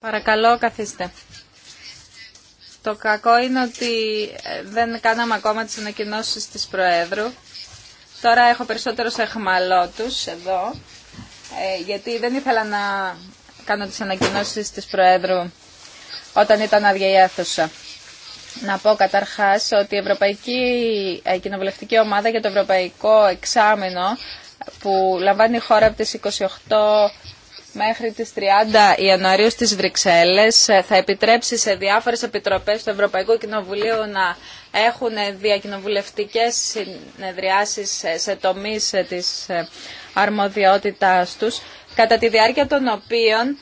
Παρακαλώ, καθίστε. Το κακό είναι ότι ε, δεν κάναμε ακόμα τις ανακοινώσεις της Προέδρου. Τώρα έχω περισσότερους τους εδώ, ε, γιατί δεν ήθελα να κάνω τις ανακοινώσεις της Προέδρου όταν ήταν άδεια η αίθουσα. Να πω καταρχάς ότι η Ευρωπαϊκή ε, Κοινοβουλευτική Ομάδα για το Ευρωπαϊκό Εξάμεινο που λαμβάνει η χώρα από τις 28 μέχρι τις 30 Ιανουαρίου στις Βρυξέλλες ε, θα επιτρέψει σε διάφορες επιτροπές του Ευρωπαϊκού Κοινοβουλίου να έχουν διακοινοβουλευτικές συνεδριάσεις σε τομείς ε, της ε, αρμοδιότητάς τους, κατά τη διάρκεια των οποίων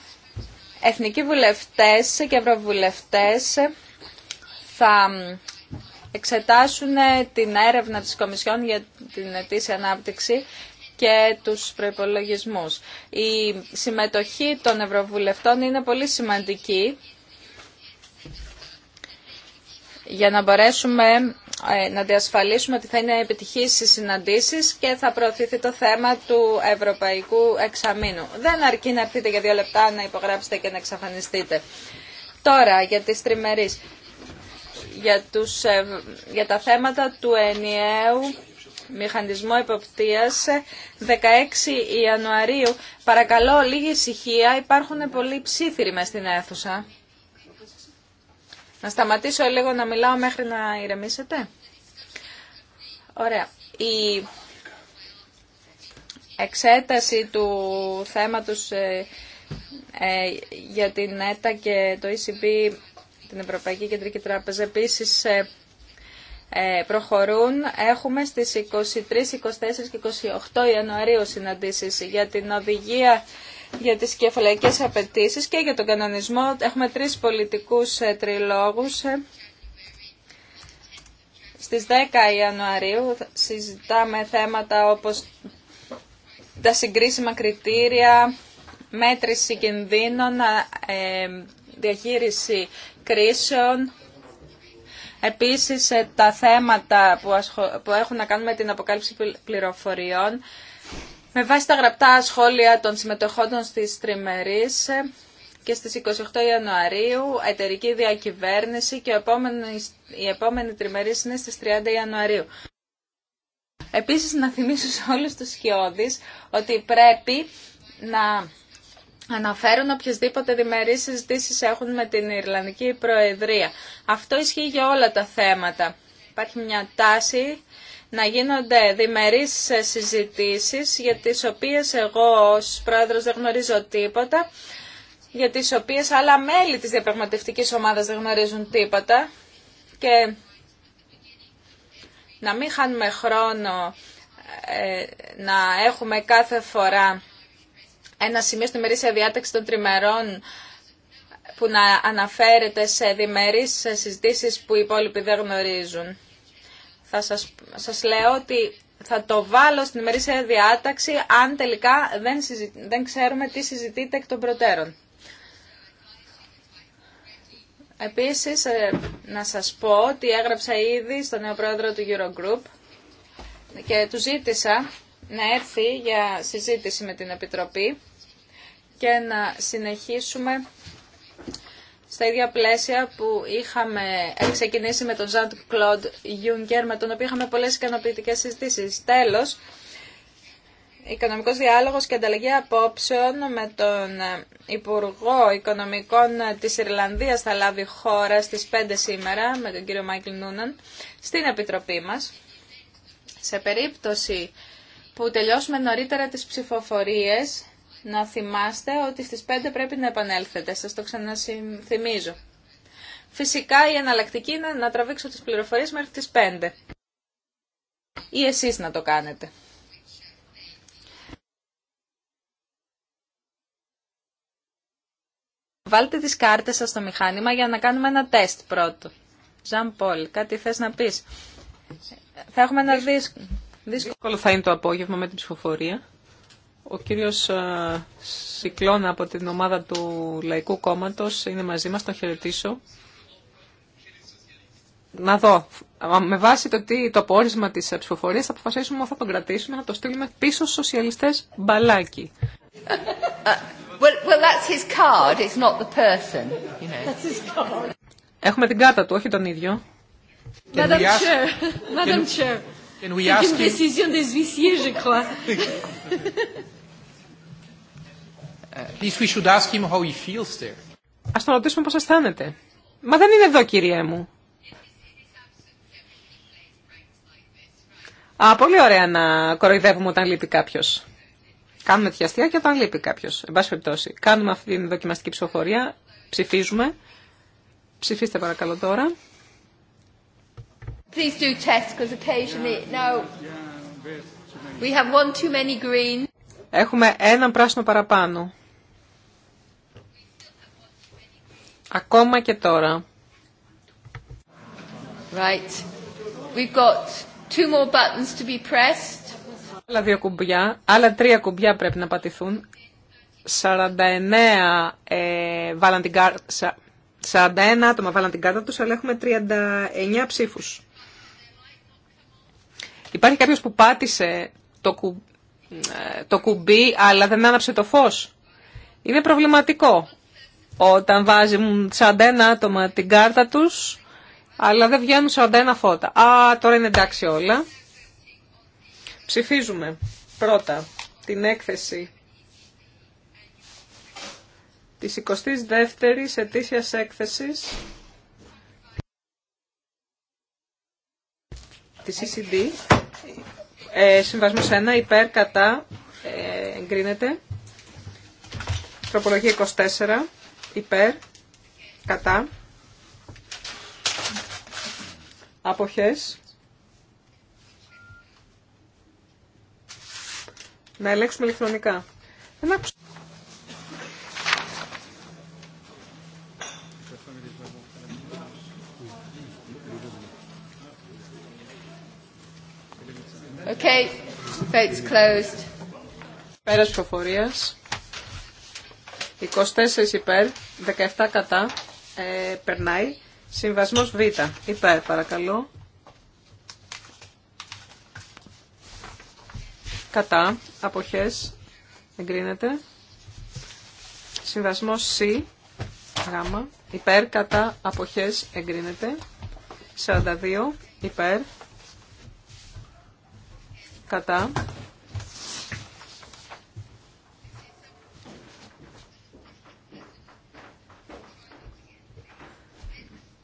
εθνικοί βουλευτές και ευρωβουλευτές θα εξετάσουν την έρευνα της Κομισιόν για την ετήσια ανάπτυξη και τους προϋπολογισμούς. Η συμμετοχή των Ευρωβουλευτών είναι πολύ σημαντική για να μπορέσουμε ε, να διασφαλίσουμε ότι θα είναι επιτυχής οι συναντήσεις και θα προωθηθεί το θέμα του Ευρωπαϊκού Εξαμήνου. Δεν αρκεί να έρθετε για δύο λεπτά να υπογράψετε και να εξαφανιστείτε. Τώρα για τις τριμερείς, για, τους, ε, για τα θέματα του ενιαίου Μηχανισμό Εποπτείας 16 Ιανουαρίου. Παρακαλώ λίγη ησυχία, υπάρχουν πολλοί ψήφιροι μέσα στην αίθουσα. Να σταματήσω λίγο να μιλάω μέχρι να ηρεμήσετε. Ωραία. Η εξέταση του θέματος ε, ε, για την ΕΤΑ και το ECB, την Ευρωπαϊκή Κεντρική Τράπεζα, επίσης ε, ε, προχωρούν. Έχουμε στις 23, 24 και 28 Ιανουαρίου συναντήσεις για την οδηγία για τις κεφαλαϊκές απαιτήσει και για τον κανονισμό. Έχουμε τρεις πολιτικούς ε, τριλόγους. Ε. Στις 10 Ιανουαρίου συζητάμε θέματα όπως τα συγκρίσιμα κριτήρια, μέτρηση κινδύνων, διαχείριση κρίσεων, Επίσης ε, τα θέματα που έχουν να κάνουν με την αποκάλυψη πληροφοριών με βάση τα γραπτά σχόλια των συμμετοχών στις τριμερίς ε, και στις 28 Ιανουαρίου εταιρική διακυβέρνηση και η επόμενη τριμερής είναι στις 30 Ιανουαρίου. Επίσης να θυμίσω σε όλους τους χιώδεις ότι πρέπει να αναφέρουν οποιασδήποτε διμερείς συζητήσεις έχουν με την Ιρλανδική Προεδρία. Αυτό ισχύει για όλα τα θέματα. Υπάρχει μια τάση να γίνονται διμερείς συζητήσεις για τις οποίες εγώ ως πρόεδρος δεν γνωρίζω τίποτα, για τις οποίες άλλα μέλη της διαπραγματευτικής ομάδας δεν γνωρίζουν τίποτα και να μην χάνουμε χρόνο ε, να έχουμε κάθε φορά ένα σημείο στην ημερήσια διάταξη των τριμερών που να αναφέρεται σε διμερείς συζητήσεις που οι υπόλοιποι δεν γνωρίζουν. Θα σας, σας λέω ότι θα το βάλω στην ημερήσια διάταξη αν τελικά δεν, δεν ξέρουμε τι συζητείτε εκ των προτέρων. Επίσης, ε, να σας πω ότι έγραψα ήδη στον νέο πρόεδρο του Eurogroup και του ζήτησα να έρθει για συζήτηση με την Επιτροπή και να συνεχίσουμε στα ίδια πλαίσια που είχαμε ξεκινήσει με τον Ζαντ Κλοντ Γιούγκερ, με τον οποίο είχαμε πολλές ικανοποιητικέ συζητήσεις. Τέλος, οικονομικός διάλογος και ανταλλαγή απόψεων με τον Υπουργό Οικονομικών της Ιρλανδίας θα λάβει χώρα στις 5 σήμερα, με τον κύριο Μάικλ Νούναν, στην Επιτροπή μας. Σε περίπτωση που τελειώσουμε νωρίτερα τις ψηφοφορίες, να θυμάστε ότι στις 5 πρέπει να επανέλθετε. Σας το ξαναθυμίζω. Φυσικά η εναλλακτική είναι να τραβήξω τις πληροφορίες μέχρι τις 5. Ή εσείς να το κάνετε. Βάλτε τις κάρτες σας στο μηχάνημα για να κάνουμε ένα τεστ πρώτο. Ζαν Πολ, κάτι θες να πεις. Θα έχουμε ένα δίσκο... Δύσκολο θα είναι το απόγευμα με την ψηφοφορία. Ο κύριος ε, Σικλώνα από την ομάδα του Λαϊκού Κόμματος είναι μαζί μας, τον χαιρετήσω. Να δω, με βάση το, τι, το πόρισμα της ε, ψηφοφορία θα αποφασίσουμε ότι θα τον κρατήσουμε, να το στείλουμε πίσω στους σοσιαλιστές μπαλάκι. Έχουμε την κάτα του, όχι τον ίδιο. Madam Chair, Madam Chair. Α une décision des huissiers, je crois. Ας τον ρωτήσουμε πώς αισθάνεται. Μα δεν είναι εδώ, κύριέ μου. Α, πολύ ωραία να κοροϊδεύουμε όταν λείπει κάποιο. Κάνουμε τη αστεία και όταν λείπει κάποιο. Εν πάση περιπτώσει, κάνουμε αυτή την δοκιμαστική ψηφοφορία. Ψηφίζουμε. Ψηφίστε παρακαλώ τώρα. Please do test, because occasionally... No. We have one too many green. Έχουμε ένα πράσινο παραπάνω. Ακόμα και τώρα. Right. We've got two more buttons to be pressed. Άλλα δύο κουμπιά, άλλα τρία κουμπιά πρέπει να πατηθούν. 49 ε, βάλαν την κάρτα, 41 άτομα βάλαν την κάρτα τους, αλλά έχουμε 39 ψήφους. Υπάρχει κάποιος που πάτησε το, το κουμπί αλλά δεν άναψε το φως. Είναι προβληματικό όταν βάζουν 41 άτομα την κάρτα τους αλλά δεν βγαίνουν 41 φώτα. Α, τώρα είναι εντάξει όλα. Ψηφίζουμε πρώτα την έκθεση της 22ης ετήσιας έκθεσης τη Ε, συμβασμός 1, υπέρ, κατά, ε, εγκρίνεται. Τροπολογία 24, υπέρ, κατά. Αποχές. Να ελέγξουμε ηλεκτρονικά. Δεν άκουσα. Vote's closed. Πέρας 24 υπέρ, 17 κατά. Ε, περνάει. Συμβασμός Β. Υπέρ, παρακαλώ. Κατά. Αποχές. Εγκρίνεται. Συμβασμός C. Γάμα. Υπέρ, κατά. Αποχές. Εγκρίνεται. 42. Υπέρ κατά.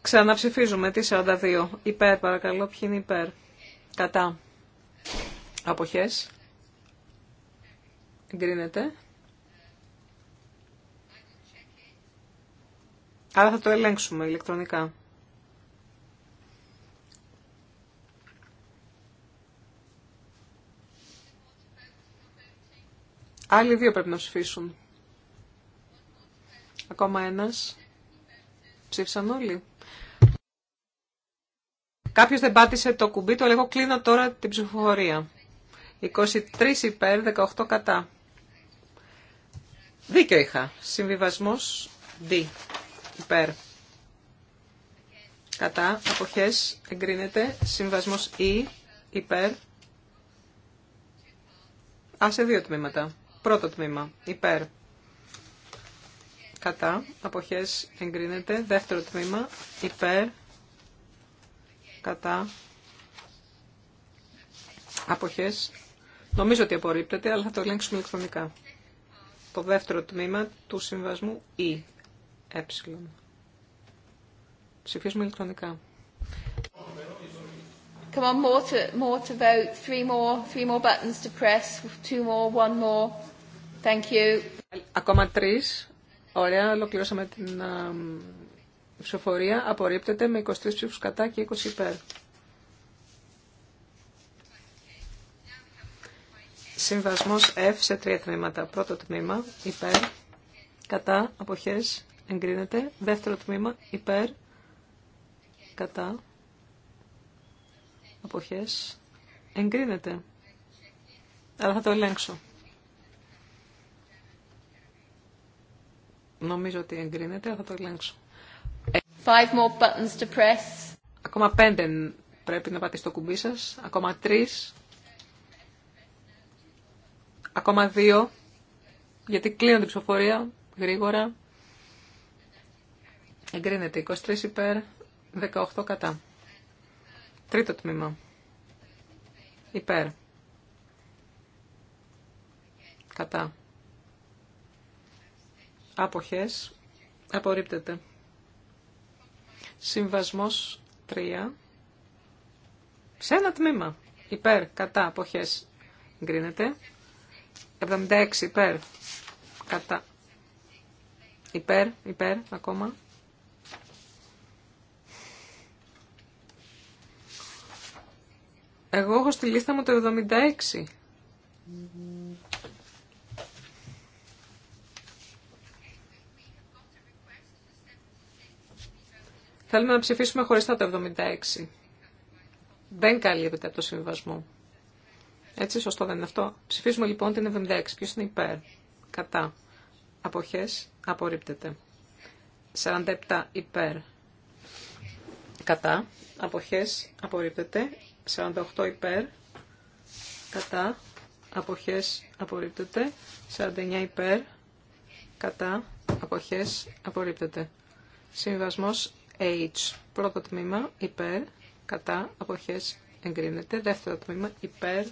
Ξαναψηφίζουμε τη 42. Υπέρ παρακαλώ. Ποιοι είναι υπέρ. Κατά. Αποχές. Εγκρίνεται. Άρα θα το ελέγξουμε ηλεκτρονικά. Άλλοι δύο πρέπει να ψηφίσουν. Ακόμα ένας. Ψήφισαν όλοι. Κάποιος δεν πάτησε το κουμπί του, αλλά εγώ κλείνω τώρα την ψηφοφορία. 23 υπέρ, 18 κατά. Δίκιο είχα. Συμβιβασμός D. Υπέρ. Κατά. Αποχές. Εγκρίνεται. Συμβασμός E. Υπέρ. Α, δύο τμήματα. Πρώτο τμήμα. Υπέρ. Κατά. Αποχές εγκρίνεται. Δεύτερο τμήμα. Υπέρ. Κατά. Αποχές. Νομίζω ότι απορρίπτεται, αλλά θα το ελέγξουμε ηλεκτρονικά. Το δεύτερο τμήμα του συμβασμού Ι. ε. Ψηφίζουμε ηλεκτρονικά. Come on, more to, more to vote. Three more, three more buttons to press. Two more, one more. Thank you. Ακόμα τρεις. Ωραία, ολοκληρώσαμε την ε, ψηφοφορία. Απορρίπτεται με 23 ψήφους κατά και 20 υπέρ. Συμβασμός F σε τρία τμήματα. Πρώτο τμήμα, υπέρ, κατά, αποχές, εγκρίνεται. Δεύτερο τμήμα, υπέρ, κατά, αποχές, εγκρίνεται. Αλλά θα το ελέγξω. Νομίζω ότι εγκρίνεται, θα το ελέγξω. Ακόμα πέντε πρέπει να πατήσετε το κουμπί σας. Ακόμα τρεις. Ακόμα δύο. Γιατί κλείνω την ψηφοφορία γρήγορα. Εγκρίνεται 23 υπέρ, 18 κατά. Τρίτο τμήμα. Υπέρ. Κατά. Αποχές. Απορρίπτεται. Συμβασμός 3. Σε ένα τμήμα. Υπέρ, κατά, αποχές. Γκρίνεται. 76 υπέρ. Κατά. Υπέρ, υπέρ, ακόμα. Εγώ έχω στη λίστα μου το 76. Θέλουμε να ψηφίσουμε χωριστά το 76. Δεν καλύπτεται από το συμβιβασμό. Έτσι, σωστό δεν είναι αυτό. Ψηφίζουμε λοιπόν την 76. Ποιο είναι υπέρ. Κατά. Αποχέ Απορρίπτεται. 47 υπέρ. Κατά. αποχέ, Απορρίπτεται. 48 υπέρ. Κατά. αποχέ, Απορρίπτεται. 49 υπέρ. Κατά. αποχέ, Απορρίπτεται. Συμβιβασμό H. Πρώτο τμήμα υπέρ, κατά, αποχές εγκρίνεται. Δεύτερο τμήμα υπέρ,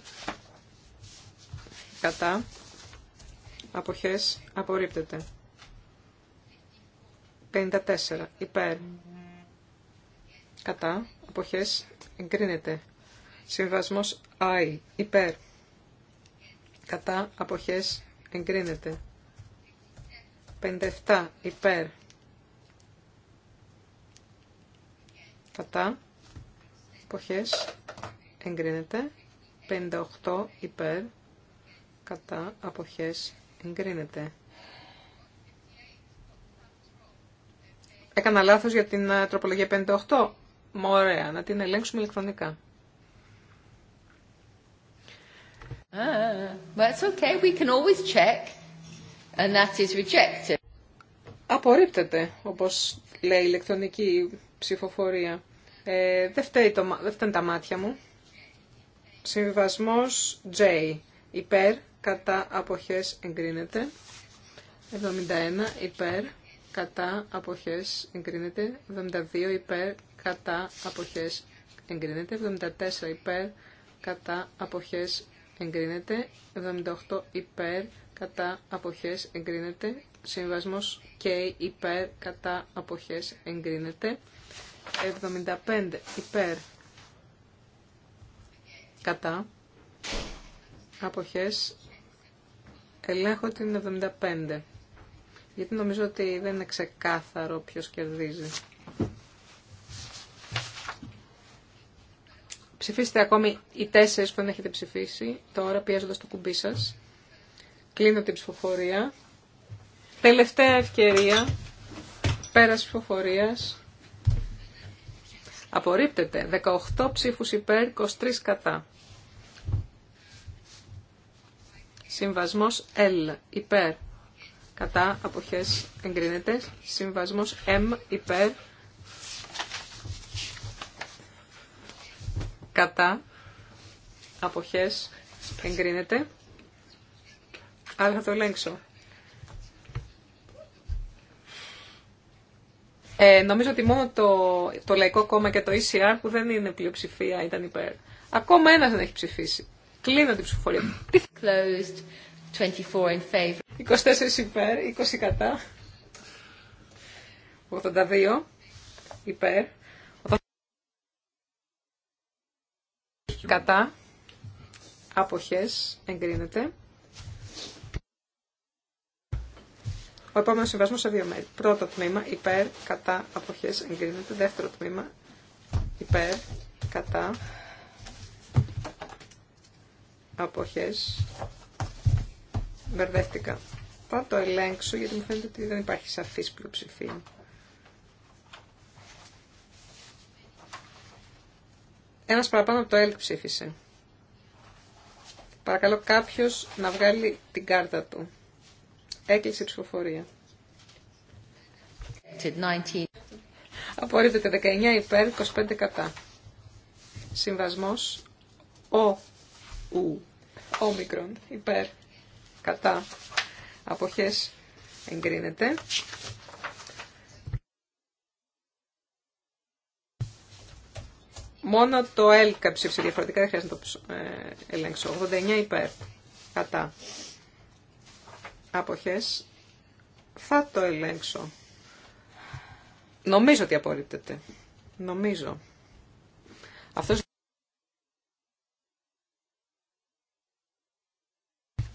κατά, αποχές απορρίπτεται. 54 υπέρ, κατά, αποχές εγκρίνεται. Συμβασμός I υπέρ, κατά, αποχές εγκρίνεται. 57 υπέρ, κατά, εποχές, εγκρίνεται. 58 υπέρ, κατά, αποχές, εγκρίνεται. Έκανα λάθος για την ε, τροπολογία 58. Μα να την ελέγξουμε ηλεκτρονικά. Ah, check, and that is Απορρίπτεται, όπως λέει η ηλεκτρονική ψηφοφορία. Ε, δεν, φταίει το, δεν φταίνουν τα μάτια μου. συμβασμός J. Υπέρ, κατά αποχές εγκρίνεται. 71 υπέρ, κατά αποχές εγκρίνεται. 72 υπέρ, κατά αποχές εγκρίνεται. 74 υπέρ, κατά αποχές εγκρίνεται. 78 υπέρ, κατά αποχές εγκρίνεται. Συμβασμός και υπέρ κατά αποχές εγκρίνεται. 75 υπέρ κατά αποχές ελέγχω την 75 γιατί νομίζω ότι δεν είναι ξεκάθαρο ποιος κερδίζει. Ψηφίστε ακόμη οι τέσσερις που δεν έχετε ψηφίσει, τώρα πιέζοντας το κουμπί σας. Κλείνω την ψηφοφορία. Τελευταία ευκαιρία, πέρας ψηφοφορίας. Απορρίπτεται. 18 ψήφου υπέρ, 23 κατά. Συμβασμός L υπέρ, κατά, αποχές εγκρίνεται. Συμβασμός M υπέρ, κατά, αποχές εγκρίνεται. Άρα θα το ελέγξω. Ε, νομίζω ότι μόνο το, το Λαϊκό Κόμμα και το ECR που δεν είναι πλειοψηφία ήταν υπέρ. Ακόμα ένας δεν έχει ψηφίσει. Κλείνω την ψηφοφορία. 24 in favor. 24 υπέρ, 20 κατά. 82 υπέρ. Κατά. Αποχές εγκρίνεται. Ο επόμενο συμβασμό σε δύο μέρη. Πρώτο τμήμα υπέρ, κατά, αποχέ, εγκρίνεται. Δεύτερο τμήμα υπέρ, κατά, αποχέ. Μπερδεύτηκα. Θα το ελέγξω γιατί μου φαίνεται ότι δεν υπάρχει σαφής πλειοψηφία. Ένας παραπάνω από το ΕΛΚ ψήφισε. Παρακαλώ κάποιος να βγάλει την κάρτα του. Έκλεισε η ψηφοφορία. Απορρίπτεται 19 υπέρ, 25 κατά. Συμβασμός ο, ου, όμικρον, υπέρ, κατά, αποχές εγκρίνεται. Μόνο το έλκα ψήφισε διαφορετικά, δεν χρειάζεται να το ε, ελέγξω. 89 υπέρ, κατά, αποχές θα το ελέγξω. Νομίζω ότι απορρίπτεται. Νομίζω. Αυτός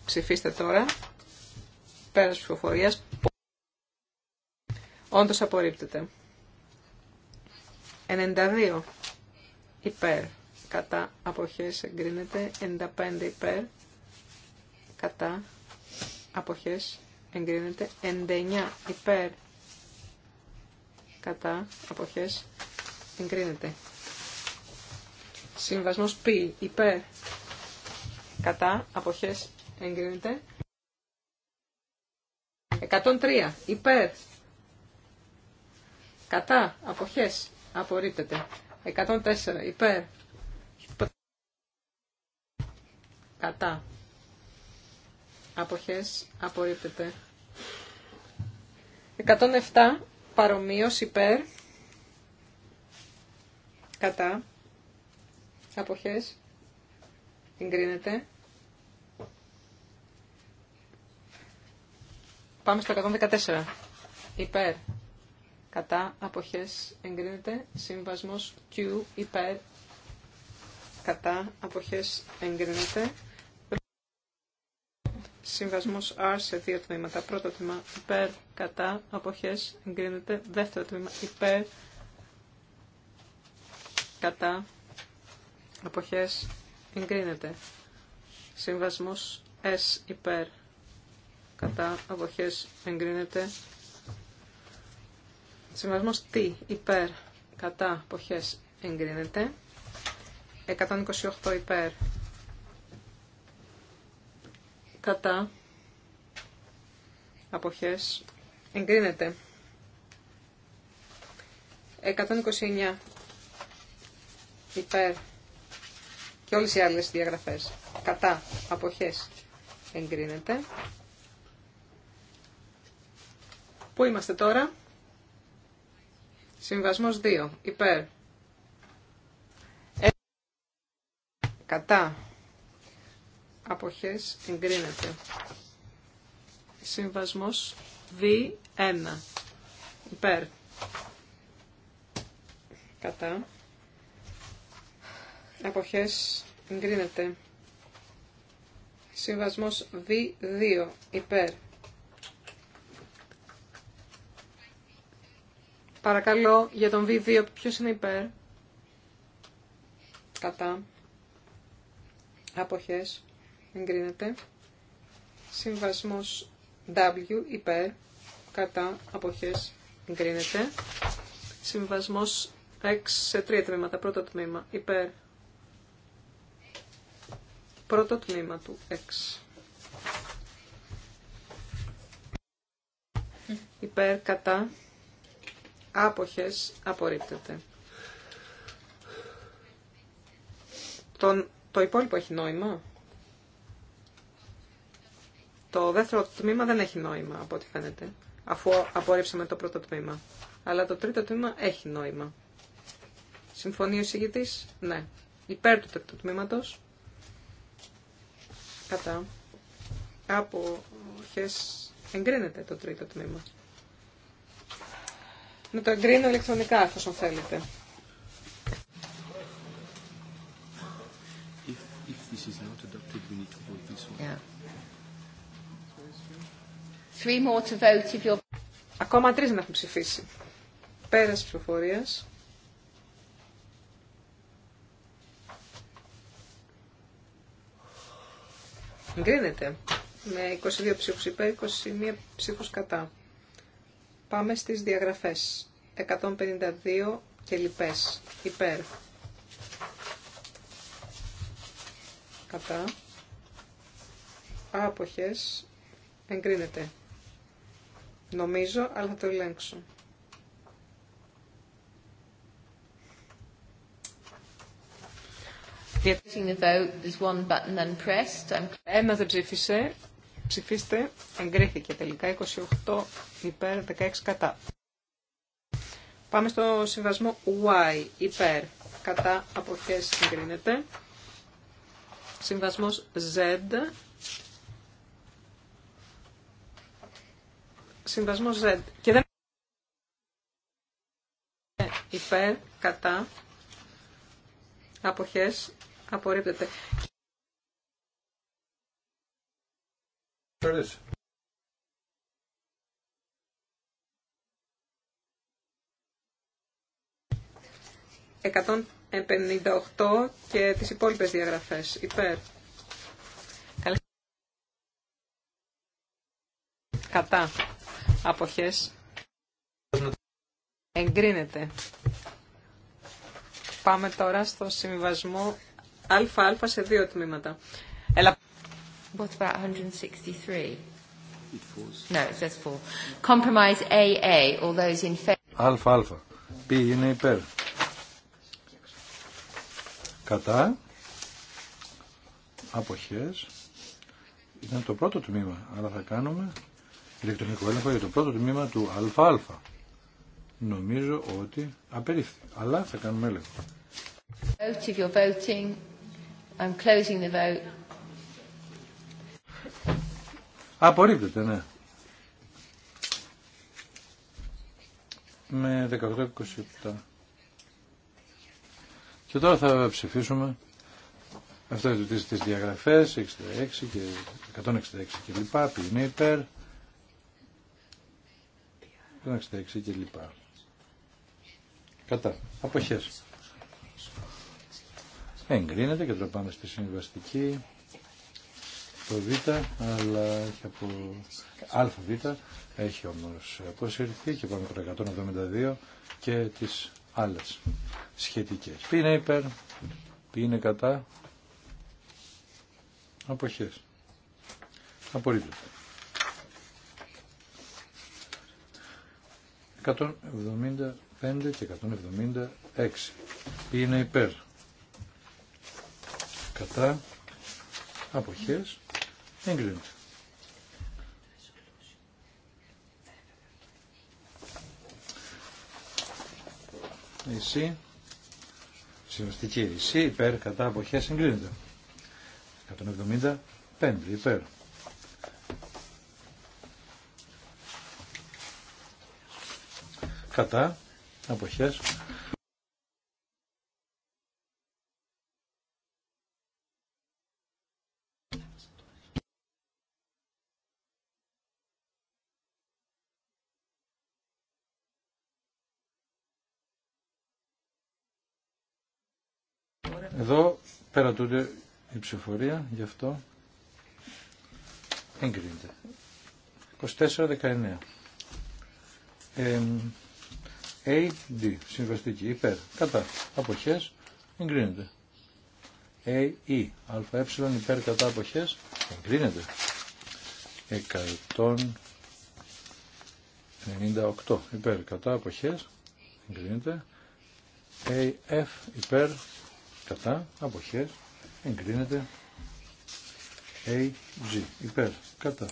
ψηφίστε τώρα. Πέρας ψηφοφορίας. Όντως απορρίπτεται. 92 υπέρ. Κατά αποχές εγκρίνεται. 95 υπέρ. Κατά αποχές εγκρίνεται 99 υπέρ κατά αποχές εγκρίνεται συμβασμός π υπέρ κατά αποχές εγκρίνεται 103 υπέρ κατά αποχές απορρίπτεται 104 υπέρ κατά αποχές απορρίπτεται. 107 παρομοίως υπέρ κατά αποχές εγκρίνεται. Πάμε στο 114. Υπέρ. Κατά αποχές εγκρίνεται. Συμβασμός Q υπέρ. Κατά αποχές εγκρίνεται. Συμβασμός R σε δύο τμήματα. Πρώτο τμήμα υπέρ, κατά, αποχές, εγκρίνεται. Δεύτερο τμήμα υπέρ, κατά, αποχές, εγκρίνεται. Συμβασμός S υπέρ, κατά, αποχές, εγκρίνεται. Συμβασμός T υπέρ, κατά, αποχές, εγκρίνεται. 128 υπέρ, κατά αποχές εγκρίνεται 129 υπέρ και όλες οι άλλες διαγραφές κατά αποχές εγκρίνεται Πού είμαστε τώρα Συμβασμός 2 υπέρ ε, κατά αποχές εγκρίνεται. Συμβασμός V1 υπέρ κατά αποχές εγκρίνεται. Συμβασμός V2 υπέρ Παρακαλώ για τον V2 ποιος είναι υπέρ κατά αποχές εγκρίνεται. Συμβασμός W υπέρ κατά αποχές εγκρίνεται. Συμβασμός X σε τρία τμήματα. Πρώτο τμήμα υπέρ. Πρώτο τμήμα του X. Υπέρ κατά άποχες απορρίπτεται. Τον, το υπόλοιπο έχει νόημα. Το δεύτερο τμήμα δεν έχει νόημα, από ό,τι φαίνεται, αφού απορρίψαμε το πρώτο τμήμα. Αλλά το τρίτο τμήμα έχει νόημα. Συμφωνεί ο εισηγητής, ναι. Υπέρ του τρίτου τμήματος, κατά χές εγκρίνεται το τρίτο τμήμα. Να το εγκρίνω ηλεκτρονικά, εφόσον θέλετε. Ακόμα τρεις να έχουν ψηφίσει. Πέρας ψηφοφορίας. Εγκρίνεται με 22 ψήφους υπέρ, 21 ψήφους κατά. Πάμε στις διαγραφές. 152 και λοιπές. Υπέρ. Κατά. Άποχες. Εγκρίνεται. Νομίζω, αλλά θα το ελέγξω. Ένα δεν ψήφισε. Ψηφίστε. Εγκρίθηκε τελικά. 28 υπέρ, 16 κατά. Πάμε στο συμβασμό Y. Υπέρ. Κατά αποχές συγκρίνεται. Συμβασμός Z. Συμβασμό Z. Και δεν υπέρ, κατά, αποχές, απορρίπτεται. Εκατόν και τις υπόλοιπες διαγραφές. Υπέρ. Κατά αποχές εγκρίνεται. Πάμε τώρα στο συμβιβασμό ΑΑ σε δύο τμήματα. Ελα... What about 163? No, it says four. Compromise AA, all those in favor. Αλφα, αλφα. Πι είναι υπέρ. Κατά. Αποχές. Ήταν το πρώτο τμήμα, αλλά θα κάνουμε ηλεκτρονικό έλεγχο για το πρώτο τμήμα του ΑΑ. Νομίζω ότι απερίφθη. Αλλά θα κάνουμε έλεγχο. Vote if closing the vote. Απορρίπτεται, ναι. Με 18-27. Και τώρα θα ψηφίσουμε αυτά είναι τις, διαγραφές 66 και 166 και λοιπά, ποιοι είναι υπέρ, και λοιπά. Κατά. Αποχές. Εγκρίνεται και τώρα πάμε στη συμβαστική το Β, αλλά έχει από ΑΒ έχει όμως αποσυρθεί και πάμε προ 172 και τις άλλες σχετικές. Ποιοι είναι υπέρ, ποιοι είναι κατά, αποχές. Απορρίπτεται. 175 και 176. Είναι υπέρ. Κατά αποχές εγκρίνεται. Εσύ, συμβαστική εσύ, υπέρ, κατά αποχές εγκρίνεται. 175 υπέρ. κατά αποχές Εδώ πέρα τούτε η ψηφορία, γι' αυτό εγκρίνεται. 24-19. Ε, AD, συμβαστική, υπέρ, κατά, αποχές, εγκρίνεται. AE, αε, υπέρ, κατά, αποχές, εγκρίνεται. 198, υπέρ, κατά, αποχές, εγκρίνεται. AF, υπέρ, κατά, αποχές, εγκρίνεται. AG, υπέρ, κατά,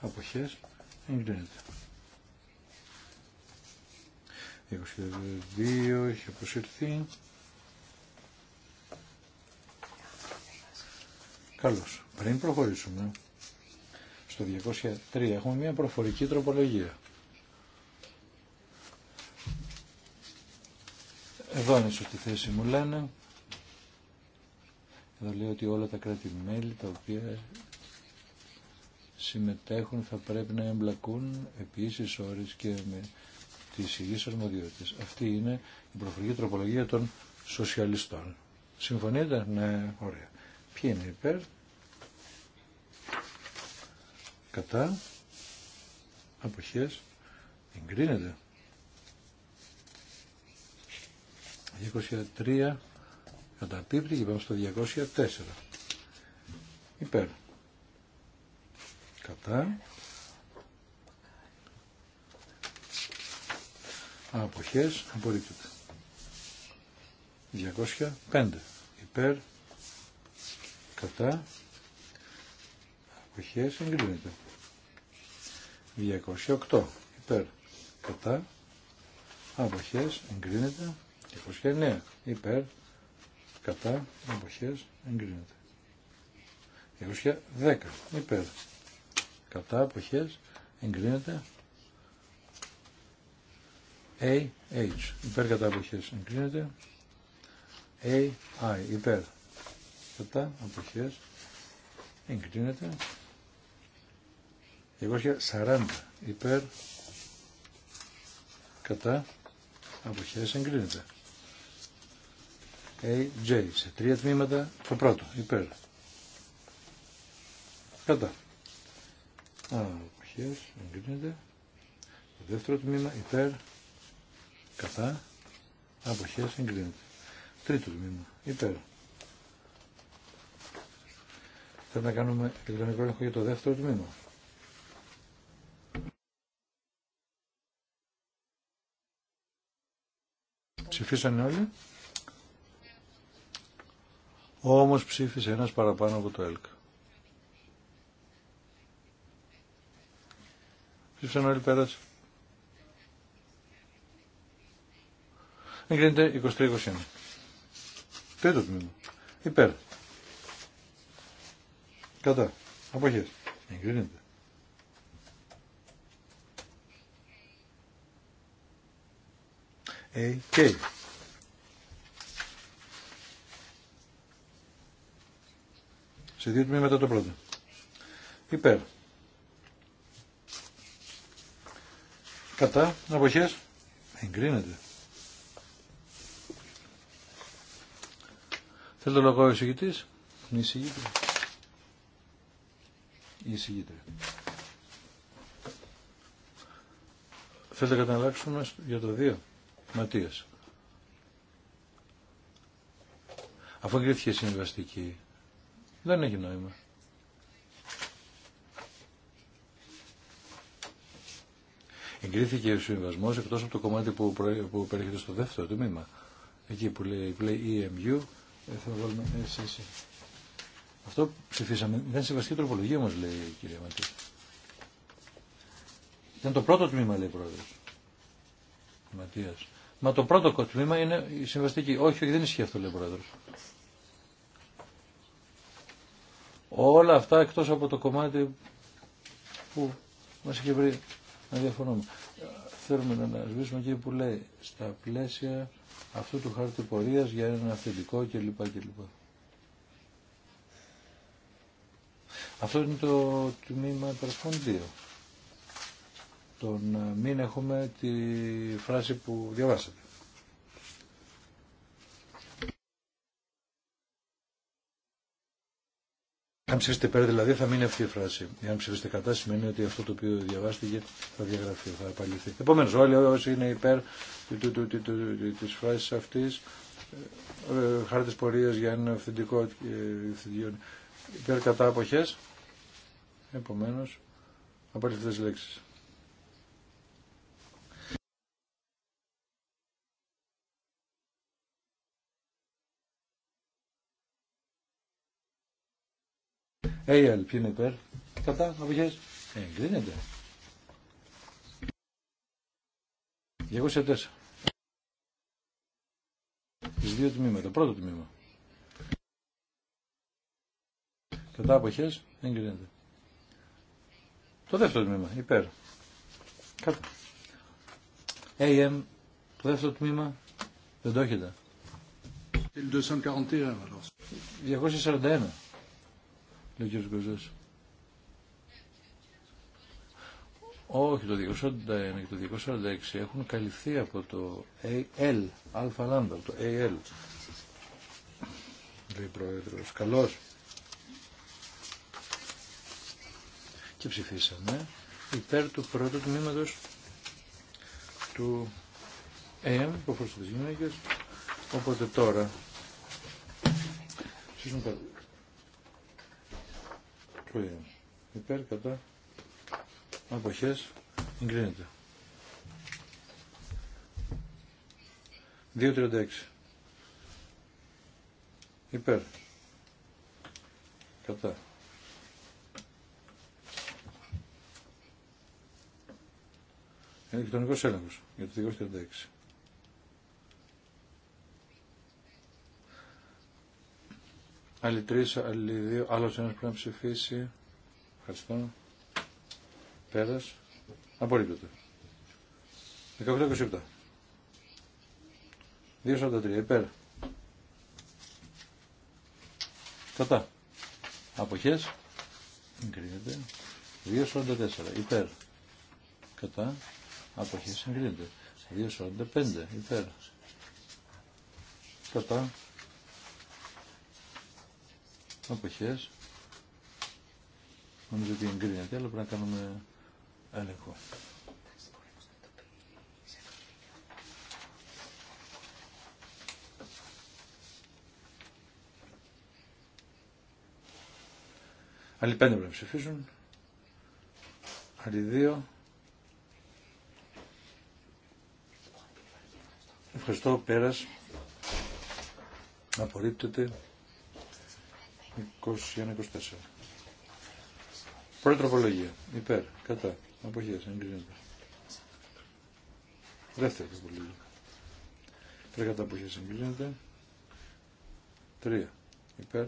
αποχές, εγκρίνεται. 22 έχει αποσυρθεί. Καλώς. Πριν προχωρήσουμε, στο 203 έχουμε μια προφορική τροπολογία. Εδώ είναι στη θέση μου λένε. Εδώ λέει ότι όλα τα κράτη-μέλη τα οποία συμμετέχουν θα πρέπει να εμπλακούν επίσης ώρες και με της υγιής αρμοδιότητας. Αυτή είναι η προφορική τροπολογία των σοσιαλιστών. Συμφωνείτε? Ναι, ωραία. Ποιοι είναι υπέρ? Κατά. Αποχές. Εγκρίνεται. 23 καταπίπτει και πάμε στο 204. Υπέρ. Κατά. αποχές απορρίπτεται. 205 υπέρ κατά αποχές εγκρίνεται. 208 υπέρ κατά αποχές εγκρίνεται. 209 υπέρ κατά αποχές εγκρίνεται. 210 υπέρ κατά αποχές εγκρίνεται. H υπέρ κατά αποχές εγκρίνεται I υπέρ κατά αποχές εγκρίνεται 240 υπέρ κατά αποχές εγκρίνεται J σε τρία τμήματα το πρώτο υπέρ κατά αποχές εγκρίνεται το δεύτερο τμήμα υπέρ Κατά. Αποχές εγκρίνεται. Τρίτο τμήμα. Υπέρ. Θέλω να κάνουμε ηλεκτρονικό έλεγχο για το δεύτερο τμήμα. Ψηφίσανε όλοι. Όμως ψήφισε ένας παραπάνω από το ΕΛΚ. Ψήφισαν όλοι πέρασε. Εγκρίνεται 23-21. Τρίτο τμήμα. Υπέρ. Κατά. Αποχές. Εγκρίνεται. Ε, Σε δύο τμήματα το πρώτο. Υπέρ. Κατά. Αποχές. Εγκρίνεται. Θέλει το λόγο ο εισηγητή. Η εισηγήτρια. Η Θέλετε να αλλάξουμε για το 2. Ματία. Αφού εγκρίθηκε η συμβαστική, δεν έχει νόημα. Εγκρίθηκε ο συμβασμό εκτό από το κομμάτι που, προέ... που περιέχεται στο δεύτερο τμήμα. Εκεί που λέει, που λέει EMU ε, θα ε, Αυτό ψηφίσαμε. Δεν συμβαστική τροπολογία όμω, λέει η κυρία ματίας Ήταν το πρώτο τμήμα λέει πρόεδρος. Ματίας. Μα το πρώτο τμήμα είναι η συμβαστική. Όχι, όχι δεν ισχύει αυτό λέει πρόεδρος. Όλα αυτά εκτός από το κομμάτι που μας είχε βρει να διαφωνούμε θέλουμε να ανασβήσουμε και που λέει στα πλαίσια αυτού του χάρτη πορείας για ένα αυθεντικό κλπ. κλπ. Αυτό είναι το τμήμα υπερφών Το να μην έχουμε τη φράση που διαβάσατε. Αν ψηφίσετε πέρα δηλαδή θα μείνει αυτή η φράση. Αν ψηφίσετε κατά σημαίνει ότι αυτό το οποίο διαβάστηκε θα διαγραφεί, θα απαλληθεί. Επομένως όλοι όσοι είναι υπέρ της φράσης αυτής, ε, ε, χάρτη πορείας για ένα ε, αυθεντικό υπέρ κατά αποχές, επομένως λέξει. λέξεις. AL, ποιο είναι υπέρ, κατά, αποχές, εγκρίνεται. 204. Τις δύο τμήματα, πρώτο τμήμα. Κατά αποχές, εγκρίνεται. Το δεύτερο τμήμα, υπέρ. Κάτω. AM, το δεύτερο τμήμα, δεν το έχετε. 241. 241 λέει ο κ. Όχι, το 241 και το 246 έχουν καλυφθεί από το AL, αλφα λάμδα, το AL. Λέει πρόεδρος, καλώς. Και ψηφίσαμε υπέρ του πρώτου τμήματος του AM, υποφορές της γυναίκες. Οπότε τώρα, σχόλια. Υπέρ, κατά, αποχές, εγκρίνεται. 2.36 Υπέρ Κατά Ελεκτρονικός έλεγχος για το 2.36 Άλλοι τρεις, άλλοι δύο. Άλλος ένας πρέπει να ψηφίσει. Ευχαριστώ. Πέρας. Απορρίπτεται. 18-27. 2-43. Υπέρ. Κατά. Αποχές. Εγκρίνεται. 2-44. Υπέρ. Κατά. Αποχές. Εγκρίνεται. 2-45. Υπέρ. Κατά αποχές νομίζω ότι εγκρίνεται αλλά πρέπει να κάνουμε έλεγχο Άλλοι πέντε πρέπει να ψηφίσουν. Άλλοι δύο. Ευχαριστώ. Πέρας. Απορρίπτεται. 21-24. Πρώτη τροπολογία. Υπέρ. Κατά. Αποχές. Εγκρίνεται. Δεύτερη τροπολογία. Τρία κατά αποχές εγκρίνεται. Τρία. Υπέρ.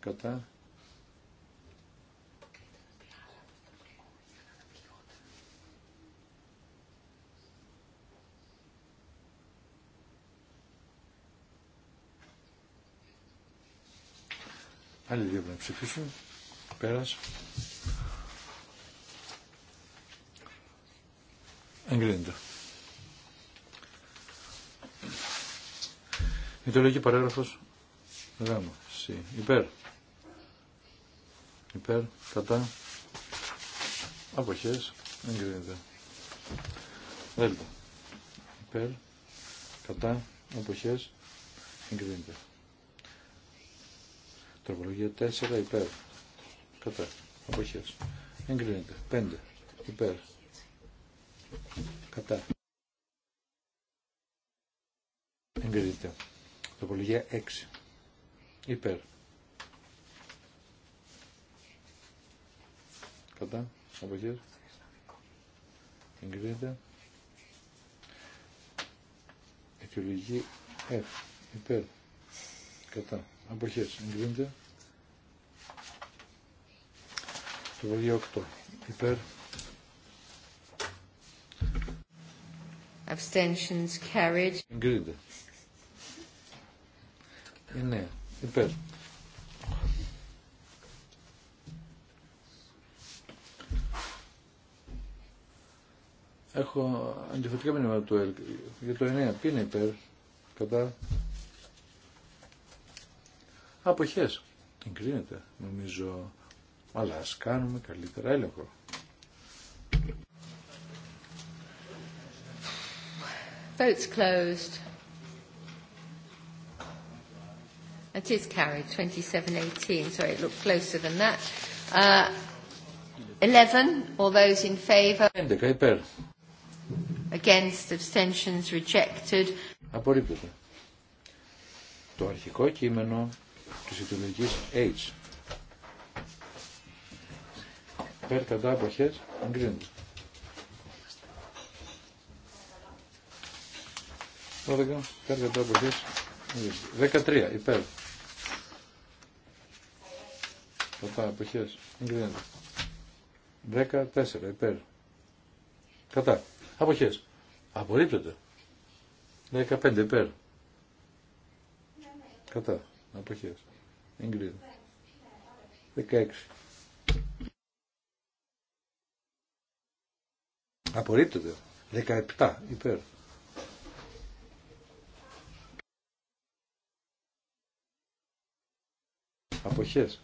Κατά. Άλλοι δύο να ψηφίσουν. Πέρας. Εγκρίνεται. Η τελική παράγραφος γάμα. Συ. Υπέρ. Υπέρ. Κατά. αποχέ Εγκρίνεται. Δέλτα. Υπέρ. Κατά. αποχέ, Εγκρίνεται. Τροπολογία 4 υπέρ. Κατά. Αποχές. Εγκρίνεται. 5 υπέρ. Κατά. Εγκρίνεται. Τροπολογία 6 υπέρ. Κατά. Αποχές. Εγκρίνεται. Αιτιολογική F. Υπέρ. Κατά. Αποχές. Εγκρίνεται. το Τροπολογία 8. Υπέρ. Abstentions carried. Εγκρίνεται. 9. Υπέρ. Έχω αντιφατικά μήνυμα του ΕΛΚ για το 9. ποιο είναι υπέρ, κατά, Αποχές. Εγκρίνεται, νομίζω. Αλλά ας κάνουμε καλύτερα έλεγχο. Votes closed. It is carried, 2718. Sorry, it looked closer than that. Uh, 11, all those in favour. Against, abstentions, rejected. Απορρίπτεται. Το αρχικό κείμενο της ιδιωτικής AIDS Υπέρ κατά αποχές εγκρίνεται. 12 υπέρ κατά αποχές εγκρίνεται. 13 υπέρ κατά αποχές εγκρίνεται. 14 υπέρ κατά αποχές απορρίπτεται. 15 υπέρ κατά αποχές Εγκρίνεται. 16. Απορρίπτεται. 17 υπέρ. Αποχές.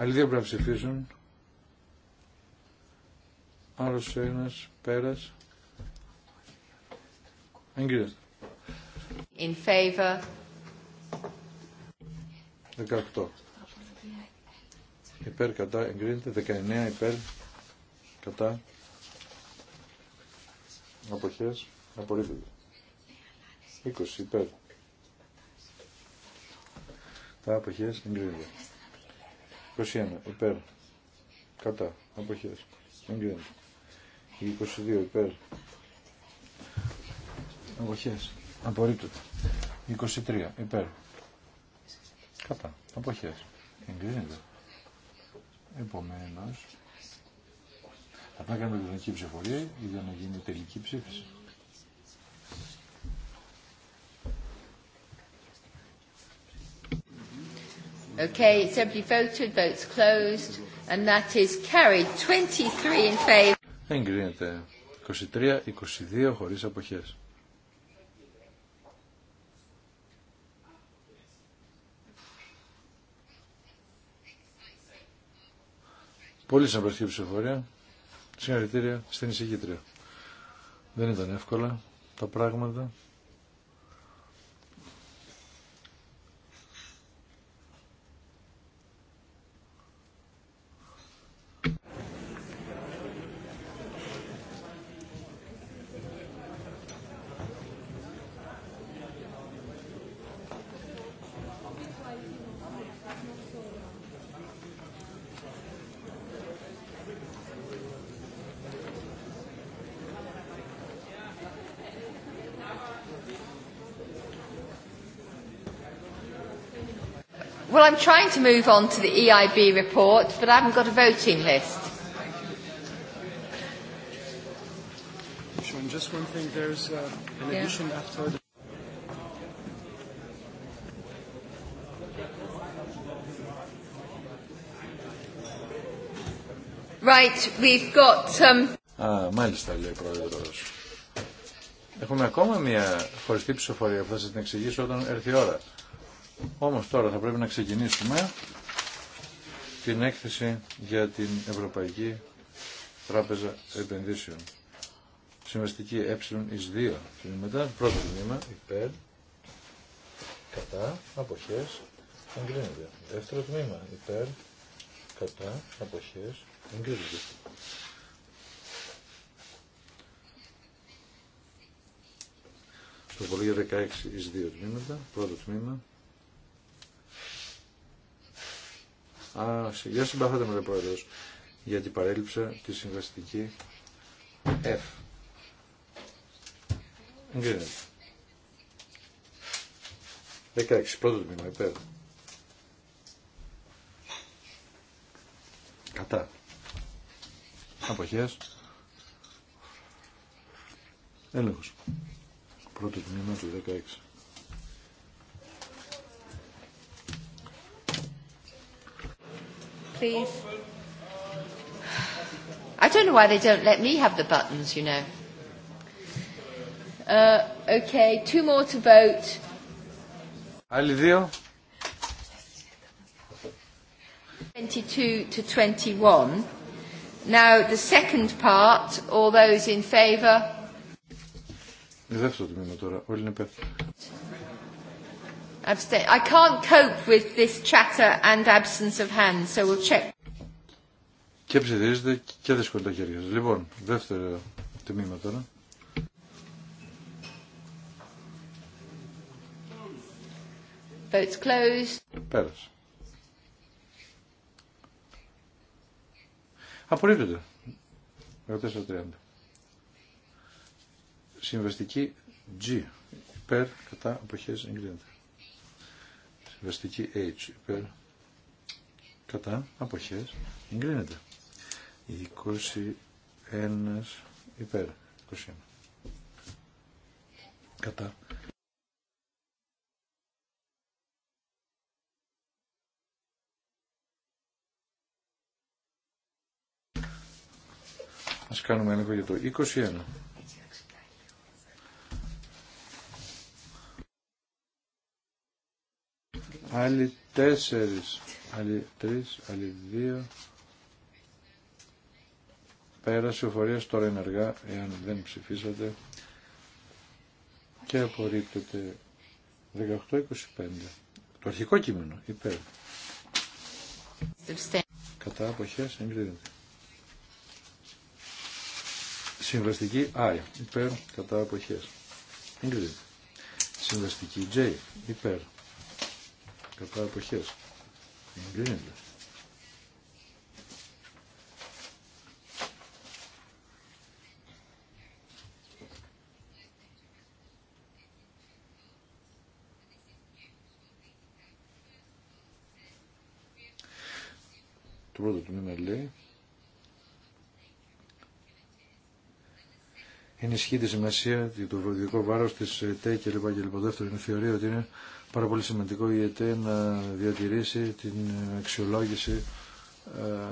Αλήθεια πρέπει να ψηφίσουν. Άλλος ένας, πέρας. Εγκρίνεται. In favor. 18. Υπέρ κατά εγκρίνεται. 19 υπέρ κατά αποχές απορρίπτεται. 20 υπέρ. Τα αποχές εγκρίνεται. 21 υπέρ κατά αποχές εγκρίνεται. Η 22 υπέρ. Αποχές. Απορρίπτωτα. 23 υπέρ. Κατά. Αποχές. Εγκρίνεται. Επομένως, θα πρέπει να κάνουμε ελληνική ψηφορία για να γίνει τελική ψήφιση. Okay, it's every voted, votes closed, and that is carried. 23 in favour. Εγκρίνεται 23-22 χωρίς αποχές. Πολύ σαμπραστική ψηφοφορία. Συγχαρητήρια στην εισηγήτρια. Δεν ήταν εύκολα τα πράγματα. trying to move on to the EIB report, but I haven't got a voting list. Sean, just one thing. There's uh, an addition after the Right, we've got... Um... Α, μάλιστα, λέει ο Πρόεδρος. Έχουμε ακόμα μια χωριστή ψηφοφορία που θα σας την εξηγήσω όταν έρθει η ώρα. Όμως τώρα θα πρέπει να ξεκινήσουμε την έκθεση για την Ευρωπαϊκή Τράπεζα Επενδύσεων. Συμβαστική ε εις 2 τμήματα, πρώτο τμήμα, υπέρ, κατά, αποχές, εγκρίνεται. Δεύτερο τμήμα, υπέρ, κατά, αποχές, εγκρίνεται. Στο 16 εις 2 τμήματα, πρώτο τμήμα, Α, για συμπαθάτε με, πρόεδρο, γιατί παρέλειψα τη συμβαστική F. Εγκρίνεται. 16, πρώτο τμήμα, υπέρ. Κατά. Αποχές. Έλεγχος. Πρώτο τμήμα του 16. please? I don't know why they don't let me have the buttons, you know. Uh, okay, two more to vote. Άλλοι δύο. 22 to 21. Now the second part, all those in favour. Δεύτερο τμήμα τώρα, όλοι είναι abstain. I can't cope with this chatter and absence of hands, so we'll check. Και ψηφίζετε και δύσκολα τα χέρια σας. Λοιπόν, δεύτερο τμήμα τώρα. Votes closed. Πέρασε. Απορρίπτεται. 14.30. Συμβαστική G. Υπέρ κατά αποχές εγκρίνεται. Βαστική H υπέρ κατά αποχές εγκρίνεται. 21 υπέρ 21 κατά Ας κάνουμε έλεγχο για το 21. Άλλοι τέσσερις. Άλλοι τρεις, άλλοι δύο. Πέρασε ο τώρα είναι αργά, εάν δεν ψηφίσατε. Και απορρίπτεται 18-25. Το αρχικό κείμενο, υπέρ. Κατά αποχές εγκρίνεται. Συμβαστική I, υπέρ, κατά αποχές. Εγκρίνεται. Συμβαστική J, υπέρ, κατά εποχές. Εγκρίνεται. Το πρώτο τμήμα λέει ενισχύει τη σημασία του προοδευτικού βάρος της ΤΕ κλπ. Το δεύτερο είναι η θεωρία ότι είναι πάρα πολύ σημαντικό η ΕΤΕ να διατηρήσει την αξιολόγηση ε,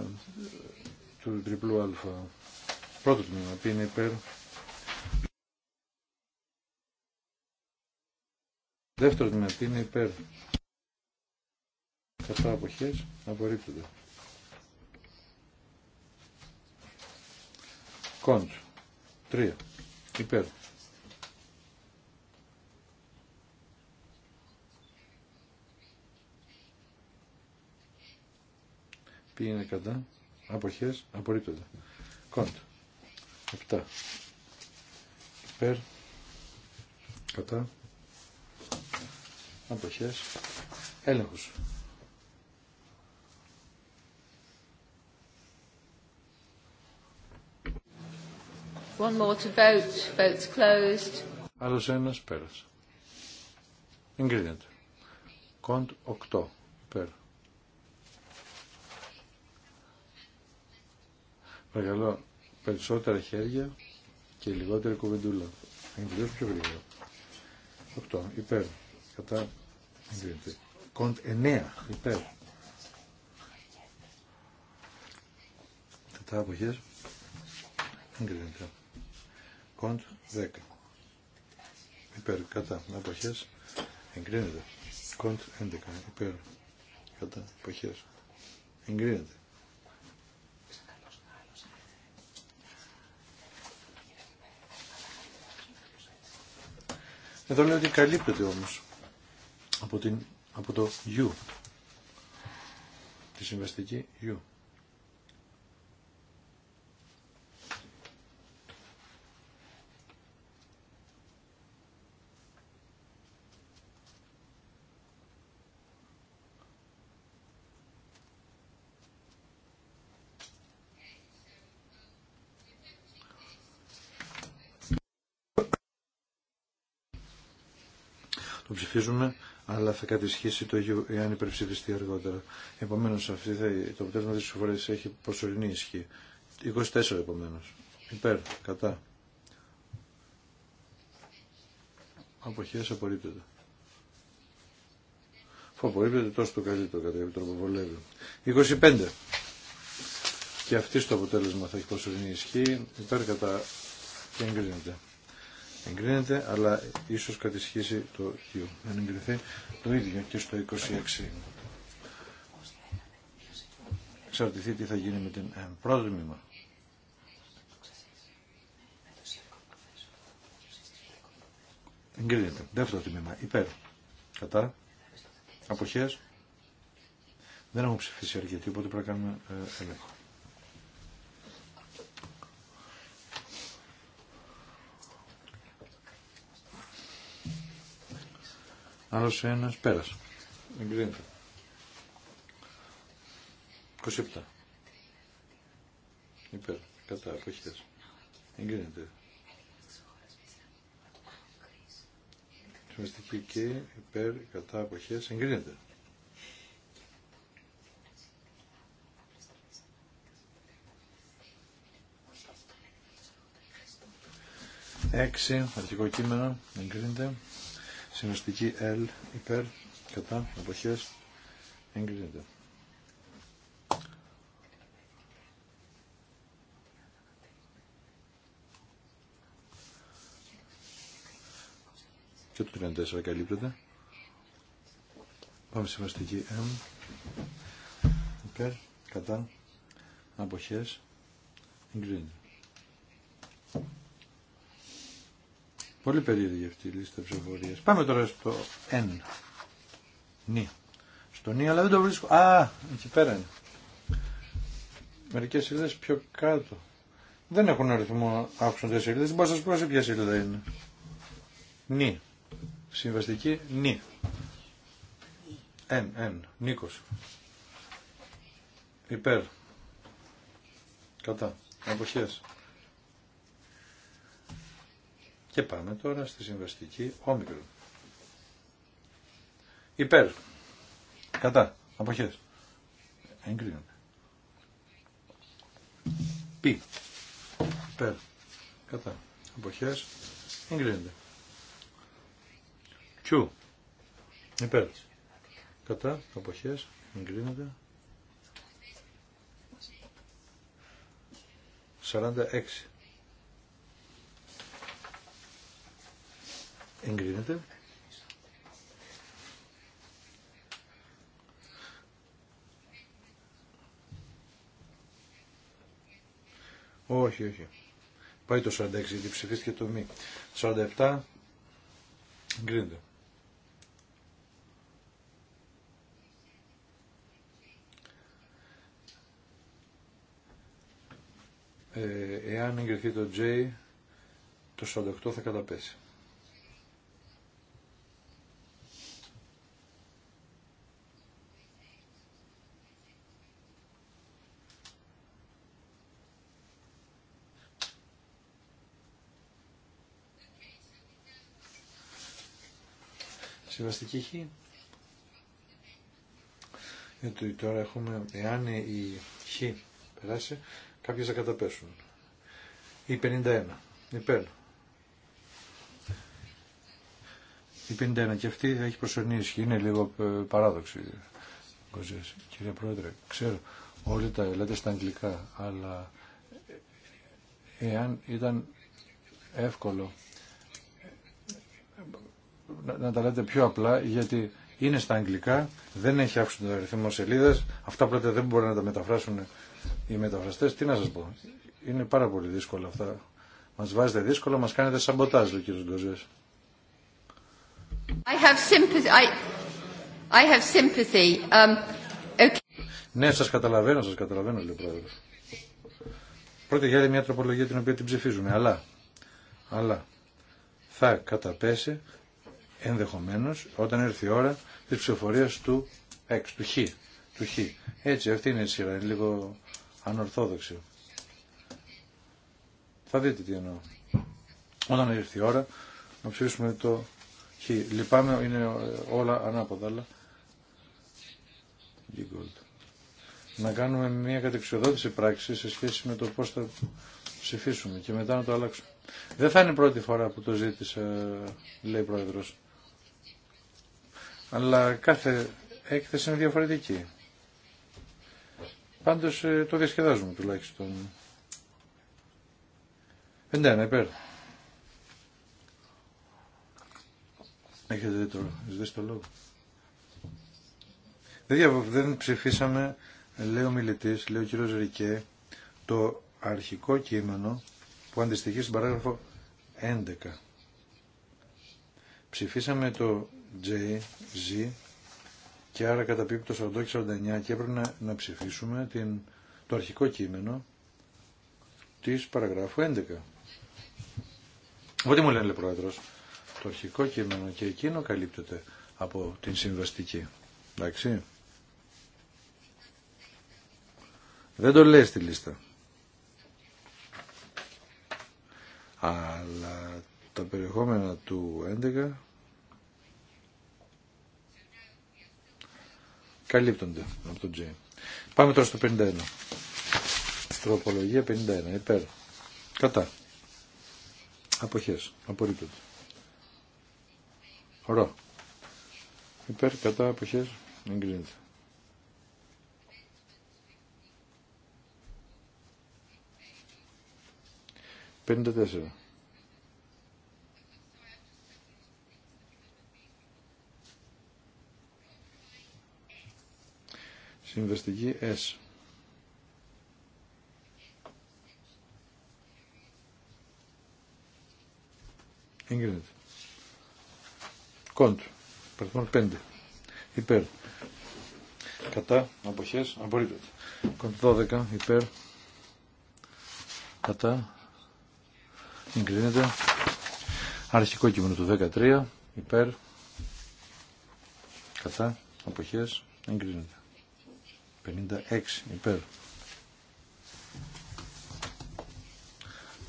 του τριπλού αλφα. Πρώτο τμήμα, που είναι υπέρ. Δεύτερο τμήμα, που είναι υπέρ. Κατά αποχές απορρίπτονται. Κόντ. Τρία. Υπέρ. Ποιοι είναι κατά. Αποχές. Απορρίπτονται. Κόντ. 7. Πέρ. Κατά. Αποχές. Έλεγχος. One more to vote. Vote's closed. Άλλος ένας πέρασε. Ingredient. Κοντ 8. Πέρα. Παρακαλώ, περισσότερα χέρια και λιγότερη κουβεντούλα. Είναι πιο γρήγορα. 8. Υπέρ. Κατά. Εγκρίνεται. Κοντ εννέα. Υπέρ. Κατά αποχές. Εγκρίνεται. Κοντ δέκα. Υπέρ. Κατά αποχές. Εγκρίνεται. Κοντ 11. Υπέρ. Κατά αποχές. Εγκρίνεται. Εδώ λέω ότι καλύπτεται όμως από, την, από το U, τη συμβαστική U. ψηφίζουμε, αλλά θα κατησχίσει το ίδιο εάν υπερψηφιστεί αργότερα. Επομένω, αυτή θα, το αποτέλεσμα τη συμφορία έχει προσωρινή ισχύ. 24 επομένω. Υπέρ, κατά. Αποχέ απορρίπτεται. Αφού απορρίπτεται τόσο το καλύτερο κατά κάποιο τρόπο βολεύει. 25. Και αυτή το αποτέλεσμα θα έχει προσωρινή ισχύ. Υπέρ κατά και εγκρίνεται εγκρίνεται, αλλά ίσως κατησχίσει το χείο. Αν το ίδιο και στο 26. Εξαρτηθεί τι θα γίνει με την ε, πρώτη μήμα. Εγκρίνεται. Δεύτερο τμήμα. Υπέρ. Κατά. Αποχές. Δεν έχουμε ψηφίσει αρκετή, οπότε πρέπει να κάνουμε ε, έλεγχο. Άλλος ένας Δεν Εγκρίνεται. 27. Υπέρ. Κατά. Αποχές. Εγκρίνεται. Συμβαστική και υπέρ. Κατά. Αποχές. Εγκρίνεται. Έξι, αρχικό κείμενο, εγκρίνεται συνοστική L υπέρ κατά αποχές εγκρίνεται. Και το 34 καλύπτεται. Πάμε στη βαστική M. Υπέρ, κατά, αποχές, εγκρίνεται. Πολύ περίεργη αυτή η λίστα Πάμε τώρα στο N. Νι. Στο νι, αλλά δεν το βρίσκω. Α, εκεί πέρα είναι. Μερικέ σελίδε πιο κάτω. Δεν έχουν αριθμό άκουσαν σελίδε. Μπορώ να σα πω σε ποια σελίδα είναι. Νι. Συμβαστική νι. Εν, N νίκος. Υπέρ. Κατά. Αποχέ. Και πάμε τώρα στη συμβαστική όμικρον. Υπέρ. Κατά. Αποχές. Εγκρίνονται. Πι. Υπέρ. Κατά. Αποχές. Εγκρίνονται. Κιου. Υπέρ. Κατά. Αποχές. Εγκρίνονται. 46. εγκρίνεται. Όχι, όχι. Πάει το 46 γιατί ψηφίστηκε το μη. 47 εγκρίνεται. Ε, εάν εγκριθεί το J, το 48 θα καταπέσει. φανταστική χ. Γιατί τώρα έχουμε, εάν η χ περάσει, κάποιες θα καταπέσουν. Η 51, υπέρ. Η 51 και αυτή έχει προσωρινή ισχύ, είναι λίγο ε, παράδοξη. Κύριε Πρόεδρε, ξέρω, όλοι τα λέτε στα αγγλικά, αλλά ε, εάν ήταν εύκολο να τα λέτε πιο απλά γιατί είναι στα αγγλικά, δεν έχει αύξηση τον αριθμό σελίδε. Αυτά πρώτα δεν μπορούν να τα μεταφράσουν οι μεταφραστέ. Τι να σα πω. Είναι πάρα πολύ δύσκολα αυτά. Μα βάζετε δύσκολα, μα κάνετε σαμποτάζ, λέει ο κύριο Γκοζέ. Um, ναι, σας καταλαβαίνω, σας καταλαβαίνω, λέει ο Πρόεδρος. Πρώτη για μια τροπολογία την οποία την ψηφίζουμε, αλλά, αλλά θα καταπέσει ενδεχομένως όταν έρθει η ώρα της ψηφοφορίας του X, του Χ. Του Έτσι, αυτή είναι η σειρά, είναι λίγο ανορθόδοξη. Θα δείτε τι εννοώ. Όταν έρθει η ώρα να ψηφίσουμε το Χ. Λυπάμαι, είναι όλα ανάποδα, αλλά... Να κάνουμε μια κατεξοδότηση πράξη σε σχέση με το πώς θα ψηφίσουμε και μετά να το αλλάξουμε. Δεν θα είναι η πρώτη φορά που το ζήτησα, λέει ο Πρόεδρος αλλά κάθε έκθεση είναι διαφορετική. Πάντως ε, το διασκεδάζουμε τουλάχιστον. 51 υπέρ. Έχετε δει το λόγο. Δεν, δεν ψηφίσαμε, λέει ο μιλητής, λέει ο κύριος Ρικέ, το αρχικό κείμενο που αντιστοιχεί στην παράγραφο 11. Ψηφίσαμε το J, Z και άρα κατα κατά 48 και 49 και έπρεπε να, να ψηφίσουμε την, το αρχικό κείμενο της παραγράφου 11. Ό,τι μου λένε, λέει πρόεδρος, το αρχικό κείμενο και εκείνο καλύπτεται από την συμβαστική. Εντάξει. Δεν το λέει στη λίστα. Αλλά τα περιεχόμενα του 11 καλύπτονται από τον J. Πάμε τώρα στο 51. Τροπολογία 51. Υπέρ. Κατά. Αποχές. Απορρίπτονται. Ρο. Υπέρ. Κατά. Αποχές. Εγκρίνεται. 54. τέσσερα. Συμβαστική S. Εγκρίνεται. Κόντ. Περθμόν 5. Υπέρ. Κατά. Αποχές. Απορρίπτεται. Κόντ 12. Υπέρ. Κατά. Εγκρίνεται. Αρχικό κείμενο του 13. Υπέρ. Κατά. Αποχές. Εγκρίνεται. 56 υπέρ.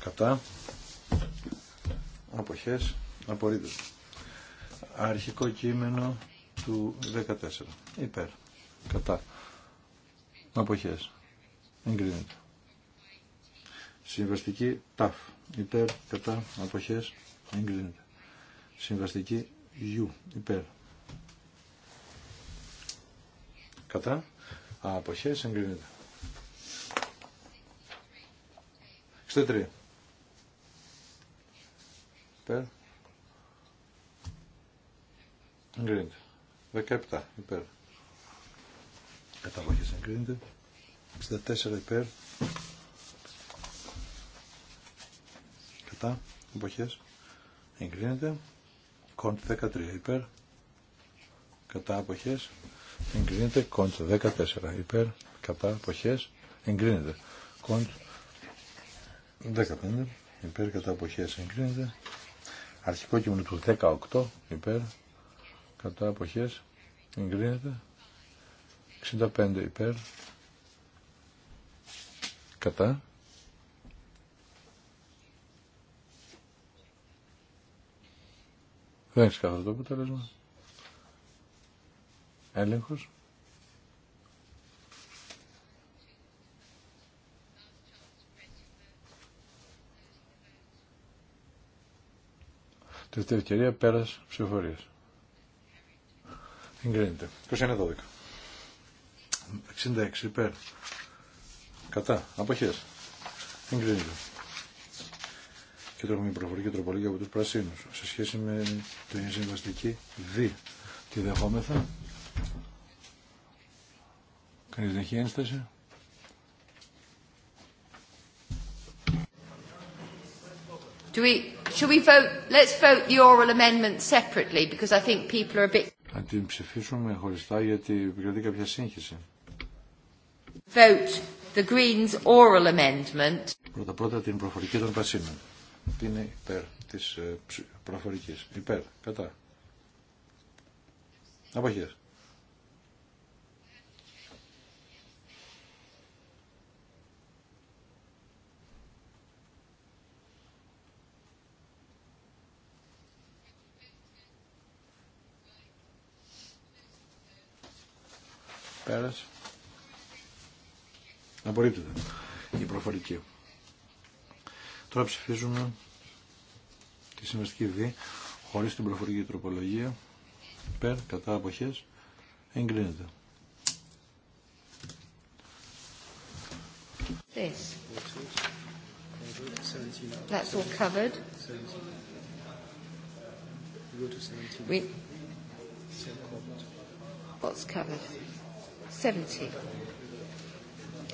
Κατά. Αποχές. απορρίτες Αρχικό κείμενο του 14. Υπέρ. Κατά. Αποχές. Εγκρίνεται. Συμβαστική ταφ. Υπέρ. Κατά. Αποχές. Εγκρίνεται. Συμβαστική υ Υπέρ. Κατά. Αποχές εγκρίνεται. 63. Υπέρ. Εγκρίνεται. 17 υπέρ. Κατά αποχές εγκρίνεται. 64 υπέρ. Κατά αποχές εγκρίνεται. Κοντ 13 υπέρ. Κατά αποχές εγκρίνεται. Κόντ 14 υπέρ κατά εποχές, εγκρίνεται. Κόντ 15 υπέρ κατά εποχές, εγκρίνεται. Αρχικό κείμενο του 18 υπέρ κατά εποχές, εγκρίνεται. 65 υπέρ κατά Δεν έχει καθόλου το αποτέλεσμα έλεγχος. Τελευταία ευκαιρία πέρας ψηφοφορίας. Εγκρίνεται. 21-12. 66 υπέρ. Κατά. Αποχές. Εγκρίνεται. Και τώρα έχουμε προφορική τροπολογία από τους πρασίνους σε σχέση με την συμβαστική δι. Τη δεχόμεθα. Κανείς δεν έχει ένσταση. Do we, should we vote, let's vote the oral amendment separately because I think people are a bit... Να την ψηφίσουμε χωριστά γιατί επικρατεί κάποια σύγχυση. Vote the Greens oral amendment. Πρώτα πρώτα την προφορική των Πασίνων. Τι είναι υπέρ της ε, προφορικής. Υπέρ. Κατά. Αποχές. Πέρας. Απορρίπτεται η προφορική. Τώρα ψηφίζουμε τη συμβαστική δι χωρίς την προφορική τροπολογία. Περ, κατά, αποχές. Εγκρίνεται. This. That's all covered. We... What's covered? 70.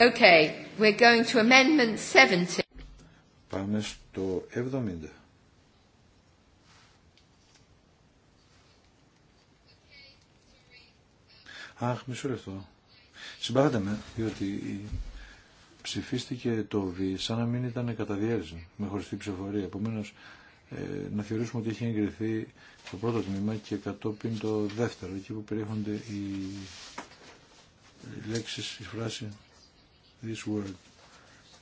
Okay, we're going to amendment 70. Πάμε στο 70. Αχ, μισό λεπτό. Συμπάθατε με, διότι ψηφίστηκε το Β σαν να μην ήταν κατά διέρεση, με χωριστή ψηφορία. Επομένω, ε, να θεωρήσουμε ότι έχει εγκριθεί το πρώτο τμήμα και κατόπιν το δεύτερο, εκεί που περιέχονται οι λέξεις, η φράση this word,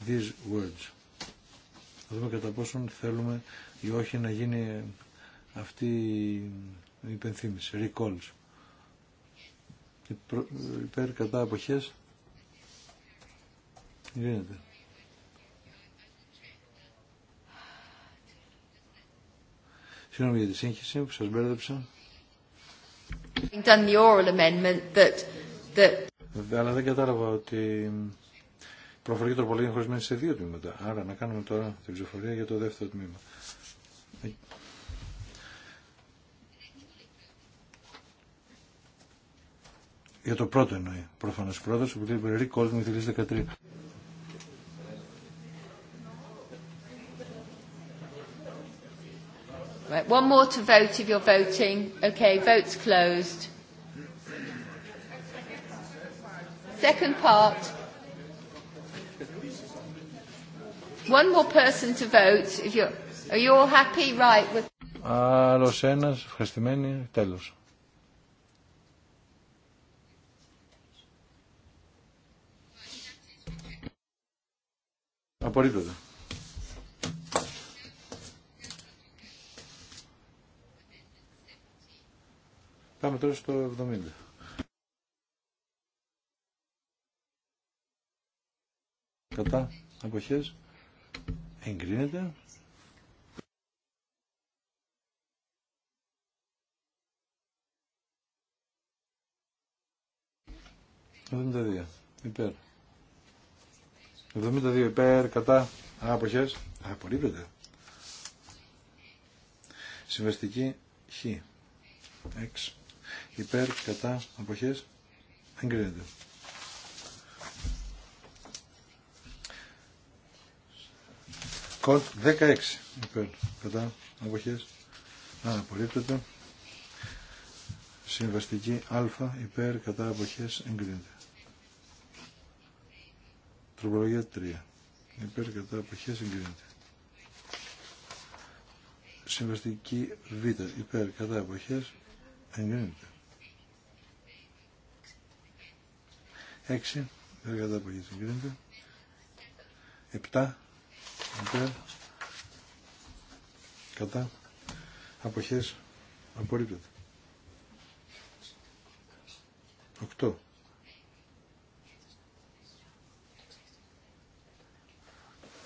these words. Θα δούμε κατά πόσον θέλουμε ή όχι να γίνει αυτή η υπενθύμηση, recalls. Υπέρ κατά αποχές γίνεται. Συγγνώμη για τη σύγχυση που σας μπέρδεψα. Done the oral amendment that, that αλλά δεν κατάλαβα ότι η προφορική τροπολογία είναι χωρισμένη σε δύο τμήματα. Άρα να κάνουμε τώρα την ψηφοφορία για το δεύτερο τμήμα. Για το πρώτο εννοεί. Προφανώς πρώτος που λέει μη Μυθιλής 13. Right, one more to vote if you're voting. Okay, vote's closed. Second part. One more person to vote. If you're, are you all happy? Right. With... Άλλος ένας, ευχαριστημένοι, τέλος. Απορρίπτωτα. Πάμε τώρα στο 70. κατά αποχές εγκρίνεται. 72 δύο υπέρ. 72 υπέρ κατά αποχές απορρίπτεται. Συμβαστική χ. Εξ Υπέρ κατά αποχές εγκρίνεται. Κολτ 16. Υπέρ. Κατά. αποχέ. Αναπολύπτεται. Συμβαστική α. Υπέρ. Κατά. αποχέ Εγκρίνεται. Τροπολογία 3. Υπέρ. Κατά. αποχέ Εγκρίνεται. Συμβαστική β. Υπέρ. Κατά. αποχέ Εγκρίνεται. 6. Υπέρ. Κατά. αποχέ Εγκρίνεται. 7 υπέρ κατά αποχές απορρίπτεται οκτώ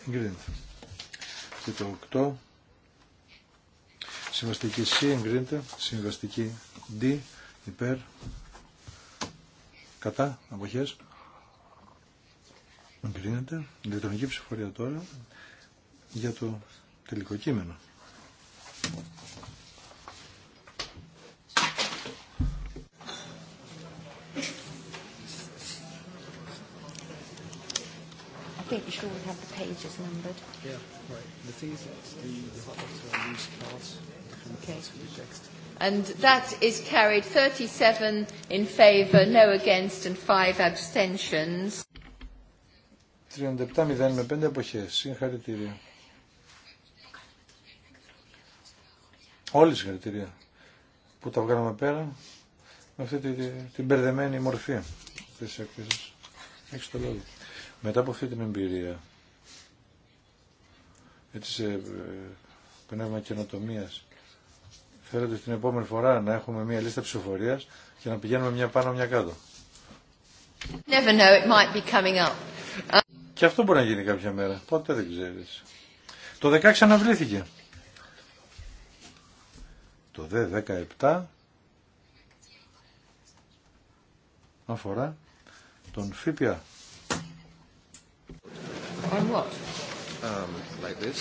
εγκρίνεται και το οκτώ. συμβαστική C εγκρίνεται συμβαστική D υπέρ κατά αποχές εγκρίνεται ηλεκτρονική ψηφορία τώρα για το τελικό κείμενο. I think you have the pages numbered. Yeah, right. The thing is, it's the, the hot water loose parts. And that is carried 37 in favor no against and 5 abstentions. 37-0 με 5 αποχές. Συγχαρητήρια. η συγχαρητήρια που τα βγάλαμε πέρα με αυτή την, την μπερδεμένη μορφή τη έκθεσης. το λόγο. Μετά από αυτή την εμπειρία, έτσι σε ε, πνεύμα καινοτομία. Θέλετε την επόμενη φορά να έχουμε μια λίστα ψηφοφορία και να πηγαίνουμε μια πάνω μια κάτω. Και αυτό μπορεί να γίνει κάποια μέρα. Πότε δεν ξέρεις. Το 16 αναβλήθηκε. Το δε 17 αφορά τον ΦΥΠΙΑ. On not Um, like this.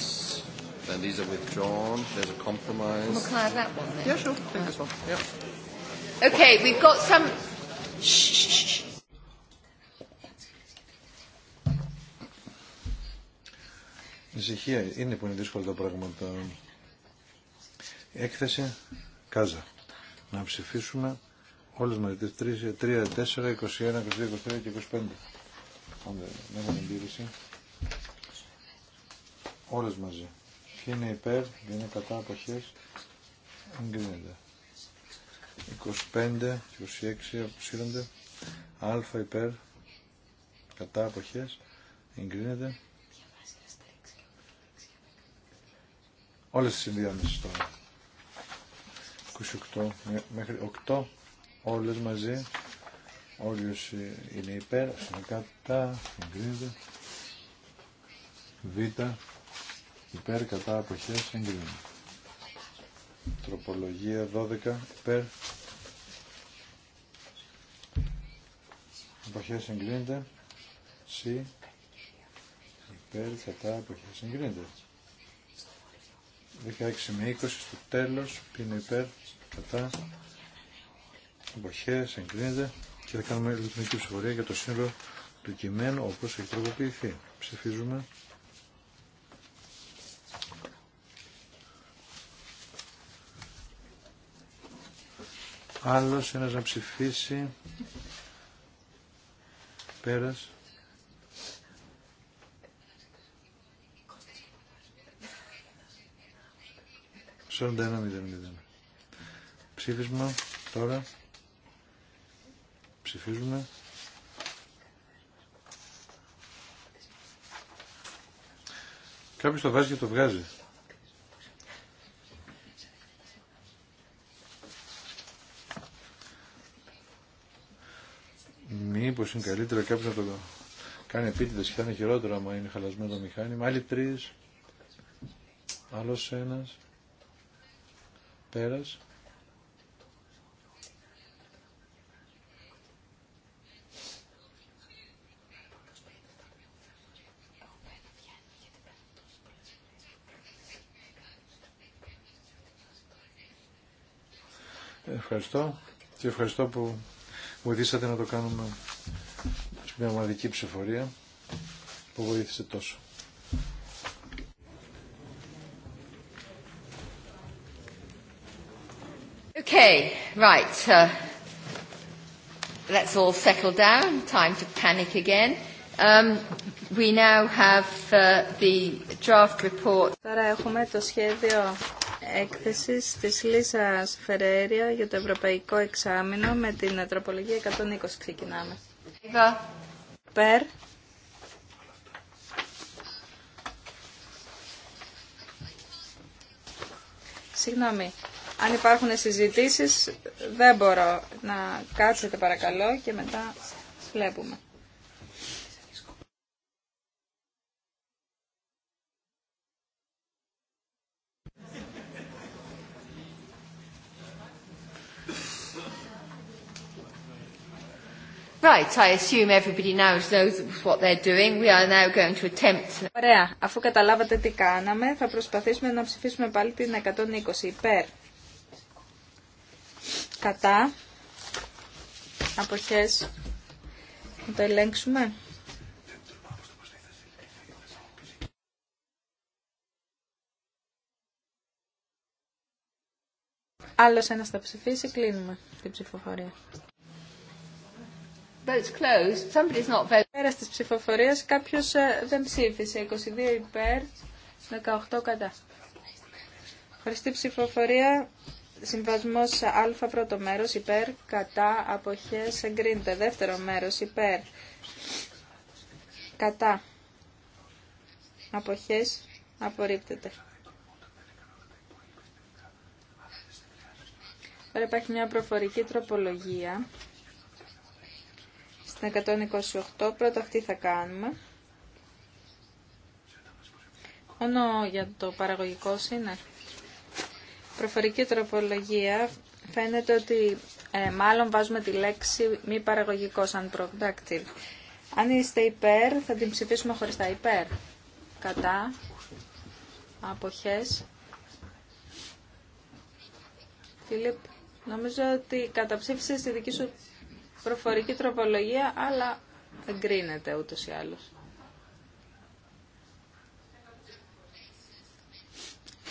Then these are withdrawn. There's a compromise. Well, can I have that one then? Yeah, sure. Take this one. Yeah. Okay, we've got some... Ησυχία είναι που είναι δύσκολο το πράγμα. Έκθεση Κάζα. Να ψηφίσουμε όλες μαζί τις 3, 4, 21, 22, 23 και 25. Αν έχουμε Όλες μαζί. Ποιοι είναι υπέρ, ποιοι είναι κατά αποχές. Εγκρίνεται. 25, 26 αποσύρονται. Α υπέρ, κατά αποχές. Εγκρίνεται. Όλες τις συνδυάμεσεις τώρα. 28 μέχρι 8 όλες μαζί όσοι είναι υπέρ είναι κατά εγκρίνεται β υπέρ κατά αποχές εγκρίνεται τροπολογία 12 υπέρ αποχές εγκρίνεται σ υπέρ κατά αποχές εγκρίνεται 16 με 20 στο τέλος, είναι υπέρ, κατά, εποχέ εγκρίνεται και θα κάνουμε ηλεκτρονική ψηφορία για το σύνολο του κειμένου όπως έχει τροποποιηθεί. Ψηφίζουμε. Άλλος ένας να ψηφίσει. Πέρας. 41.00. Ψήφισμα τώρα. Ψηφίζουμε. Κάποιος το βάζει και το βγάζει. Μήπως είναι καλύτερα κάποιος να το κάνει επίτηδες και θα είναι χειρότερο άμα είναι χαλασμένο το μηχάνημα. Άλλοι τρεις. Άλλος ένας. Ευχαριστώ και ευχαριστώ που βοηθήσατε να το κάνουμε μια ομαδική ψηφορία που βοήθησε τόσο. Okay, right. Uh, let's all settle down. Time to panic again. Um, we now have uh, the draft report. Τώρα έχουμε το σχέδιο έκθεσης της Λίζας Φερέρια για το Ευρωπαϊκό Εξάμεινο με την Ατροπολογία 120. Ξεκινάμε. Εδώ. Περ. Συγγνώμη, αν υπάρχουν συζητήσεις, δεν μπορώ να κάτσετε παρακαλώ και μετά βλέπουμε. I assume everybody what they're doing. We are now going to attempt. Ωραία, αφού καταλάβατε τι κάναμε, θα προσπαθήσουμε να ψηφίσουμε πάλι την 120 υπέρ κατά αποχές να το ελέγξουμε. Άλλο ένας θα ψηφίσει, κλείνουμε την ψηφοφορία. Πέρα τη ψηφοφορία κάποιο ε, δεν ψήφισε. 22 υπέρ, 18 κατά. Χωριστή ψηφοφορία Συμβασμός α πρώτο μέρος υπέρ, κατά, αποχές, εγκρίνεται. Δεύτερο μέρος υπέρ, κατά, αποχές, απορρίπτεται. Τώρα υπάρχει μια προφορική τροπολογία. Στην 128 πρώτα αυτή θα κάνουμε. Μόνο για το παραγωγικό σύνολο. Ναι προφορική τροπολογία φαίνεται ότι ε, μάλλον βάζουμε τη λέξη μη παραγωγικό σαν productive. Αν είστε υπέρ θα την ψηφίσουμε χωριστά υπέρ. Κατά. Αποχές. Φίλιπ, νομίζω ότι καταψήφισε τη δική σου προφορική τροπολογία, αλλά εγκρίνεται ούτως ή άλλως.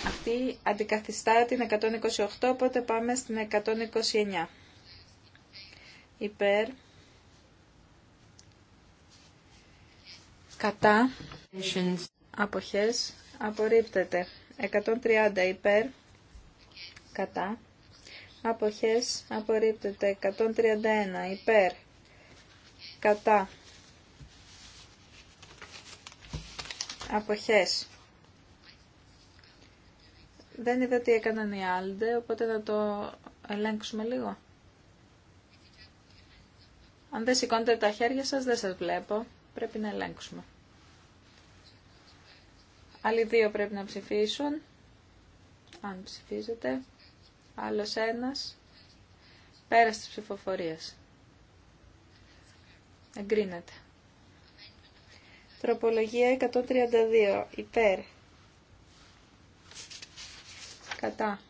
Αυτή αντικαθιστά την 128, οπότε πάμε στην 129. Υπέρ. Κατά. Αποχές. Απορρίπτεται. 130 υπέρ. Κατά. Αποχές. Απορρίπτεται. 131 υπέρ. Κατά. Αποχές. Δεν είδα τι έκαναν οι άλλοι, οπότε θα το ελέγξουμε λίγο. Αν δεν σηκώνετε τα χέρια σας, δεν σας βλέπω. Πρέπει να ελέγξουμε. Άλλοι δύο πρέπει να ψηφίσουν. Αν ψηφίζετε. Άλλος ένας. Πέρας της ψηφοφορίας. Εγκρίνεται. Τροπολογία 132. Υπέρ κατά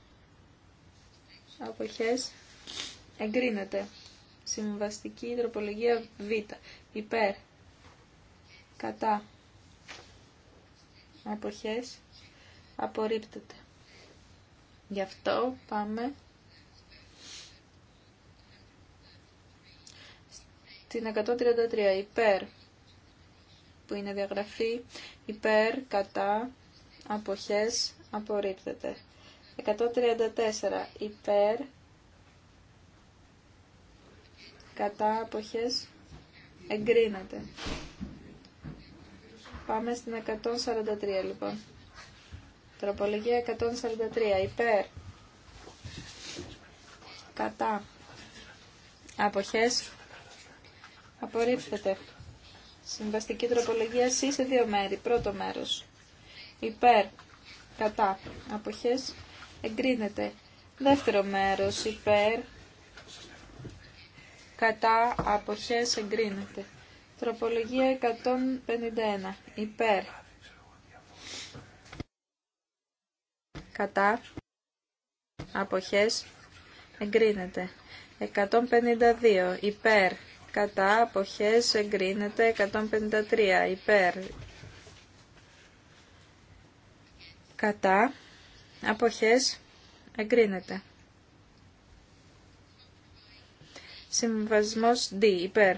αποχές εγκρίνεται. Συμβαστική τροπολογία Β. Υπέρ. Κατά. Αποχές. Απορρίπτεται. Γι' αυτό πάμε στην 133. Υπέρ. Που είναι διαγραφή. Υπέρ. Κατά. Αποχές. Απορρίπτεται. 134 υπέρ κατά αποχές εγκρίνεται. Πάμε στην 143 λοιπόν. Τροπολογία 143 υπέρ κατά αποχές απορρίπτεται. Συμβαστική τροπολογία C σε δύο μέρη. Πρώτο μέρος. Υπέρ, κατά, αποχές, εγκρίνεται. Δεύτερο μέρος υπέρ κατά αποχές εγκρίνεται. Τροπολογία 151 υπέρ κατά αποχές εγκρίνεται. 152 υπέρ κατά αποχές εγκρίνεται. 153 υπέρ κατά αποχές εγκρίνεται. Συμβασμός D, υπέρ.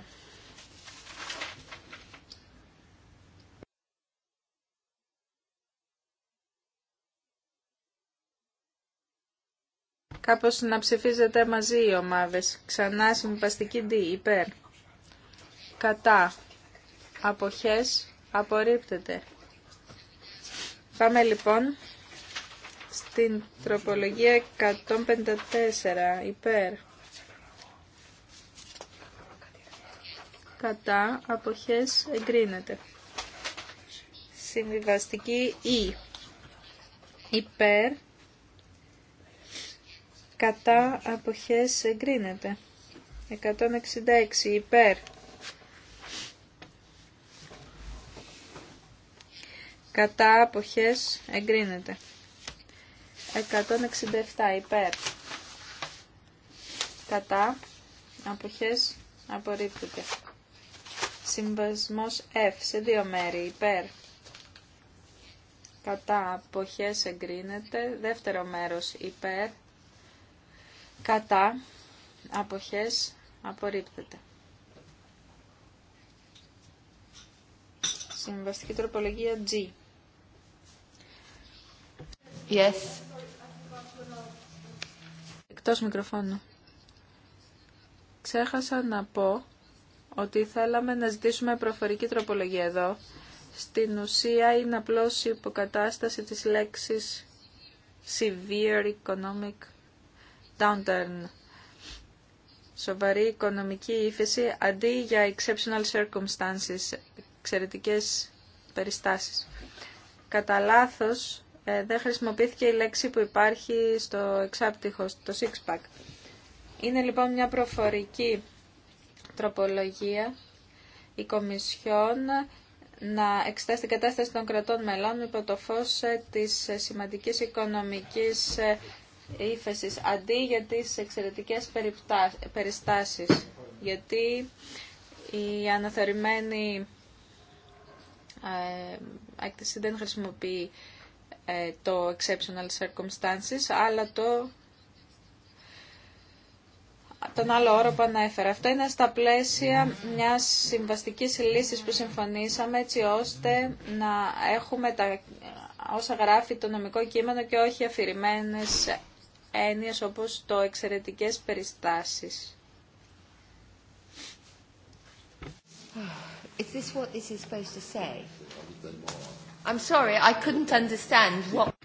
Κάπως να ψηφίζετε μαζί οι ομάδες. Ξανά συμβαστική D, υπέρ. Κατά. Αποχές απορρίπτεται. Πάμε λοιπόν στην τροπολογία 154 υπέρ κατά αποχές εγκρίνεται συμβιβαστική Ή e, υπέρ κατά αποχές εγκρίνεται 166 υπέρ κατά αποχές εγκρίνεται 167 υπέρ. Κατά. Αποχές απορρίπτεται. Συμβασμός F σε δύο μέρη υπέρ. Κατά. Αποχές εγκρίνεται. Δεύτερο μέρος υπέρ. Κατά. Αποχές απορρίπτεται. Συμβαστική τροπολογία G Yes. Εκτός μικροφώνου. Ξέχασα να πω ότι θέλαμε να ζητήσουμε προφορική τροπολογία εδώ. Στην ουσία είναι απλώς η υποκατάσταση της λέξης severe economic downturn. Σοβαρή οικονομική ύφεση αντί για exceptional circumstances, εξαιρετικές περιστάσεις. Κατά ε, δεν χρησιμοποιήθηκε η λέξη που υπάρχει στο εξάπτυχο, στο six pack. Είναι λοιπόν μια προφορική τροπολογία η Κομισιόν να εξετάσει την κατάσταση των κρατών μελών υπό το φως ε, της σημαντικής οικονομικής ε, ύφεσης αντί για τις εξαιρετικές περιστάσεις. Γιατί η αναθεωρημένη έκθεση δεν χρησιμοποιεί ε, το exceptional circumstances, αλλά το τον άλλο όρο που ανέφερα. Αυτό είναι στα πλαίσια μιας συμβαστικής λύσης που συμφωνήσαμε έτσι ώστε να έχουμε τα όσα γράφει το νομικό κείμενο και όχι αφηρημένες έννοιες όπως το εξαιρετικές περιστάσεις. Is this what I'm sorry,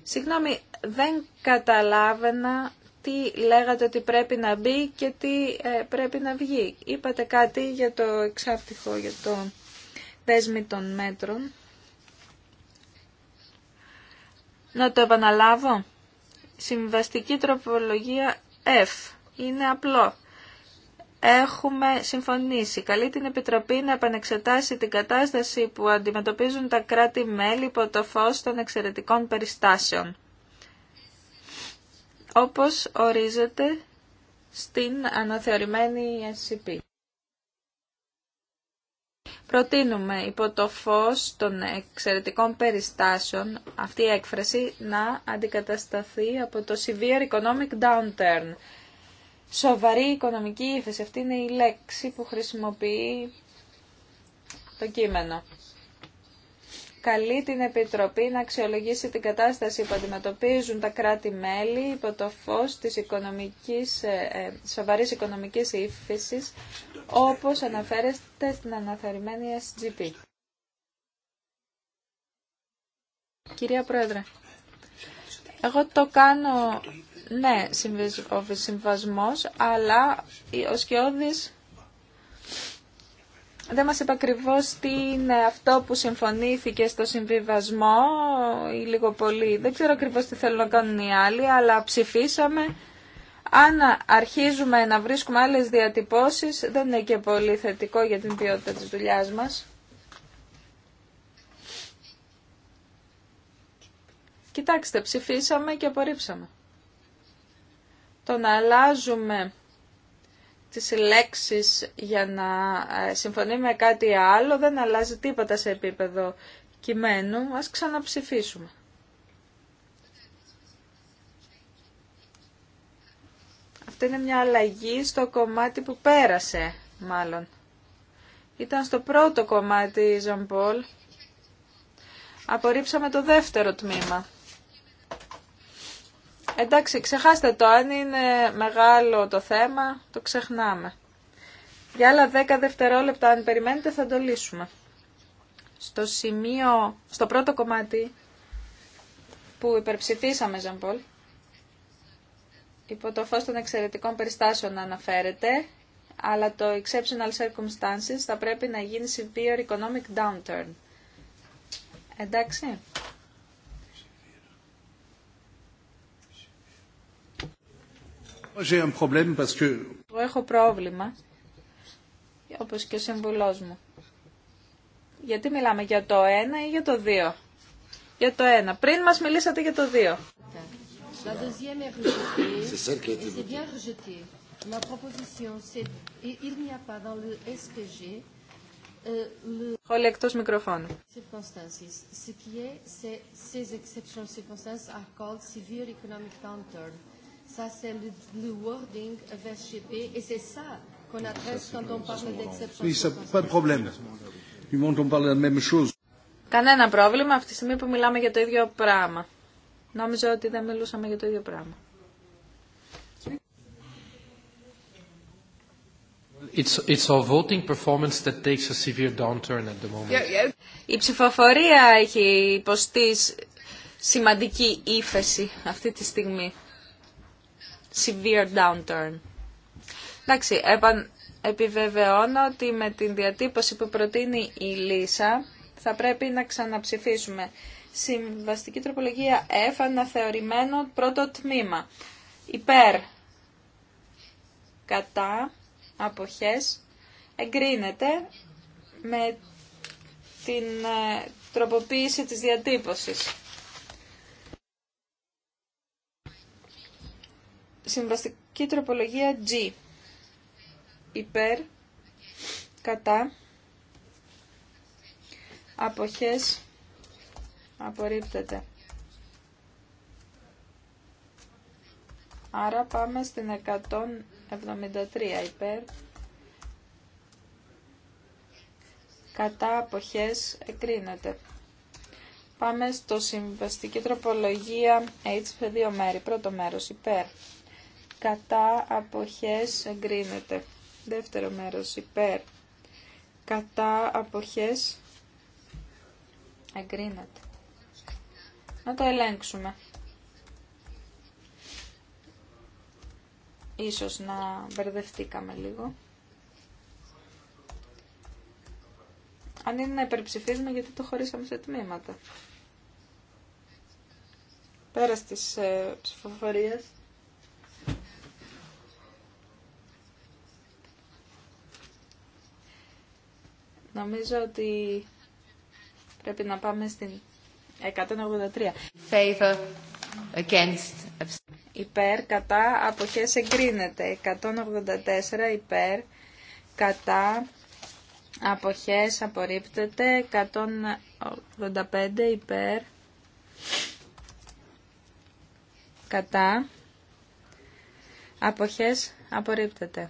Συγγνώμη, δεν καταλάβαινα τι λέγατε ότι πρέπει να μπει και τι ε, πρέπει να βγει. Είπατε κάτι για το εξάπτυχο, για το δέσμι των μέτρων. Να το επαναλάβω. Συμβαστική τροπολογία F. Είναι απλό έχουμε συμφωνήσει. Καλεί την Επιτροπή να επανεξετάσει την κατάσταση που αντιμετωπίζουν τα κράτη-μέλη υπό το φως των εξαιρετικών περιστάσεων. Όπως ορίζεται στην αναθεωρημένη SCP. Προτείνουμε υπό το φως των εξαιρετικών περιστάσεων αυτή η έκφραση να αντικατασταθεί από το Severe Economic Downturn σοβαρή οικονομική ύφεση. Αυτή είναι η λέξη που χρησιμοποιεί το κείμενο. Καλεί την Επιτροπή να αξιολογήσει την κατάσταση που αντιμετωπίζουν τα κράτη-μέλη υπό το φως της οικονομικής, ε, ε, σοβαρής οικονομικής ύφεσης, όπως αναφέρεστε στην αναθεωρημένη SGP. Κυρία Πρόεδρε, εγώ το κάνω ναι, ο συμβασμός, αλλά ο Σκιώδης δεν μας είπε ακριβώ τι είναι αυτό που συμφωνήθηκε στο συμβιβασμό ή λίγο πολύ. Δεν ξέρω ακριβώ τι θέλουν να κάνουν οι άλλοι, αλλά ψηφίσαμε. Αν αρχίζουμε να βρίσκουμε άλλες διατυπώσεις, δεν είναι και πολύ θετικό για την ποιότητα της δουλειάς μας. Κοιτάξτε, ψηφίσαμε και απορρίψαμε το να αλλάζουμε τις λέξεις για να ε, συμφωνεί με κάτι άλλο δεν αλλάζει τίποτα σε επίπεδο κειμένου, ας ξαναψηφίσουμε. Αυτή είναι μια αλλαγή στο κομμάτι που πέρασε, μάλλον. Ήταν στο πρώτο κομμάτι, Ζαμπόλ. Απορρίψαμε το δεύτερο τμήμα. Εντάξει, ξεχάστε το. Αν είναι μεγάλο το θέμα, το ξεχνάμε. Για άλλα 10 δευτερόλεπτα, αν περιμένετε, θα το λύσουμε. Στο σημείο, στο πρώτο κομμάτι που υπερψηφίσαμε, Ζαμπολ, υπό το φως των εξαιρετικών περιστάσεων αναφέρεται, αλλά το exceptional circumstances θα πρέπει να γίνει severe economic downturn. Εντάξει. J'ai un problème parce Εγώ έχω πρόβλημα, όπως και ο συμβουλός μου. Γιατί μιλάμε για το 1 ή για το 2. Για το 1. Πριν μας μιλήσατε για το 2. La deuxième est rejetée. C'est celle qui a été votée. bien rejeté. Ma proposition, c'est Et il n'y a pas dans le SPG le. εκτός μικροφώνου. Ce qui est, c'est ces exceptions circonstances are called severe economic downturn. Ça, c'est le, le wording VSGP et c'est ça qu'on adresse quand on parle d'exception. Oui, ça, pas de problème. Du moment qu'on parle de la même chose. Κανένα πρόβλημα αυτή τη στιγμή που μιλάμε για το ίδιο πράγμα. Νόμιζα ότι δεν μιλούσαμε για το ίδιο πράγμα. It's, it's our voting performance that takes a severe downturn at the moment. Η ψηφοφορία έχει υποστεί σημαντική ύφεση αυτή τη στιγμή severe downturn. Εντάξει, επιβεβαιώνω ότι με την διατύπωση που προτείνει η Λίσα θα πρέπει να ξαναψηφίσουμε. Συμβαστική τροπολογία F αναθεωρημένο πρώτο τμήμα. Υπέρ, κατά, αποχές, εγκρίνεται με την ε, τροποποίηση της διατύπωσης. Συμβαστική τροπολογία G. Υπέρ, κατά, αποχές, απορρίπτεται. Άρα πάμε στην 173 υπέρ. Κατά αποχές εκρίνεται. Πάμε στο συμβαστική τροπολογία H δύο μέρη. Πρώτο μέρος υπέρ κατά αποχές εγκρίνεται. Δεύτερο μέρος υπέρ κατά αποχές εγκρίνεται. Να το ελέγξουμε. Ίσως να μπερδευτήκαμε λίγο. Αν είναι να υπερψηφίζουμε γιατί το χωρίσαμε σε τμήματα. Πέρα στις ε, ψηφοφορίες. Νομίζω ότι πρέπει να πάμε στην 183. Favor against. Υπέρ, κατά, αποχές εγκρίνεται. 184 υπέρ, κατά, αποχές απορρίπτεται. 185 υπέρ, κατά, αποχές απορρίπτεται.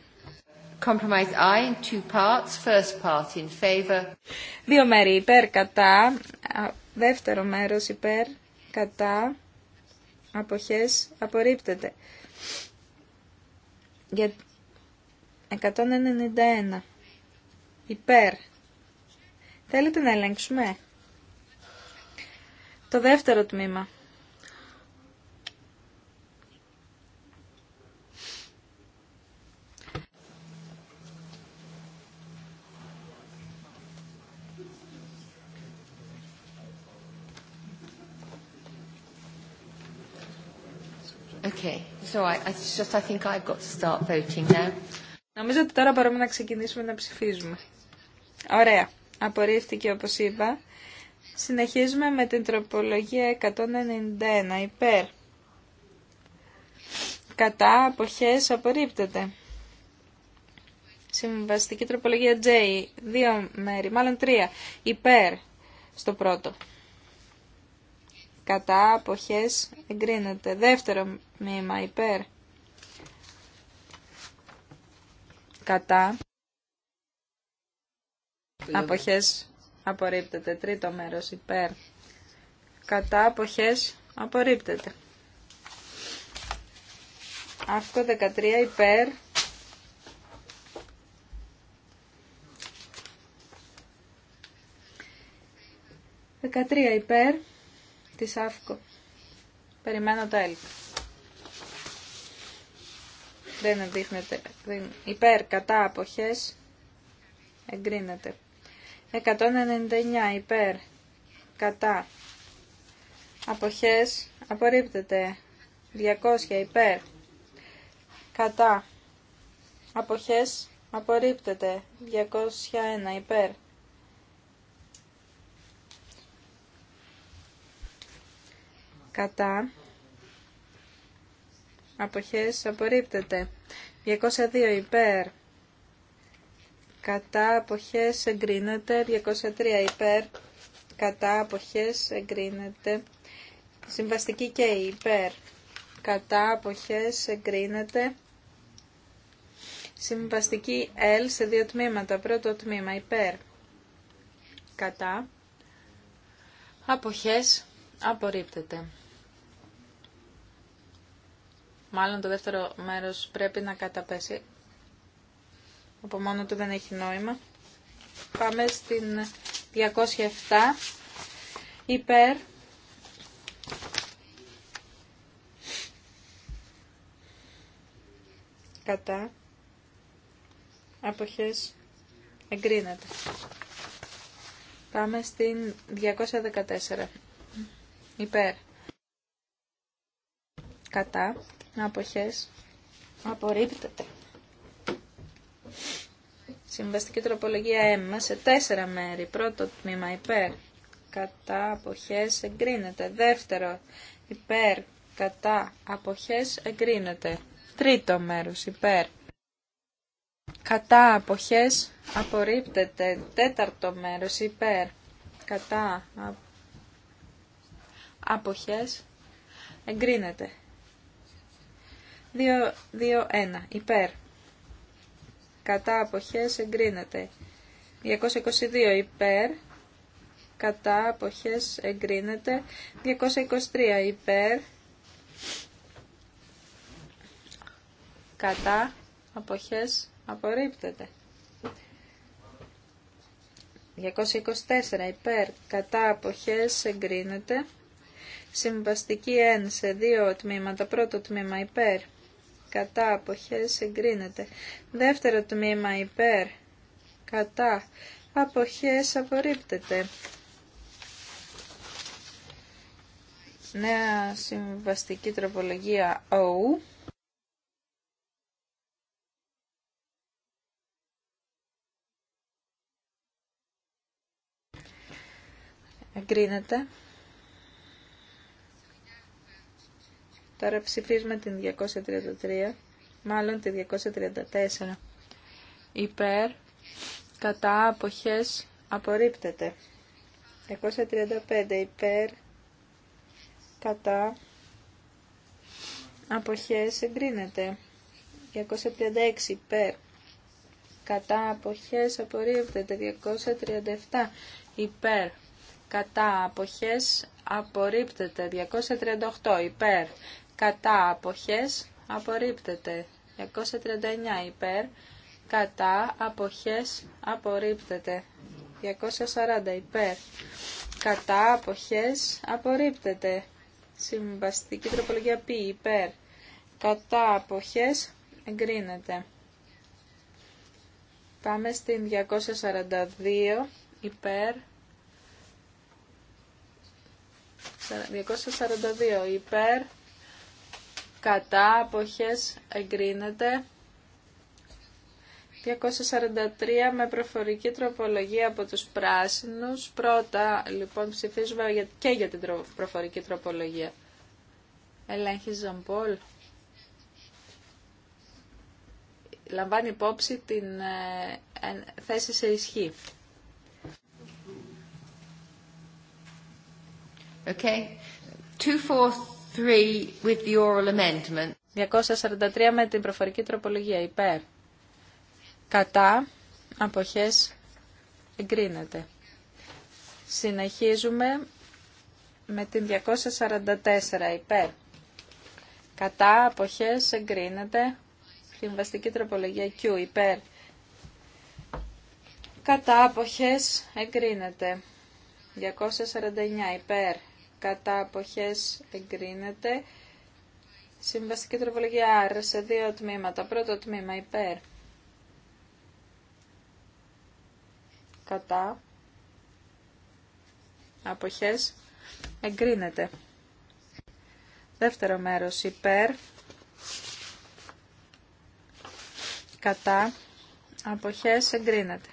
Δύο μέρη υπέρ κατά. Δεύτερο μέρος υπέρ κατά. Αποχές απορρίπτεται. Για 191. Υπέρ. Θέλετε να ελέγξουμε. Το δεύτερο τμήμα. Okay. So I, just I think got to start voting now. Νομίζω ότι τώρα μπορούμε να ξεκινήσουμε να ψηφίζουμε. Ωραία. Απορρίφθηκε όπως είπα. Συνεχίζουμε με την τροπολογία 191 υπέρ. Κατά αποχές απορρίπτεται. Συμβαστική τροπολογία J. Δύο μέρη, μάλλον τρία. Υπέρ στο πρώτο κατά αποχές εγκρίνεται. Δεύτερο μήμα υπέρ κατά αποχές απορρίπτεται. Τρίτο μέρος υπέρ κατά αποχές απορρίπτεται. Αυτό 13 υπέρ 13 υπέρ τη Σάφκο. Περιμένω τα ΕΛΚ. Δεν δείχνεται. Υπέρ, κατά, αποχές. Εγκρίνεται. 199 υπέρ, κατά, αποχές. Απορρίπτεται. 200 υπέρ, κατά, αποχές. Απορρίπτεται. 201 υπέρ, κατά αποχές απορρίπτεται 202 υπέρ κατά αποχές εγκρίνεται 203 υπέρ κατά αποχές εγκρίνεται συμβαστική και υπέρ κατά αποχές εγκρίνεται συμβαστική L σε δύο τμήματα πρώτο τμήμα υπέρ κατά αποχές απορρίπτεται μάλλον το δεύτερο μέρος πρέπει να καταπέσει. Από μόνο του δεν έχει νόημα. Πάμε στην 207 υπέρ κατά αποχές εγκρίνεται. Πάμε στην 214 υπέρ κατά αποχές απορρίπτεται. Συμβαστική τροπολογία M σε τέσσερα μέρη. Πρώτο τμήμα υπέρ, κατά, αποχές, εγκρίνεται. Δεύτερο υπέρ, κατά, αποχές, εγκρίνεται. Τρίτο μέρος υπέρ, κατά, αποχές, απορρίπτεται. Τέταρτο μέρος υπέρ, κατά, αποχές, εγκρίνεται. 2-2-1 υπέρ, υπέρ. Κατά αποχές εγκρίνεται. 222 υπέρ. Κατά αποχές εγκρίνεται. 223 υπέρ. Κατά αποχές απορρίπτεται. 224 υπέρ κατά αποχές εγκρίνεται. Συμβαστική 1 σε δύο τμήματα. Πρώτο τμήμα υπέρ κατά αποχές εγκρίνεται. Δεύτερο τμήμα υπέρ κατά αποχές απορρίπτεται. Νέα συμβαστική τροπολογία O. Εγκρίνεται. Τώρα ψηφίζουμε την 233, μάλλον τη 234. Υπέρ, κατά, αποχές, απορρίπτεται. 235 υπέρ, κατά, αποχές, εγκρίνεται. 236 υπέρ, κατά, αποχές, απορρίπτεται. 237 υπέρ, κατά, αποχές, απορρίπτεται. 238 υπέρ, κατά αποχές απορρίπτεται. 239 υπέρ κατά αποχές απορρίπτεται. 240 υπέρ κατά αποχές απορρίπτεται. Συμβαστική τροπολογία π υπέρ κατά αποχές εγκρίνεται. Πάμε στην 242 υπέρ 242 υπέρ κατά αποχές εγκρίνεται 243 με προφορική τροπολογία από τους πράσινους. Πρώτα, λοιπόν, ψηφίζουμε και για την προφορική τροπολογία. Ελέγχει Ζαμπόλ. Λαμβάνει υπόψη την ε, θέση σε ισχύ. Okay. Two, 243 with the amendment. 243 με την προφορική τροπολογία υπέρ. Κατά αποχές εγκρίνεται. Συνεχίζουμε με την 244 υπέρ. Κατά αποχές εγκρίνεται. Συμβαστική τροπολογία Q υπέρ. Κατά αποχές εγκρίνεται. 249 υπέρ κατά αποχές εγκρίνεται. Συμβαστική τροπολογία R σε δύο τμήματα. Πρώτο τμήμα υπέρ. Κατά. Αποχές εγκρίνεται. Δεύτερο μέρος υπέρ. Κατά. Αποχές εγκρίνεται.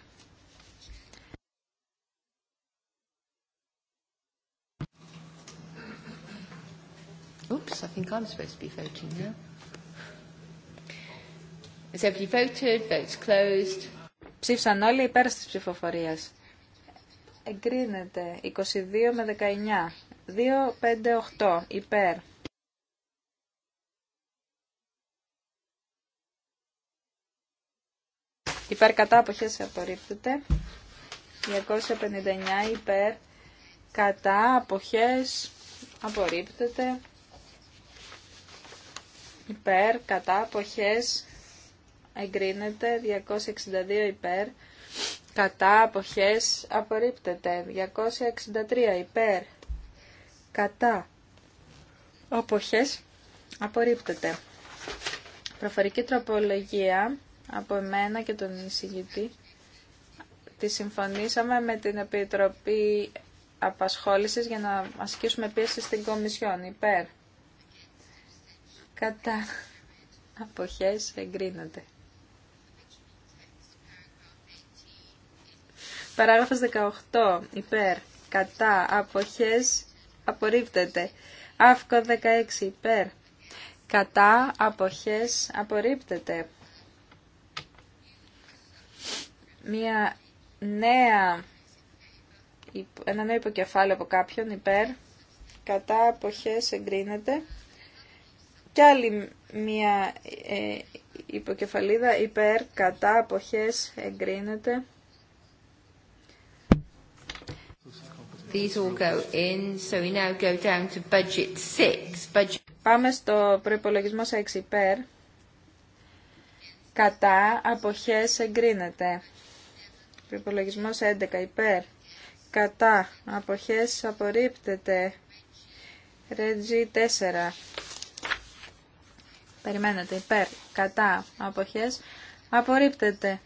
I think I'm supposed to be voting now. Has everybody voted? Votes closed. Ψήφισαν όλοι υπέρ τη ψηφοφορία. Εγκρίνεται 22 με 19. 258 υπέρ. Υπέρ κατά αποχέ απορρίπτεται. 259 υπέρ κατά αποχές απορρίπτεται υπέρ, κατά, αποχές, εγκρίνεται, 262 υπέρ, κατά, αποχές, απορρίπτεται, 263 υπέρ, κατά, αποχές, απορρίπτεται. Προφορική τροπολογία από εμένα και τον εισηγητή τη συμφωνήσαμε με την Επιτροπή Απασχόλησης για να ασκήσουμε πίεση στην Κομισιόν. Υπέρ κατά αποχές εγκρίνονται. Παράγραφος 18. Υπέρ. Κατά. Αποχές. Απορρίπτεται. Αύκο 16. Υπέρ. Κατά. Αποχές. Απορρίπτεται. Μια νέα... Ένα νέο υποκεφάλαιο από κάποιον. Υπέρ. Κατά. Αποχές. Εγκρίνεται. Κι άλλη μία ε, υποκεφαλίδα υπέρ, κατά, αποχές, εγκρίνεται. These go in, so we now go down to budget Budget... Πάμε στο προϋπολογισμό 6 υπέρ. Κατά, αποχές, εγκρίνεται. Προϋπολογισμός 11 υπέρ. Κατά, αποχές, απορρίπτεται. Ρέτζι 4 περιμένετε υπέρ, κατά, αποχές, απορρίπτεται.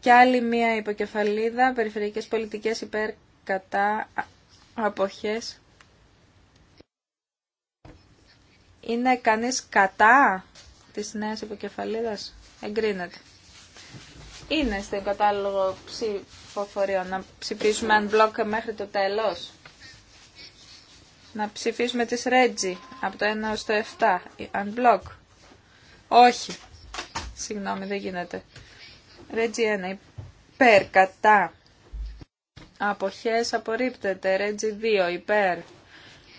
Και άλλη μία υποκεφαλίδα, περιφερειακές πολιτικές υπέρ, κατά, αποχές. Είναι κανείς κατά της νέας υποκεφαλίδας, εγκρίνεται. Είναι στην κατάλογο ψηφοφορίων να ψηφίσουμε αν μπλοκ μέχρι το τέλος να ψηφίσουμε τις Ρέτζι από το 1 έως το 7. Unblock. Όχι. Συγγνώμη, δεν γίνεται. Ρέτζι 1. Υπέρ, κατά. Αποχές απορρίπτεται. Ρέτζι 2. Υπέρ.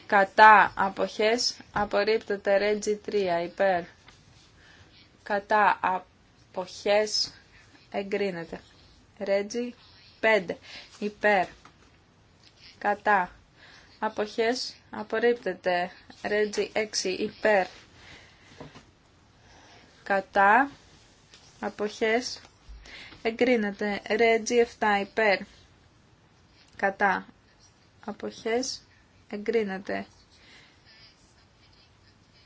Κατά. Αποχές απορρίπτεται. Ρέτζι 3. Υπέρ. Κατά. Αποχές εγκρίνεται. Ρέτζι 5. Υπέρ. Κατά αποχές απορρίπτεται. Ρέτζι 6 υπέρ κατά αποχές εγκρίνεται. Ρέτζι 7 υπέρ κατά αποχές εγκρίνεται.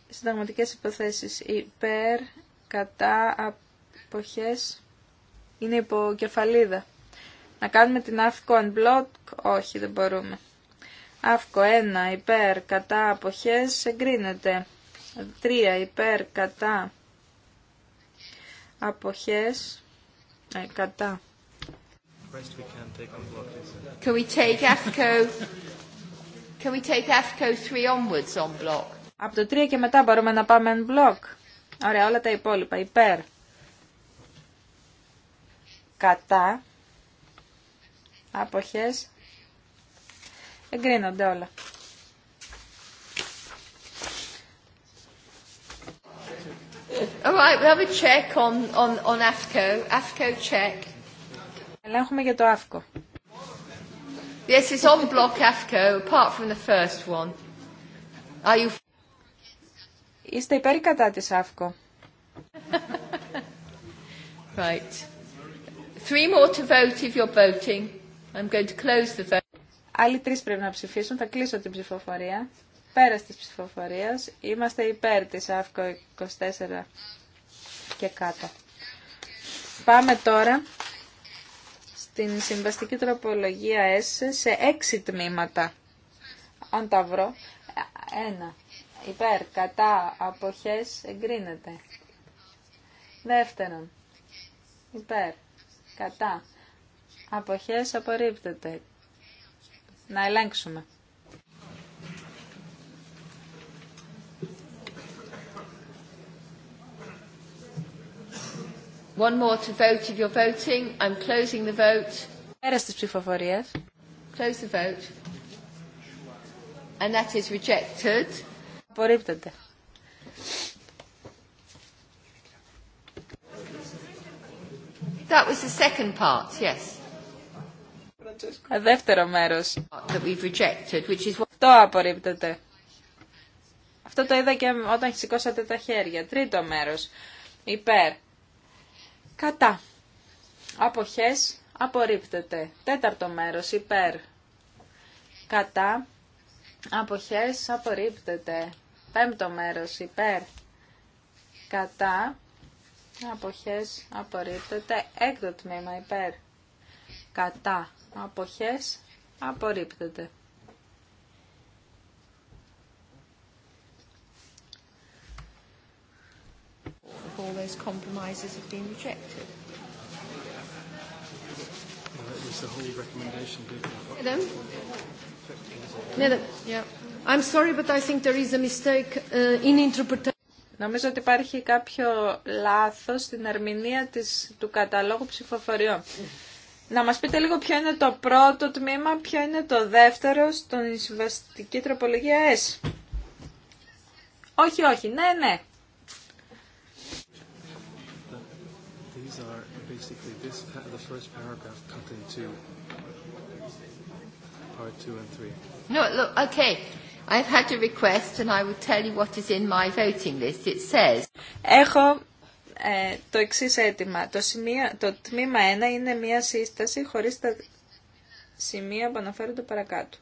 Συνταγματικές υποθέσεις υπέρ κατά αποχές είναι υποκεφαλίδα. Να κάνουμε την αφικό unblock, όχι δεν μπορούμε. Αύκο 1 υπέρ κατά αποχές εγκρίνεται. 3 υπέρ κατά αποχές ε, κατά. Can we take AFCO? Can we take AFCO 3 onwards on block? Από το 3 και μετά μπορούμε να πάμε en block. Ωραία, όλα τα υπόλοιπα. Υπέρ. Κατά. Αποχές Εγκρίνονται όλα. All right, have a check on, on, on AFCO. AFCO check. Ελέγχουμε για το AFCO. Yes, it's on block AFCO, apart from the first one. Are you... Είστε υπέρ ή κατά της AFCO. right. Three more to vote if you're voting. I'm going to close the vote. Άλλοι τρεις πρέπει να ψηφίσουν. Θα κλείσω την ψηφοφορία. Πέρα τη ψηφοφορίας. Είμαστε υπέρ της ΑΦΚΟ 24 και κάτω. Πάμε τώρα στην συμβαστική τροπολογία S σε έξι τμήματα. Αν τα βρω. Ένα. Υπέρ, κατά, αποχές, εγκρίνεται. Δεύτερον. Υπέρ, κατά, αποχές, απορρίπτεται να ελέγξουμε. One more to vote if you're voting. I'm closing the vote. Πέρασε τις ψηφοφορίες. Close the vote. And that is rejected. Απορρίπτονται. That was the second part, yes. Δεύτερο μέρος. Αυτό απορρίπτεται. Αυτό το είδα και όταν σηκώσατε τα χέρια. Τρίτο μέρος. Υπέρ. Κατά. Αποχές. Απορρίπτεται. Τέταρτο μέρος. Υπέρ. Κατά. Αποχές. Απορρίπτεται. Πέμπτο μέρος. Υπέρ. Κατά. Αποχές. Απορρίπτεται. Έκτο τμήμα. Υπέρ. Κατά αποχές απορρίπτεται. all those compromises have been rejected. Νομίζω ότι υπάρχει κάποιο λάθος στην ερμηνεία της, του καταλόγου ψηφοφοριών. Να μας πείτε λίγο ποιο είναι το πρώτο τμήμα, ποιο είναι το δεύτερο στον συμβαστική τροπολογία S. Όχι, όχι, ναι, ναι. These No, look, okay. I've had a request and I will tell you what is in my voting list. It says... Έχω ε, το εξή αίτημα. Το, σημείο, το τμήμα 1 είναι μία σύσταση χωρίς τα σημεία που αναφέρονται παρακάτω.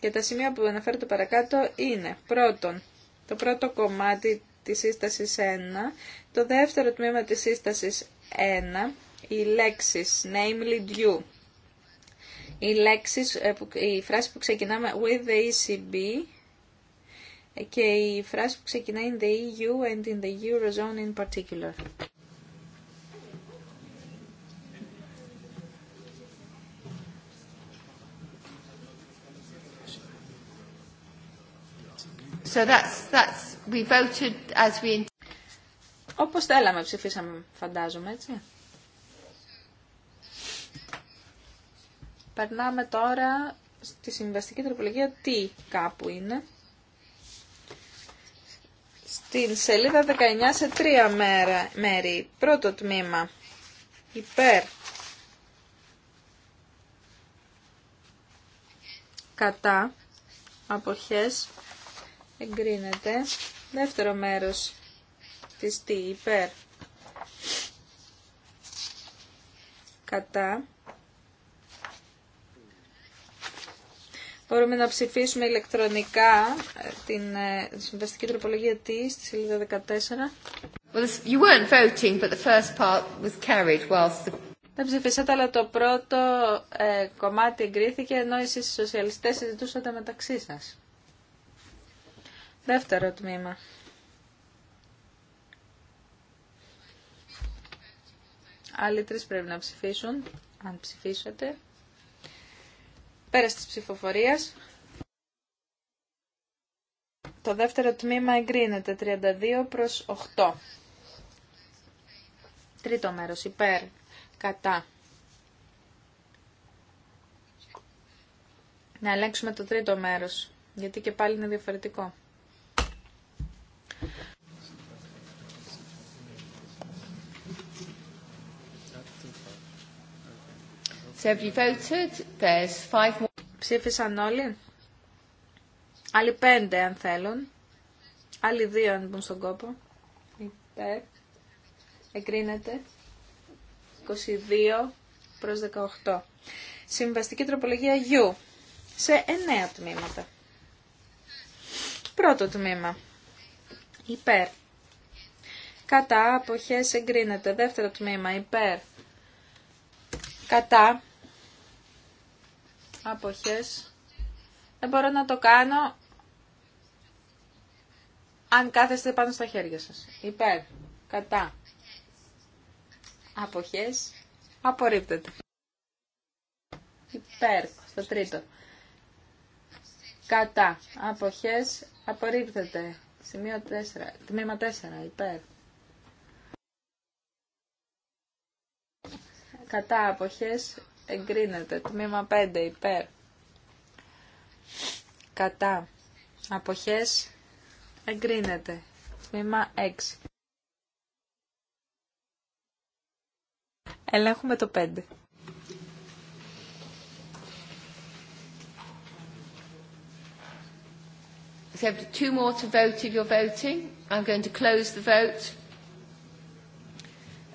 Και τα σημεία που αναφέρονται παρακάτω είναι πρώτον, το πρώτο κομμάτι της σύστασης 1, το δεύτερο τμήμα της σύστασης 1, οι λέξεις, namely due, οι λέξεις, ε, η φράση που ξεκινάμε with the ECB και η φράση που ξεκινάει in the EU and in the Eurozone in particular. So that's, that's, we voted as we... Όπως θέλαμε ψηφίσαμε, φαντάζομαι, έτσι. Περνάμε τώρα στη συμβαστική τροπολογία τι κάπου είναι στην σελίδα 19 σε τρία μέρα, μέρη. Πρώτο τμήμα. Υπέρ. Κατά. Αποχές. Εγκρίνεται. Δεύτερο μέρος της τι. Υπέρ. Κατά. Μπορούμε να ψηφίσουμε ηλεκτρονικά ε, την ε, συμβαστική τροπολογία τη στη σελίδα 14. Well, you weren't voting, but the first part was carried whilst the... Δεν ψηφίσατε, αλλά το πρώτο ε, κομμάτι εγκρίθηκε, ενώ εσείς οι σοσιαλιστές συζητούσατε μεταξύ σας. Δεύτερο τμήμα. Άλλοι τρεις πρέπει να ψηφίσουν, αν ψηφίσατε. Πέρας της ψηφοφορίας. Το δεύτερο τμήμα εγκρίνεται 32 προς 8. Τρίτο μέρος υπέρ, κατά. Να ελέγξουμε το τρίτο μέρος, γιατί και πάλι είναι διαφορετικό. Ψήφισαν όλοι. Άλλοι πέντε αν θέλουν. Άλλοι δύο αν μπουν στον κόπο. Υπέρ. Εγκρίνεται. 22 προς 18. Συμβαστική τροπολογία U. Σε 9 τμήματα. Πρώτο τμήμα. Υπέρ. Κατά αποχές εγκρίνεται. Δεύτερο τμήμα. Υπέρ. Κατά αποχές. Δεν μπορώ να το κάνω αν κάθεστε πάνω στα χέρια σας. Υπέρ, κατά, αποχές, απορρίπτεται. Υπέρ, στο τρίτο. Κατά, αποχές, απορρίπτεται. Σημείο 4, τμήμα 4, υπέρ. Κατά, αποχές, εγκρίνεται. Τμήμα 5 υπέρ. Κατά. Αποχές εγκρίνεται. Τμήμα 6. Ελέγχουμε το 5. If you have two more to vote if you're voting. I'm going to close the vote.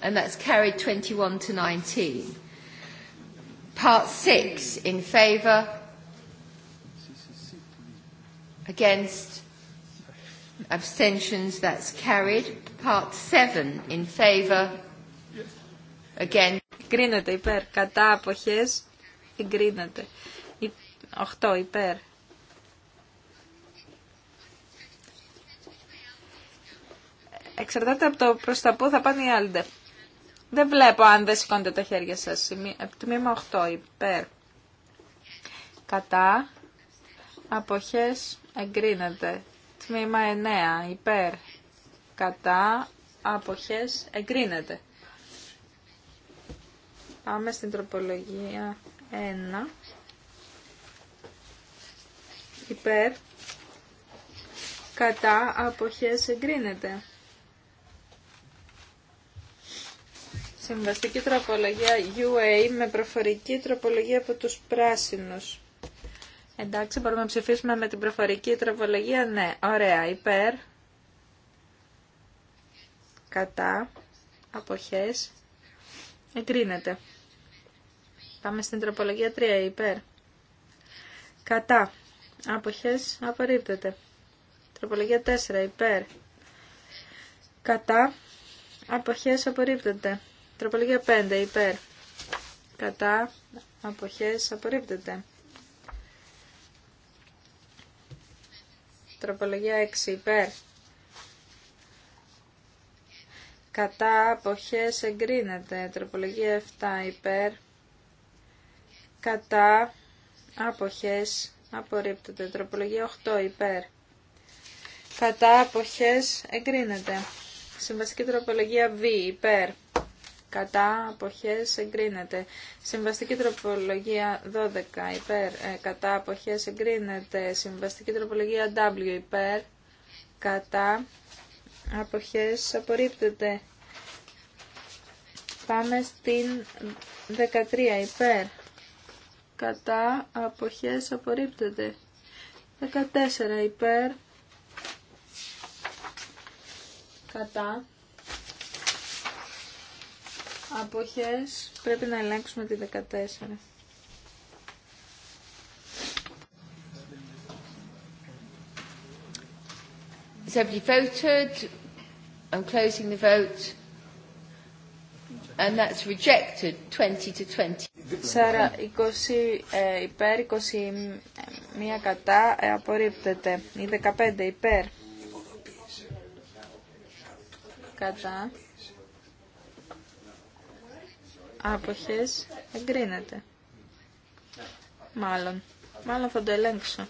And that's carried 21 to 19. Part 6 in favour. Against. Abstentions. That's carried. Part 7 in favour. Again. Εγκρίνεται υπέρ. Κατά αποχές. Εγκρίνεται. 8 υπέρ. Εξαρτάται από το προς τα πού θα πάνε οι άλλοι. Δεν βλέπω αν δεν σηκώνετε τα χέρια σας. Ε, τμήμα 8 υπέρ. Κατά. Αποχές εγκρίνεται. Τμήμα 9 υπέρ. Κατά. Αποχές εγκρίνεται. Πάμε στην τροπολογία 1. Υπέρ. Κατά. Αποχές εγκρίνεται. Συμβαστική τροπολογία UA με προφορική τροπολογία από τους πράσινους. Εντάξει, μπορούμε να ψηφίσουμε με την προφορική τροπολογία. Ναι, ωραία. Υπέρ. Κατά. Αποχές. Εγκρίνεται. Πάμε στην τροπολογία 3. Υπέρ. Κατά. Αποχές. Απορρίπτεται. Τροπολογία 4. Υπέρ. Κατά. Αποχές απορρίπτεται. Τροπολογία 5 υπέρ. Κατά αποχές απορρίπτεται. Τροπολογία 6 υπέρ. Κατά αποχές εγκρίνεται. Τροπολογία 7 υπέρ. Κατά αποχές απορρίπτεται. Τροπολογία 8 υπέρ. Κατά αποχές εγκρίνεται. Συμβαστική τροπολογία Β υπέρ κατά αποχές εγκρίνεται. Συμβαστική τροπολογία 12 υπέρ ε, κατά αποχές εγκρίνεται. Συμβαστική τροπολογία W υπέρ κατά αποχές απορρίπτεται. Πάμε στην 13 υπέρ κατά αποχές απορρίπτεται. 14 υπέρ κατά Αποχές πρέπει να ελέγξουμε τη 14. Has everybody voted? I'm closing the vote. And that's rejected 20 to 20. 20 ε, υπέρ, 21 κατά, ε, απορρίπτεται. Η 15 υπέρ. Κατά άποχες εγκρίνεται. Μάλλον. Μάλλον θα το ελέγξω.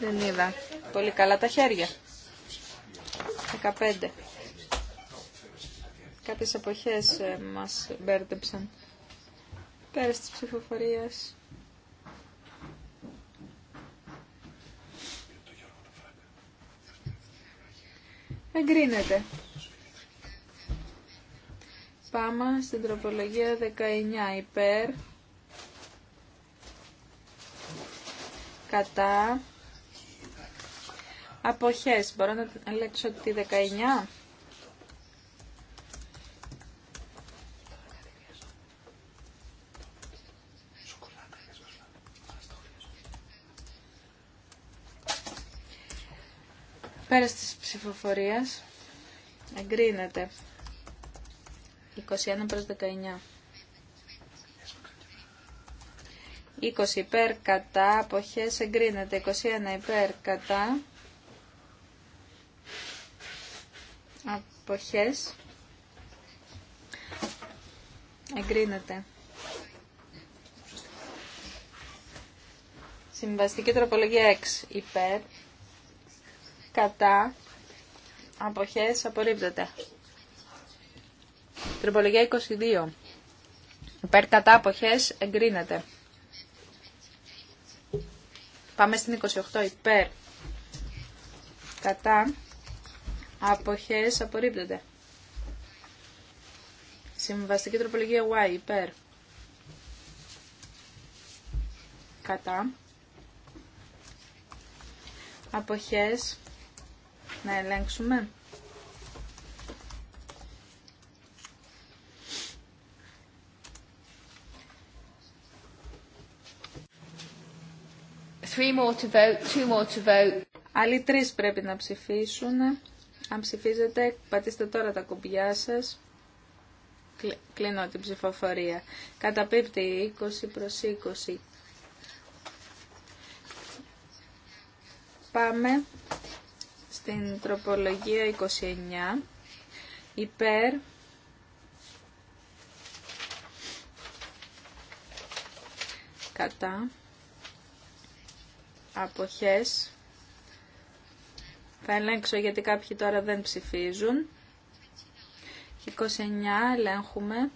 Δεν είδα. Πολύ καλά τα χέρια. 15. Κάποιες εποχές ε, μας μπέρδεψαν. Πέρας της ψηφοφορίας. Εγκρίνεται. Πάμε στην τροπολογία 19 υπέρ κατά αποχές. Μπορώ να ελέγξω τη 19. Πέρας της ψηφοφορίας εγκρίνεται. 21 προς 19. 20 υπέρ κατά, αποχές εγκρίνεται. 21 υπέρ κατά, αποχές εγκρίνεται. Συμβαστική τροπολογία 6 υπέρ κατά, αποχές απορρίπτεται. Τροπολογία 22. Υπέρ κατά αποχές εγκρίνεται. Πάμε στην 28. Υπέρ κατά αποχές απορρίπτεται. Συμβαστική τροπολογία Y. Υπέρ κατά αποχές να ελέγξουμε. Three more to vote, two more to vote. Άλλοι τρεις πρέπει να ψηφίσουν. Αν ψηφίζετε, πατήστε τώρα τα κουμπιά σας. Κλείνω την ψηφοφορία. Καταπίπτει 20 προς 20. Πάμε στην τροπολογία 29. Υπέρ. Κατά αποχές. Θα ελέγξω γιατί κάποιοι τώρα δεν ψηφίζουν. 29 ελέγχουμε.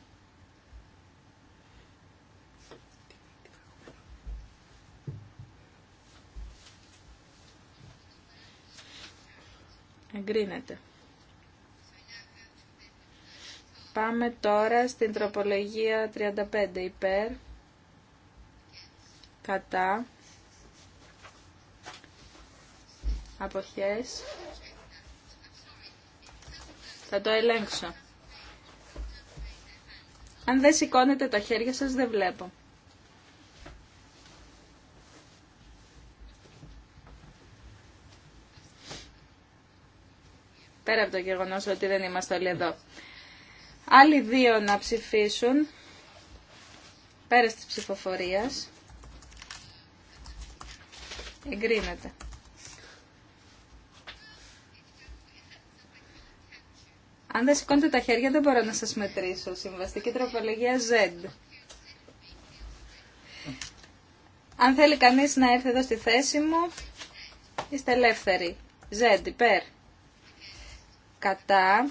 Εγκρίνεται. Πάμε τώρα στην τροπολογία 35 υπέρ, κατά, αποχές θα το ελέγξω. Αν δεν σηκώνετε τα χέρια σας δεν βλέπω. Πέρα από το γεγονός ότι δεν είμαστε όλοι εδώ. Άλλοι δύο να ψηφίσουν πέρα της ψηφοφορίας. Εγκρίνεται. Αν δεν σηκώνετε τα χέρια δεν μπορώ να σας μετρήσω. Συμβαστική τροπολογία Z. Αν θέλει κανείς να έρθει εδώ στη θέση μου, είστε ελεύθεροι. Z, υπέρ. Κατά,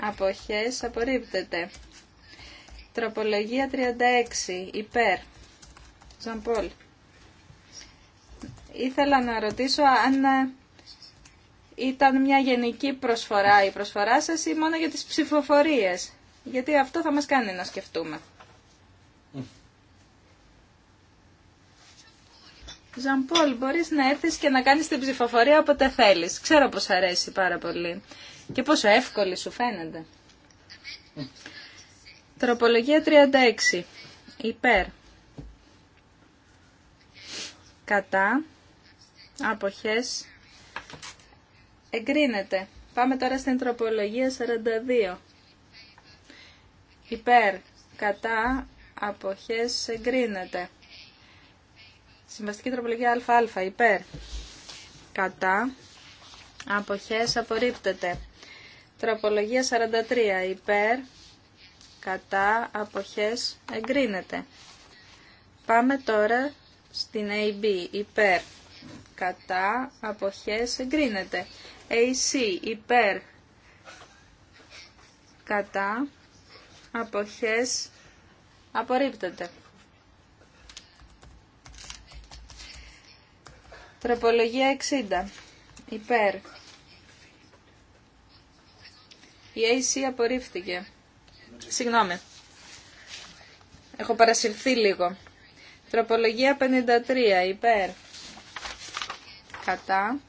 αποχές, απορρίπτεται. Τροπολογία 36, υπέρ. Ζαμπόλ. Ήθελα να ρωτήσω αν ε, ήταν μια γενική προσφορά η προσφορά σας ή μόνο για τις ψηφοφορίες. Γιατί αυτό θα μας κάνει να σκεφτούμε. Ζαμπόλ, μπορείς να έρθεις και να κάνεις την ψηφοφορία όποτε θέλεις. Ξέρω πως αρέσει πάρα πολύ και πόσο εύκολη σου φαίνεται. Τροπολογία 36. Υπέρ. Κατά. Αποχές. Εγκρίνεται. Πάμε τώρα στην τροπολογία 42. Υπέρ, κατά, αποχές, εγκρίνεται. Συμβαστική τροπολογία ΑΑ, υπέρ, κατά, αποχές, απορρίπτεται. Τροπολογία 43, υπέρ, κατά, αποχές, εγκρίνεται. Πάμε τώρα στην AB, υπέρ, κατά, αποχές, εγκρίνεται. AC υπέρ κατά αποχές απορρίπτονται. Τροπολογία 60 υπέρ η AC απορρίφθηκε. Συγγνώμη. Έχω παρασυρθεί λίγο. Τροπολογία 53 υπέρ κατά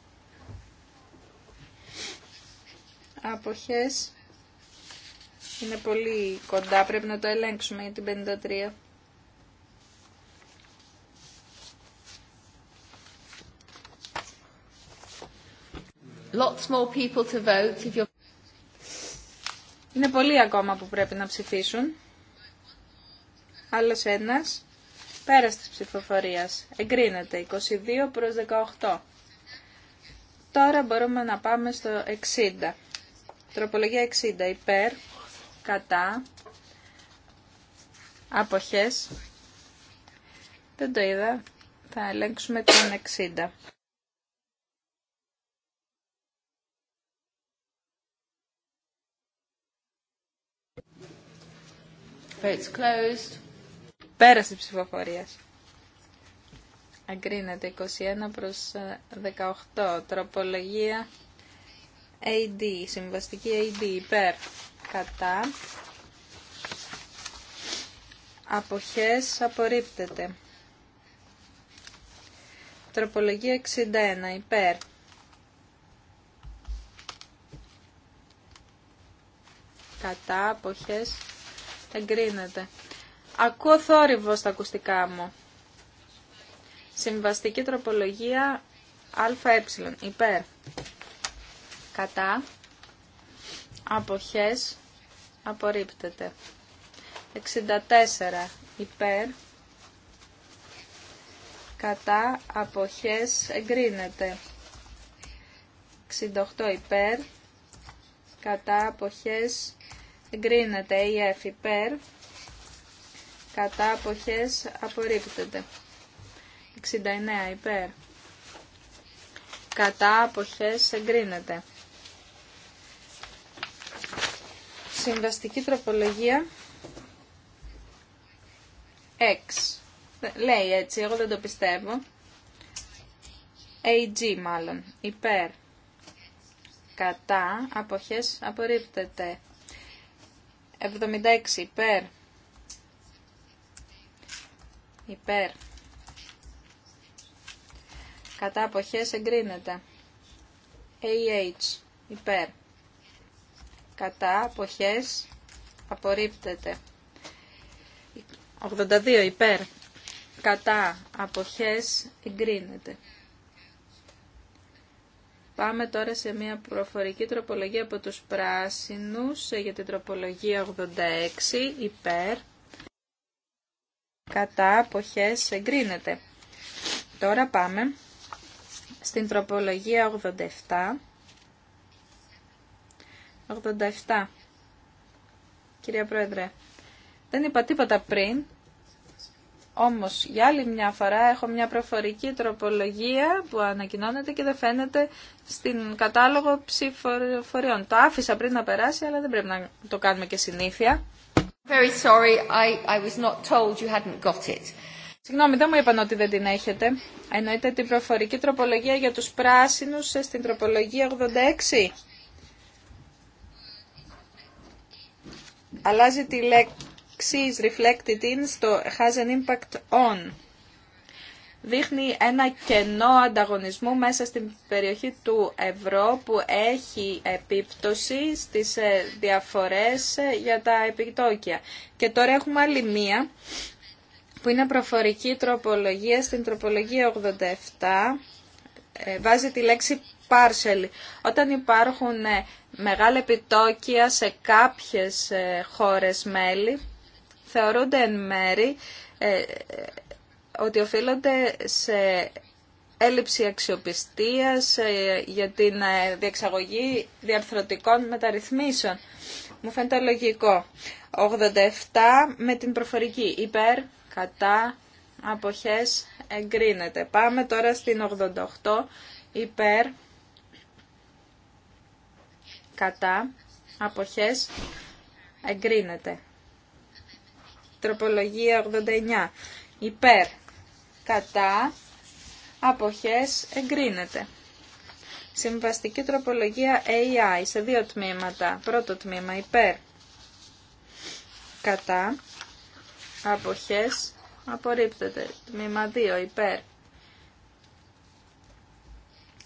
Αποχές. Είναι πολύ κοντά. Πρέπει να το ελέγξουμε για την 53. Lots more people to vote if you're... Είναι πολλοί ακόμα που πρέπει να ψηφίσουν. Άλλος ένας. Πέρας της ψηφοφορίας. Εγκρίνεται. 22 προς 18. Τώρα μπορούμε να πάμε στο 60. Τροπολογία 60 υπέρ, κατά, αποχές. Δεν το είδα. Θα ελέγξουμε την 60. Πέραση closed. Πέρασε ψηφοφορία. Αγκρίνεται 21 προς 18. Ε, Τροπολογία AD, συμβαστική AD, υπέρ, κατά, αποχές, απορρίπτεται. Τροπολογία 61, υπέρ. Κατά, αποχές, εγκρίνεται. Ακούω θόρυβο στα ακουστικά μου. Συμβαστική τροπολογία ΑΕ, υπέρ κατά, αποχές, απορρίπτεται. 64 υπέρ, κατά, αποχές, εγκρίνεται. 68 υπέρ, κατά, αποχές, εγκρίνεται. Η F υπέρ, κατά, αποχές, απορρίπτεται. 69 υπέρ, κατά, αποχές, εγκρίνεται. Συμβαστική τροπολογία x Λέει έτσι, εγώ δεν το πιστεύω. AG μάλλον. Υπέρ. Κατά. Αποχές. Απορρίπτεται. 76. Υπέρ. Υπέρ. Κατά αποχές εγκρίνεται. AH. Υπέρ κατά αποχές απορρίπτεται. 82 υπέρ κατά αποχές εγκρίνεται. Πάμε τώρα σε μια προφορική τροπολογία από τους πράσινους ε, για την τροπολογία 86 υπέρ κατά αποχές εγκρίνεται. Τώρα πάμε στην τροπολογία 87 87. Κυρία Πρόεδρε, δεν είπα τίποτα πριν, όμως για άλλη μια φορά έχω μια προφορική τροπολογία που ανακοινώνεται και δεν φαίνεται στην κατάλογο ψηφοφοριών. Το άφησα πριν να περάσει, αλλά δεν πρέπει να το κάνουμε και συνήθεια. Very sorry, I, I was not told you hadn't got it. Συγγνώμη, δεν μου είπαν ότι δεν την έχετε. Εννοείται την προφορική τροπολογία για τους πράσινους στην τροπολογία 86. αλλάζει τη λέξη is reflected in στο has an impact on. Δείχνει ένα κενό ανταγωνισμού μέσα στην περιοχή του ευρώ που έχει επίπτωση στις ε, διαφορές ε, για τα επιτόκια. Και τώρα έχουμε άλλη μία που είναι προφορική τροπολογία στην τροπολογία 87. Ε, βάζει τη λέξη όταν υπάρχουν ε, μεγάλα επιτόκια σε κάποιες ε, χώρες μέλη, θεωρούνται εν μέρη ε, ότι οφείλονται σε έλλειψη αξιοπιστίας για την διεξαγωγή διαρθρωτικών μεταρρυθμίσεων. Μου φαίνεται λογικό. 87 με την προφορική. Υπέρ, κατά, αποχές, εγκρίνεται. Πάμε τώρα στην 88. Υπέρ, κατά, αποχές, εγκρίνεται. Τροπολογία 89. Υπέρ, κατά, αποχές, εγκρίνεται. Συμβαστική τροπολογία AI σε δύο τμήματα. Πρώτο τμήμα υπέρ, κατά, αποχές, απορρίπτεται. Τμήμα 2 υπέρ,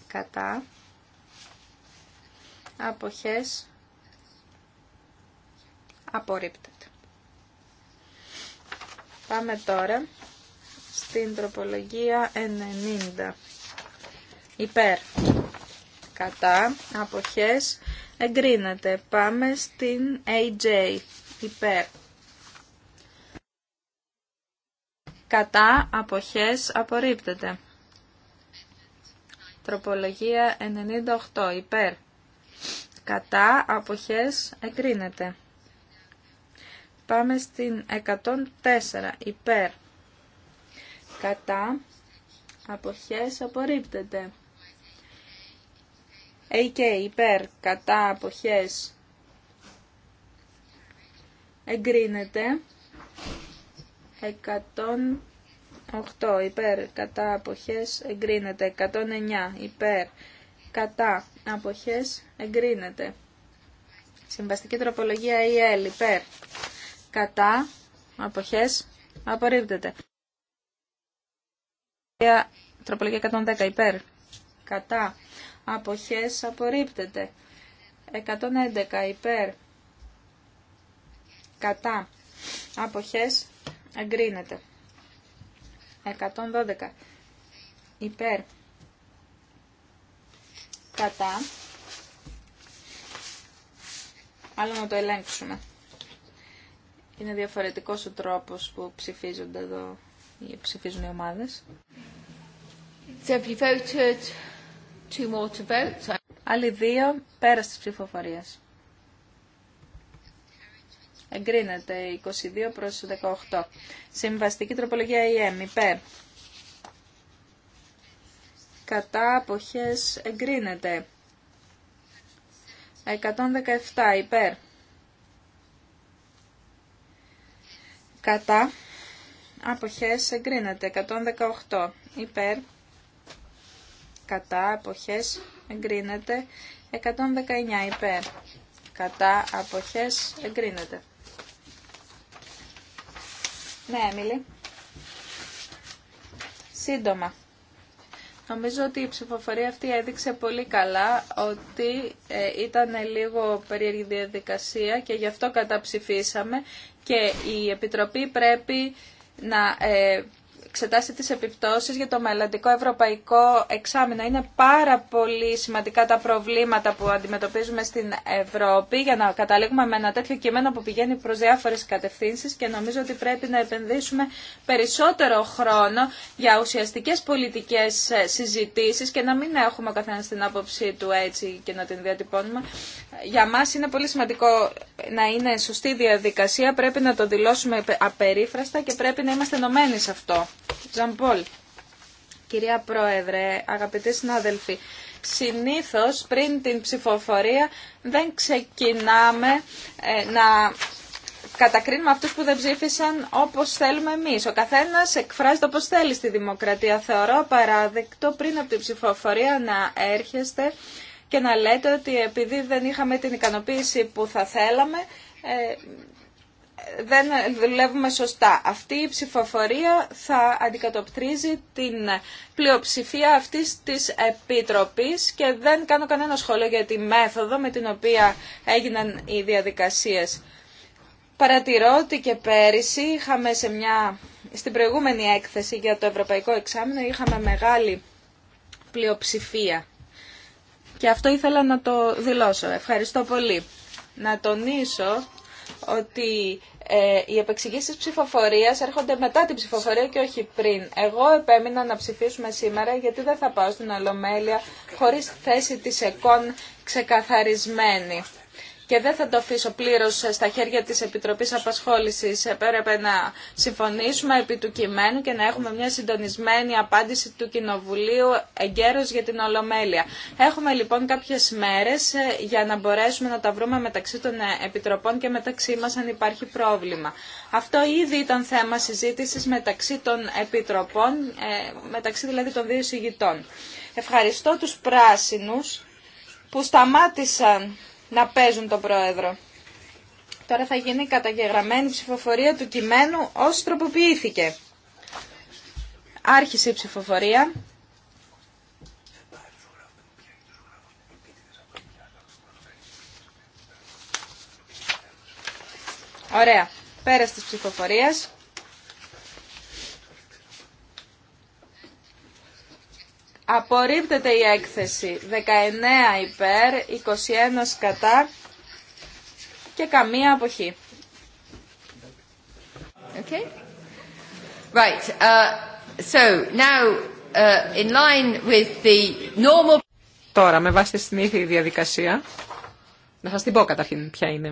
κατά, αποχές απορρίπτεται. Πάμε τώρα στην τροπολογία 90. Υπέρ. Κατά. Αποχές. Εγκρίνεται. Πάμε στην AJ. Υπέρ. Κατά. Αποχές. Απορρίπτεται. Τροπολογία 98. Υπέρ κατά αποχές εγκρίνεται. Πάμε στην 104 υπέρ κατά αποχές απορρίπτεται. AK ε υπέρ κατά αποχές εγκρίνεται. 108 υπέρ κατά αποχές εγκρίνεται. 109 υπέρ κατά αποχές εγκρίνεται. Συμβαστική τροπολογία EL υπέρ κατά αποχές απορρίπτεται. Τροπολογία 110 υπέρ κατά αποχές απορρίπτεται. 111 υπέρ κατά αποχές εγκρίνεται. 112 υπέρ κατά, Άλλο να το ελέγξουμε. Είναι διαφορετικός ο τρόπος που ψηφίζονται εδώ ή ψηφίζουν οι ομάδες. two more to vote. Άλλοι δύο πέρα της ψηφοφορίες. Εγκρίνεται 22 προς 18. Συμβαστική τροπολογία ΙΕΜ, υπέρ κατά αποχές εγκρίνεται. 117 υπέρ. Κατά αποχές εγκρίνεται. 118 υπέρ. Κατά αποχές εγκρίνεται. 119 υπέρ. Κατά αποχές εγκρίνεται. Ναι, Έμιλη. Σύντομα. Νομίζω ότι η ψηφοφορία αυτή έδειξε πολύ καλά ότι ε, ήταν λίγο περίεργη διαδικασία και γι' αυτό καταψηφίσαμε και η Επιτροπή πρέπει να ε, εξετάσει τις επιπτώσεις για το μελλοντικό ευρωπαϊκό εξάμεινο. Είναι πάρα πολύ σημαντικά τα προβλήματα που αντιμετωπίζουμε στην Ευρώπη για να καταλήγουμε με ένα τέτοιο κείμενο που πηγαίνει προς διάφορες κατευθύνσεις και νομίζω ότι πρέπει να επενδύσουμε περισσότερο χρόνο για ουσιαστικές πολιτικές συζητήσεις και να μην έχουμε καθένα την άποψή του έτσι και να την διατυπώνουμε. Για μας είναι πολύ σημαντικό να είναι σωστή διαδικασία, πρέπει να το δηλώσουμε απερίφραστα και πρέπει να είμαστε ενωμένοι σε αυτό. Κυρία Πρόεδρε, αγαπητοί συνάδελφοι, συνήθως πριν την ψηφοφορία δεν ξεκινάμε ε, να κατακρίνουμε αυτούς που δεν ψήφισαν όπως θέλουμε εμείς. Ο καθένας εκφράζεται όπως θέλει στη δημοκρατία. Θεωρώ παράδεκτο πριν από την ψηφοφορία να έρχεστε και να λέτε ότι επειδή δεν είχαμε την ικανοποίηση που θα θέλαμε, ε, δεν δουλεύουμε σωστά. Αυτή η ψηφοφορία θα αντικατοπτρίζει την πλειοψηφία αυτής της Επιτροπής και δεν κάνω κανένα σχόλιο για τη μέθοδο με την οποία έγιναν οι διαδικασίες. Παρατηρώ ότι και πέρυσι είχαμε σε μια, στην προηγούμενη έκθεση για το Ευρωπαϊκό Εξάμεινο είχαμε μεγάλη πλειοψηφία. Και αυτό ήθελα να το δηλώσω. Ευχαριστώ πολύ. Να τονίσω ότι ε, οι επεξηγήσεις ψηφοφορίας έρχονται μετά την ψηφοφορία και όχι πριν. Εγώ επέμεινα να ψηφίσουμε σήμερα γιατί δεν θα πάω στην Ολομέλεια χωρίς θέση της ΕΚΟΝ ξεκαθαρισμένη και δεν θα το αφήσω πλήρω στα χέρια τη Επιτροπή Απασχόληση. Πρέπει να συμφωνήσουμε επί του κειμένου και να έχουμε μια συντονισμένη απάντηση του Κοινοβουλίου εγκαίρω για την Ολομέλεια. Έχουμε λοιπόν κάποιε μέρε ε, για να μπορέσουμε να τα βρούμε μεταξύ των ε, Επιτροπών και μεταξύ μα αν υπάρχει πρόβλημα. Αυτό ήδη ήταν θέμα συζήτηση μεταξύ των Επιτροπών, ε, μεταξύ δηλαδή των δύο συγητών. Ευχαριστώ τους πράσινους που σταμάτησαν να παίζουν τον πρόεδρο. Τώρα θα γίνει καταγεγραμμένη ψηφοφορία του κειμένου ως τροποποιήθηκε. Άρχισε η ψηφοφορία. Ωραία. πέρα της ψηφοφορίας. Απορρίπτεται η έκθεση 19 υπέρ, 21 κατά και καμία αποχή. Okay. Right. Uh, so now uh, in line with the normal... Τώρα, με βάση τη συνήθεια διαδικασία, να σας την πω καταρχήν ποια είναι.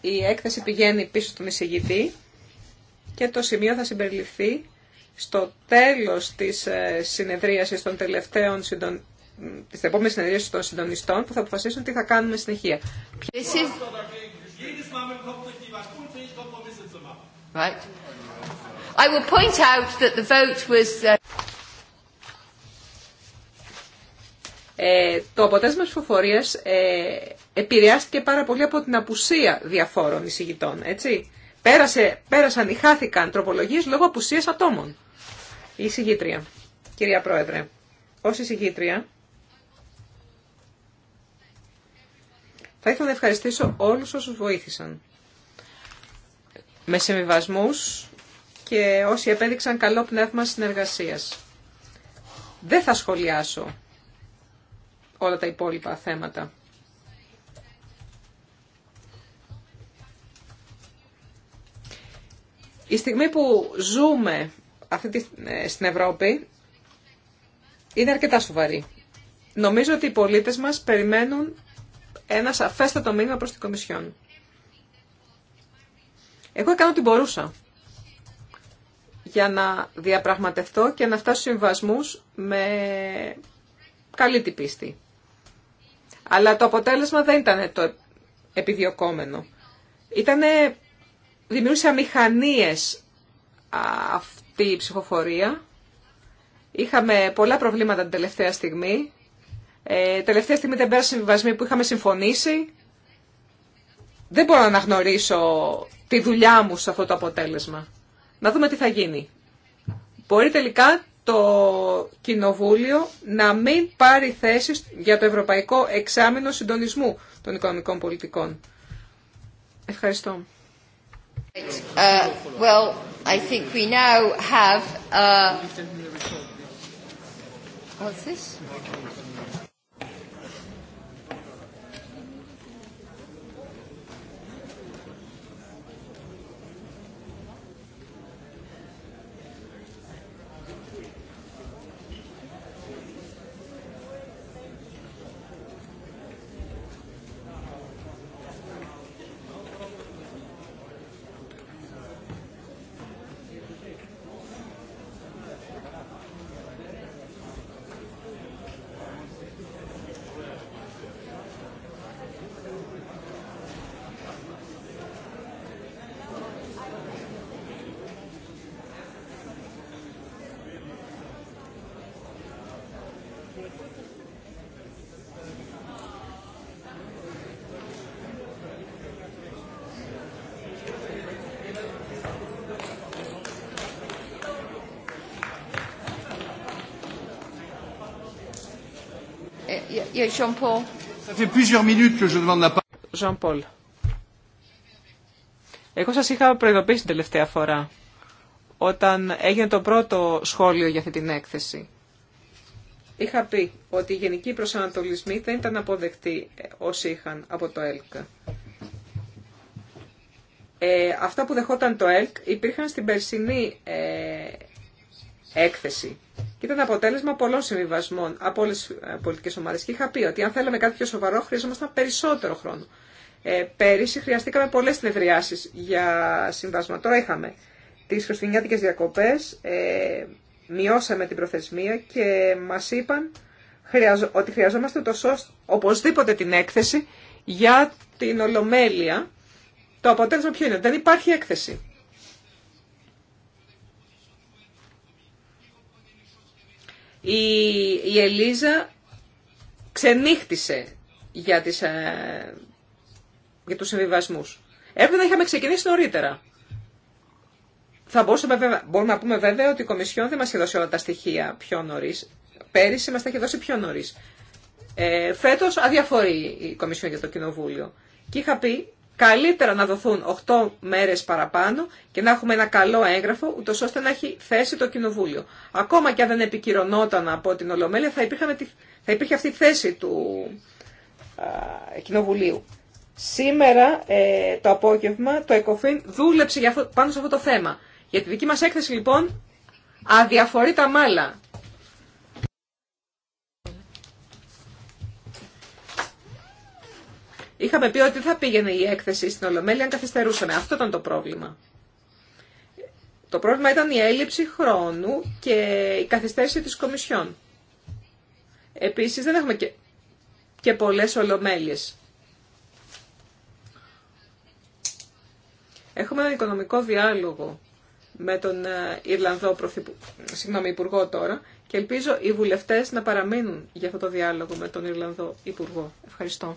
Η έκθεση πηγαίνει πίσω στον εισηγητή και το σημείο θα συμπεριληφθεί στο τέλος της ε, συνεδρίασης των τελευταίων συντον... της επόμενης συνεδρίασης των συντονιστών που θα αποφασίσουν τι θα κάνουμε συνεχεία. I will point out that the vote was... Uh, ε, το αποτέλεσμα της φοφορίας ε, επηρεάστηκε πάρα πολύ από την απουσία διαφόρων εισηγητών, έτσι. Πέρασε, πέρασαν ή χάθηκαν τροπολογίες λόγω απουσίας ατόμων. Η συγγήτρια. Κυρία Πρόεδρε, ως εισηγήτρια θα ήθελα να ευχαριστήσω όλους όσους βοήθησαν με συμβιβασμούς και όσοι επέδειξαν καλό πνεύμα συνεργασίας. Δεν θα σχολιάσω όλα τα υπόλοιπα θέματα. Η στιγμή που ζούμε αυτή τη, ε, στην Ευρώπη είναι αρκετά σοβαρή. Νομίζω ότι οι πολίτες μας περιμένουν ένα σαφέστατο μήνυμα προς την Κομισιόν. Εγώ έκανα ό,τι μπορούσα για να διαπραγματευτώ και να φτάσω συμβασμούς με καλή την πίστη. Αλλά το αποτέλεσμα δεν ήταν το επιδιωκόμενο. Ήτανε, δημιούργησα μηχανίες τη ψυχοφορία. Είχαμε πολλά προβλήματα την τελευταία στιγμή. Ε, τελευταία στιγμή δεν πέρασαν συμβιβασμοί που είχαμε συμφωνήσει. Δεν μπορώ να αναγνωρίσω τη δουλειά μου σε αυτό το αποτέλεσμα. Να δούμε τι θα γίνει. Μπορεί τελικά το Κοινοβούλιο να μην πάρει θέσεις για το Ευρωπαϊκό Εξάμεινο Συντονισμού των Οικονομικών Πολιτικών. Ευχαριστώ. Uh, well, I think we now have. Uh, what's this? jean Πολ. Εγώ σας είχα προειδοποιήσει την τελευταία φορά, όταν έγινε το πρώτο σχόλιο για αυτή την έκθεση. Είχα πει ότι οι γενικοί προσανατολισμοί δεν ήταν αποδεκτοί όσοι ε, είχαν από το ΕΛΚ. Ε, αυτά που δεχόταν το ΕΛΚ υπήρχαν στην περσινή ε, έκθεση ήταν αποτέλεσμα πολλών συμβιβασμών από όλε τι ε, πολιτικέ ομάδε. Και είχα πει ότι αν θέλαμε κάτι πιο σοβαρό, χρειαζόμασταν περισσότερο χρόνο. Ε, πέρυσι χρειαστήκαμε πολλέ συνεδριάσει για συμβάσμα. Τώρα είχαμε τι χριστουγεννιάτικε διακοπέ, ε, μειώσαμε την προθεσμία και μα είπαν ότι χρειαζόμαστε το οπωσδήποτε την έκθεση για την ολομέλεια. Το αποτέλεσμα ποιο είναι, δεν υπάρχει έκθεση. Η, η Ελίζα ξενύχτησε για, τις, ε, για τους συμβιβασμούς. Έπρεπε να είχαμε ξεκινήσει νωρίτερα. Θα μπορούμε να πούμε βέβαια ότι η Κομισιόν δεν μας είχε δώσει όλα τα στοιχεία πιο νωρί. Πέρυσι μας τα είχε δώσει πιο νωρί. Ε, φέτος αδιαφορεί η Κομισιόν για το Κοινοβούλιο. Και είχα πει Καλύτερα να δοθούν 8 μέρες παραπάνω και να έχουμε ένα καλό έγγραφο, ούτω ώστε να έχει θέση το Κοινοβούλιο. Ακόμα και αν δεν επικυρωνόταν από την Ολομέλεια, θα, υπήρχε αυτή η θέση του α, Κοινοβουλίου. Σήμερα ε, το απόγευμα το ΕΚΟΦΗΝ δούλεψε για, πάνω σε αυτό το θέμα. Για τη δική μας έκθεση λοιπόν αδιαφορεί τα μάλα Είχαμε πει ότι θα πήγαινε η έκθεση στην Ολομέλεια αν καθυστερούσαμε. Αυτό ήταν το πρόβλημα. Το πρόβλημα ήταν η έλλειψη χρόνου και η καθυστέρηση της Κομισιόν. Επίσης δεν έχουμε και, και πολλές ολομέλειες. Έχουμε ένα οικονομικό διάλογο με τον ε, Ιρλανδό Πρωθυπου... Συγγνώμη, Υπουργό τώρα και ελπίζω οι βουλευτές να παραμείνουν για αυτό το διάλογο με τον Ιρλανδό Υπουργό. Ευχαριστώ.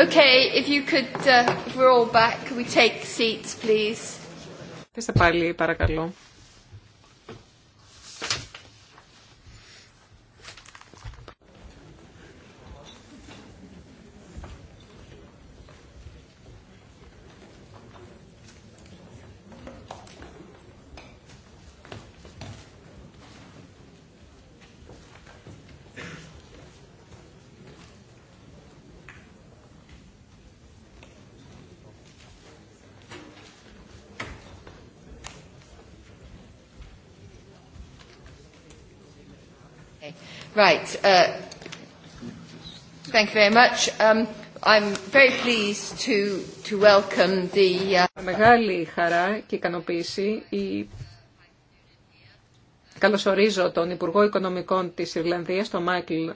Okay, if you could, uh, if we're all back, we take seats, please. πάλι, παρακαλώ. Right. Uh, thank you very much. Um, I'm very to, welcome uh, Μεγάλη χαρά και ικανοποίηση Καλωσορίζω τον Υπουργό Οικονομικών της Ιρλανδίας, τον Μάικλ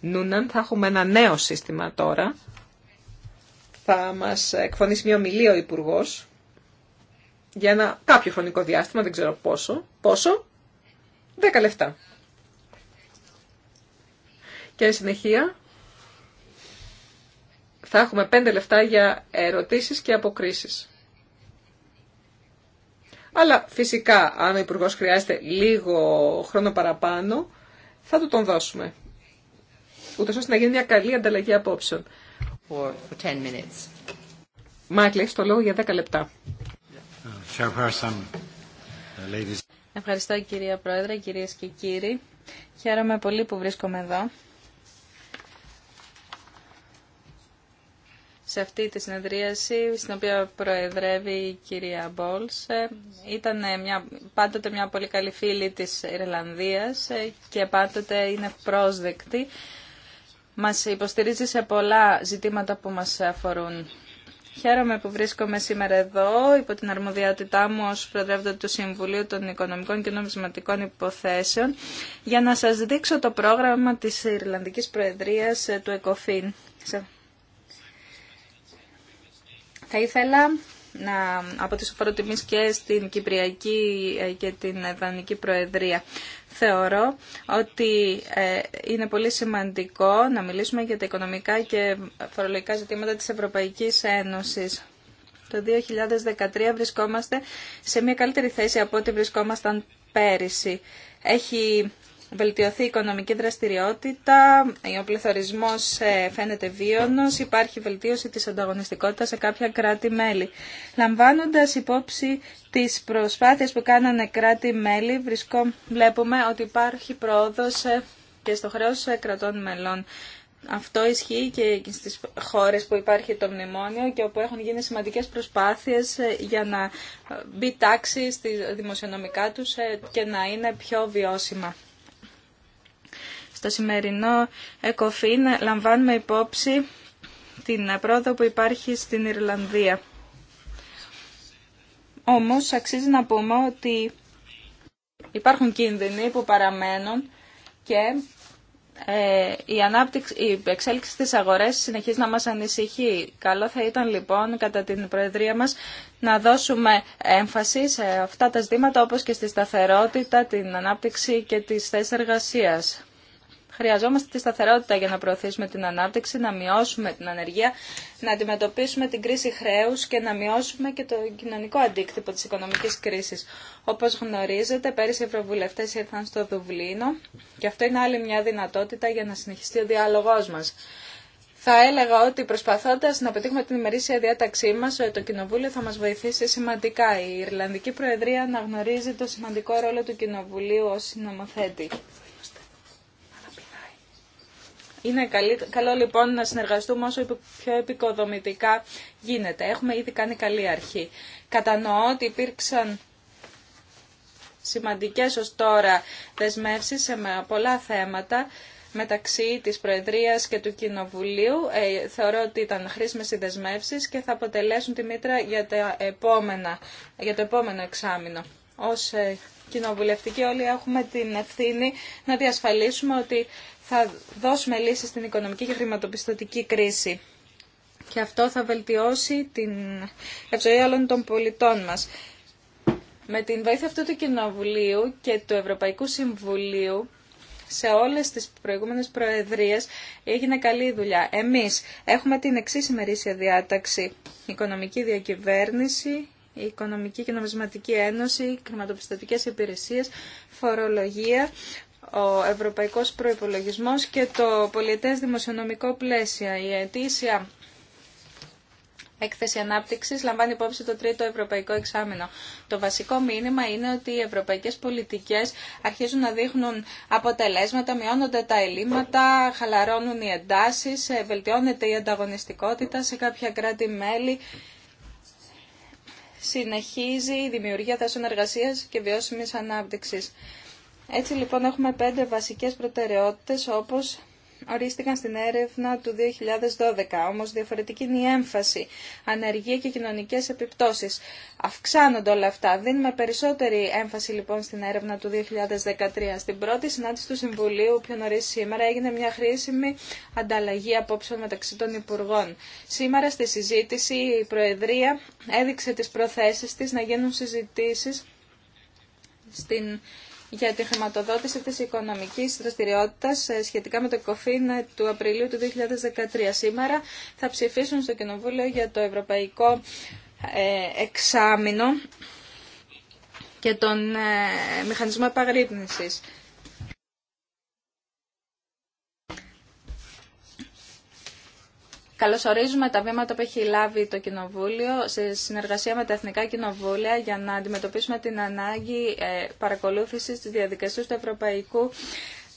Νούναν. Θα έχουμε ένα νέο σύστημα τώρα. Θα μας εκφωνήσει μια ομιλία ο Υπουργός για ένα κάποιο χρονικό διάστημα, δεν ξέρω πόσο. Πόσο? Δέκα λεφτά. Και συνεχεία θα έχουμε πέντε λεφτά για ερωτήσεις και αποκρίσεις. Αλλά φυσικά, αν ο υπουργό χρειάζεται λίγο χρόνο παραπάνω, θα του τον δώσουμε. Ούτως ώστε να γίνει μια καλή ανταλλαγή απόψεων. Μάικλ, έχεις το λόγο για 10 λεπτά. Ευχαριστώ κυρία Πρόεδρε, κυρίες και κύριοι. Χαίρομαι πολύ που βρίσκομαι εδώ σε αυτή τη συνεδρίαση, στην οποία προεδρεύει η κυρία Μπόλς. Ε, ήταν μια, πάντοτε μια πολύ καλή φίλη της Ιρλανδίας ε, και πάντοτε είναι πρόσδεκτη. Μας υποστηρίζει σε πολλά ζητήματα που μας αφορούν. Χαίρομαι που βρίσκομαι σήμερα εδώ υπό την αρμοδιότητά μου ως Προεδρεύοντα του Συμβουλίου των Οικονομικών και Νομισματικών Υποθέσεων για να σας δείξω το πρόγραμμα της Ιρλανδικής Προεδρίας ε, του ΕΚΟΦΗΝ. Θα ήθελα να τις τιμή και στην Κυπριακή ε, και την Δανική Προεδρία. Θεωρώ ότι ε, είναι πολύ σημαντικό να μιλήσουμε για τα οικονομικά και φορολογικά ζητήματα της Ευρωπαϊκής Ένωσης. Το 2013 βρισκόμαστε σε μια καλύτερη θέση από ό,τι βρισκόμασταν πέρυσι. Έχει βελτιωθεί η οικονομική δραστηριότητα, ο πληθωρισμός ε, φαίνεται βίωνος, υπάρχει βελτίωση της ανταγωνιστικότητας σε κάποια κράτη-μέλη. Λαμβάνοντας υπόψη τις προσπάθειες που κάνανε κράτη-μέλη, βρισκό, βλέπουμε ότι υπάρχει πρόοδος ε, και στο χρέος ε, κρατών μελών. Αυτό ισχύει και στις χώρες που υπάρχει το μνημόνιο και όπου έχουν γίνει σημαντικές προσπάθειες για να μπει τάξη στη δημοσιονομικά τους και να είναι πιο βιώσιμα στο σημερινό ΕΚΟΦΗΝ λαμβάνουμε υπόψη την πρόοδο που υπάρχει στην Ιρλανδία. Όμως αξίζει να πούμε ότι υπάρχουν κίνδυνοι που παραμένουν και ε, η, ανάπτυξη, η εξέλιξη της αγορές συνεχίζει να μας ανησυχεί. Καλό θα ήταν λοιπόν κατά την Προεδρία μας να δώσουμε έμφαση σε αυτά τα ζητήματα όπως και στη σταθερότητα, την ανάπτυξη και τις θέσεις εργασίας. Χρειαζόμαστε τη σταθερότητα για να προωθήσουμε την ανάπτυξη, να μειώσουμε την ανεργία, να αντιμετωπίσουμε την κρίση χρέου και να μειώσουμε και το κοινωνικό αντίκτυπο τη οικονομική κρίση. Όπω γνωρίζετε, πέρυσι οι ευρωβουλευτέ ήρθαν στο Δουβλίνο και αυτό είναι άλλη μια δυνατότητα για να συνεχιστεί ο διάλογο μα. Θα έλεγα ότι προσπαθώντα να πετύχουμε την ημερήσια διάταξή μα, το Κοινοβούλιο θα μα βοηθήσει σημαντικά. Η Ιρλανδική Προεδρία αναγνωρίζει το σημαντικό ρόλο του Κοινοβουλίου ω συνομοθέτη. Είναι καλό λοιπόν να συνεργαστούμε όσο πιο επικοδομητικά γίνεται. Έχουμε ήδη κάνει καλή αρχή. Κατανοώ ότι υπήρξαν σημαντικές ως τώρα δεσμεύσεις σε πολλά θέματα μεταξύ της Προεδρίας και του Κοινοβουλίου. Ε, θεωρώ ότι ήταν χρήσιμες οι δεσμεύσεις και θα αποτελέσουν τη μήτρα για, τα επόμενα, για το επόμενο εξάμεινο. Ως ε, κοινοβουλευτικοί όλοι έχουμε την ευθύνη να διασφαλίσουμε ότι θα δώσουμε λύσεις στην οικονομική και χρηματοπιστωτική κρίση. Και αυτό θα βελτιώσει την ευζοή όλων των πολιτών μας. Με την βοήθεια αυτού του Κοινοβουλίου και του Ευρωπαϊκού Συμβουλίου, σε όλες τις προηγούμενες προεδρίες έγινε καλή δουλειά. Εμείς έχουμε την εξή ημερήσια διάταξη. Οικονομική διακυβέρνηση, η Οικονομική και Νομισματική Ένωση, Κρηματοπιστωτικές Υπηρεσίες, Φορολογία, ο ευρωπαϊκός προϋπολογισμός και το πολιετές δημοσιονομικό πλαίσιο. Η αιτήσια έκθεση ανάπτυξης λαμβάνει υπόψη το τρίτο ευρωπαϊκό εξάμεινο. Το βασικό μήνυμα είναι ότι οι ευρωπαϊκές πολιτικές αρχίζουν να δείχνουν αποτελέσματα, μειώνονται τα ελλείμματα, χαλαρώνουν οι εντάσεις, ε, βελτιώνεται η ανταγωνιστικότητα σε κάποια κράτη-μέλη συνεχίζει η δημιουργία θέσεων εργασίας και βιώσιμης ανάπτυξη έτσι λοιπόν έχουμε πέντε βασικές προτεραιότητες όπως ορίστηκαν στην έρευνα του 2012, όμως διαφορετική είναι η έμφαση, ανεργία και κοινωνικές επιπτώσεις. Αυξάνονται όλα αυτά. Δίνουμε περισσότερη έμφαση λοιπόν στην έρευνα του 2013. Στην πρώτη συνάντηση του Συμβουλίου, πιο νωρί σήμερα, έγινε μια χρήσιμη ανταλλαγή απόψεων μεταξύ των Υπουργών. Σήμερα στη συζήτηση η Προεδρία έδειξε τις προθέσεις της να γίνουν συζητήσεις στην για τη χρηματοδότηση της οικονομικής δραστηριότητας ε, σχετικά με το κοφήν ε, του Απριλίου του 2013. Σήμερα θα ψηφίσουν στο Κοινοβούλιο για το Ευρωπαϊκό ε, Εξάμεινο και τον Μηχανισμό Επαγρύπνησης. Καλωσορίζουμε τα βήματα που έχει λάβει το Κοινοβούλιο σε συνεργασία με τα Εθνικά Κοινοβούλια για να αντιμετωπίσουμε την ανάγκη ε, παρακολούθησης της διαδικασίας του Ευρωπαϊκού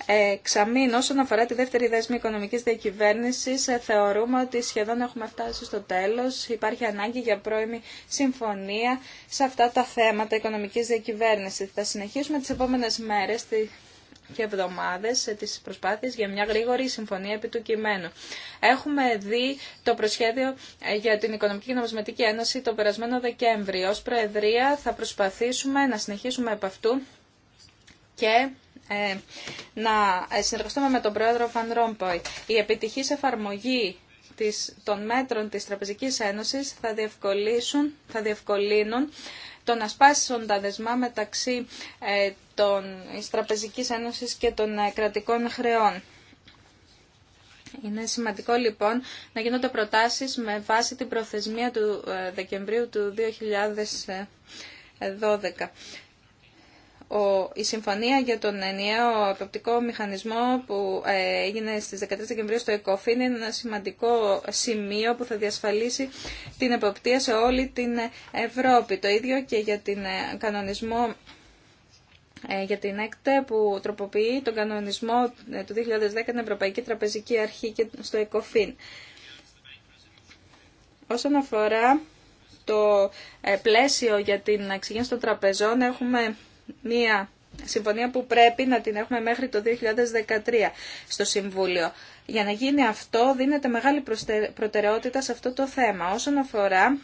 ε, Ξαμήν. όσον αφορά τη δεύτερη δέσμη οικονομικής διακυβέρνησης, ε, θεωρούμε ότι σχεδόν έχουμε φτάσει στο τέλος. Υπάρχει ανάγκη για πρώιμη συμφωνία σε αυτά τα θέματα οικονομικής διακυβέρνησης. Θα συνεχίσουμε τις επόμενες μέρες και εβδομάδες ε, τις προσπάθειες για μια γρήγορη συμφωνία επί του κειμένου. Έχουμε δει το προσχέδιο ε, για την Οικονομική και Νομισματική Ένωση το περασμένο Δεκέμβρη. Ω Προεδρία θα προσπαθήσουμε να συνεχίσουμε από αυτού και ε, να συνεργαστούμε με τον Πρόεδρο Φαν Ρόμποϊ. Η επιτυχής εφαρμογή των μέτρων της Τραπεζικής Ένωσης θα, θα διευκολύνουν το να σπάσουν τα δεσμά μεταξύ ε, των, της Ένωσης και των ε, κρατικών χρεών. Είναι σημαντικό λοιπόν να γίνονται προτάσεις με βάση την προθεσμία του ε, Δεκεμβρίου του 2012 η συμφωνία για τον ενιαίο εποπτικό μηχανισμό που ε, έγινε στις 13 Δεκεμβρίου στο ΕΚΟΦΗΝ είναι ένα σημαντικό σημείο που θα διασφαλίσει την εποπτεία σε όλη την Ευρώπη. Το ίδιο και για την ε, κανονισμό ε, για την ΕΚΤΕ που τροποποιεί τον κανονισμό του 2010 την Ευρωπαϊκή Τραπεζική Αρχή και στο ΕΚΟΦΗΝ. Όσον αφορά το πλαίσιο για την εξηγήνωση των τραπεζών, έχουμε μία συμφωνία που πρέπει να την έχουμε μέχρι το 2013 στο Συμβούλιο. Για να γίνει αυτό δίνεται μεγάλη προτεραιότητα σε αυτό το θέμα. Όσον αφορά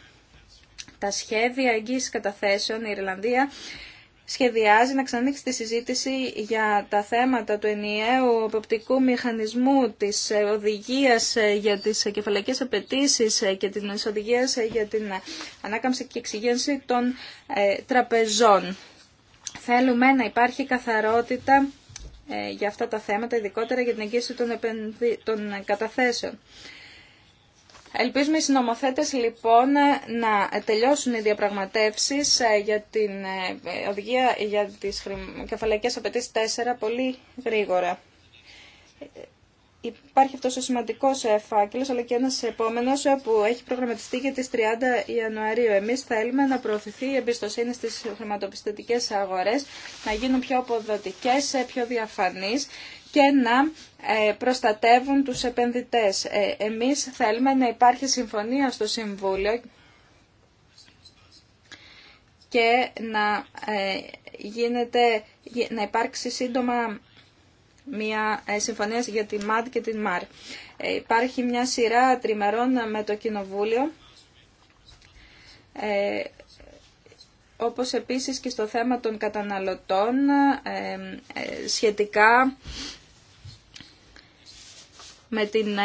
τα σχέδια εγγύησης καταθέσεων, η Ιρλανδία σχεδιάζει να ξανανοίξει τη συζήτηση για τα θέματα του ενιαίου αποπτικού μηχανισμού, της οδηγίας για τις κεφαλαϊκές απαιτήσει και της οδηγίας για την ανάκαμψη και εξηγένση των ε, τραπεζών. Θέλουμε να υπάρχει καθαρότητα ε, για αυτά τα θέματα, ειδικότερα για την εγγύηση των, επενδυ... των καταθέσεων. Ελπίζουμε οι συνομοθέτες λοιπόν να τελειώσουν οι διαπραγματεύσεις ε, για την ε, οδηγία για τις κεφαλαϊκές απαιτήσεις 4 πολύ γρήγορα υπάρχει αυτός ο σημαντικός ε, φάκελος, αλλά και ένας επόμενος ε, που έχει προγραμματιστεί για τις 30 Ιανουαρίου. Εμείς θέλουμε να προωθηθεί η εμπιστοσύνη στις χρηματοπιστωτικές αγορές, να γίνουν πιο αποδοτικές, ε, πιο διαφανείς και να προστατεύουν τους επενδυτές. Εμείς θέλουμε να υπάρχει συμφωνία στο Συμβούλιο και να, να υπάρξει σύντομα μια ε, συμφωνία για τη ΜΑΤ και την ΜΑΡ. Ε, υπάρχει μια σειρά τριμερών με το Κοινοβούλιο, ε, όπως επίσης και στο θέμα των καταναλωτών σχετικά με την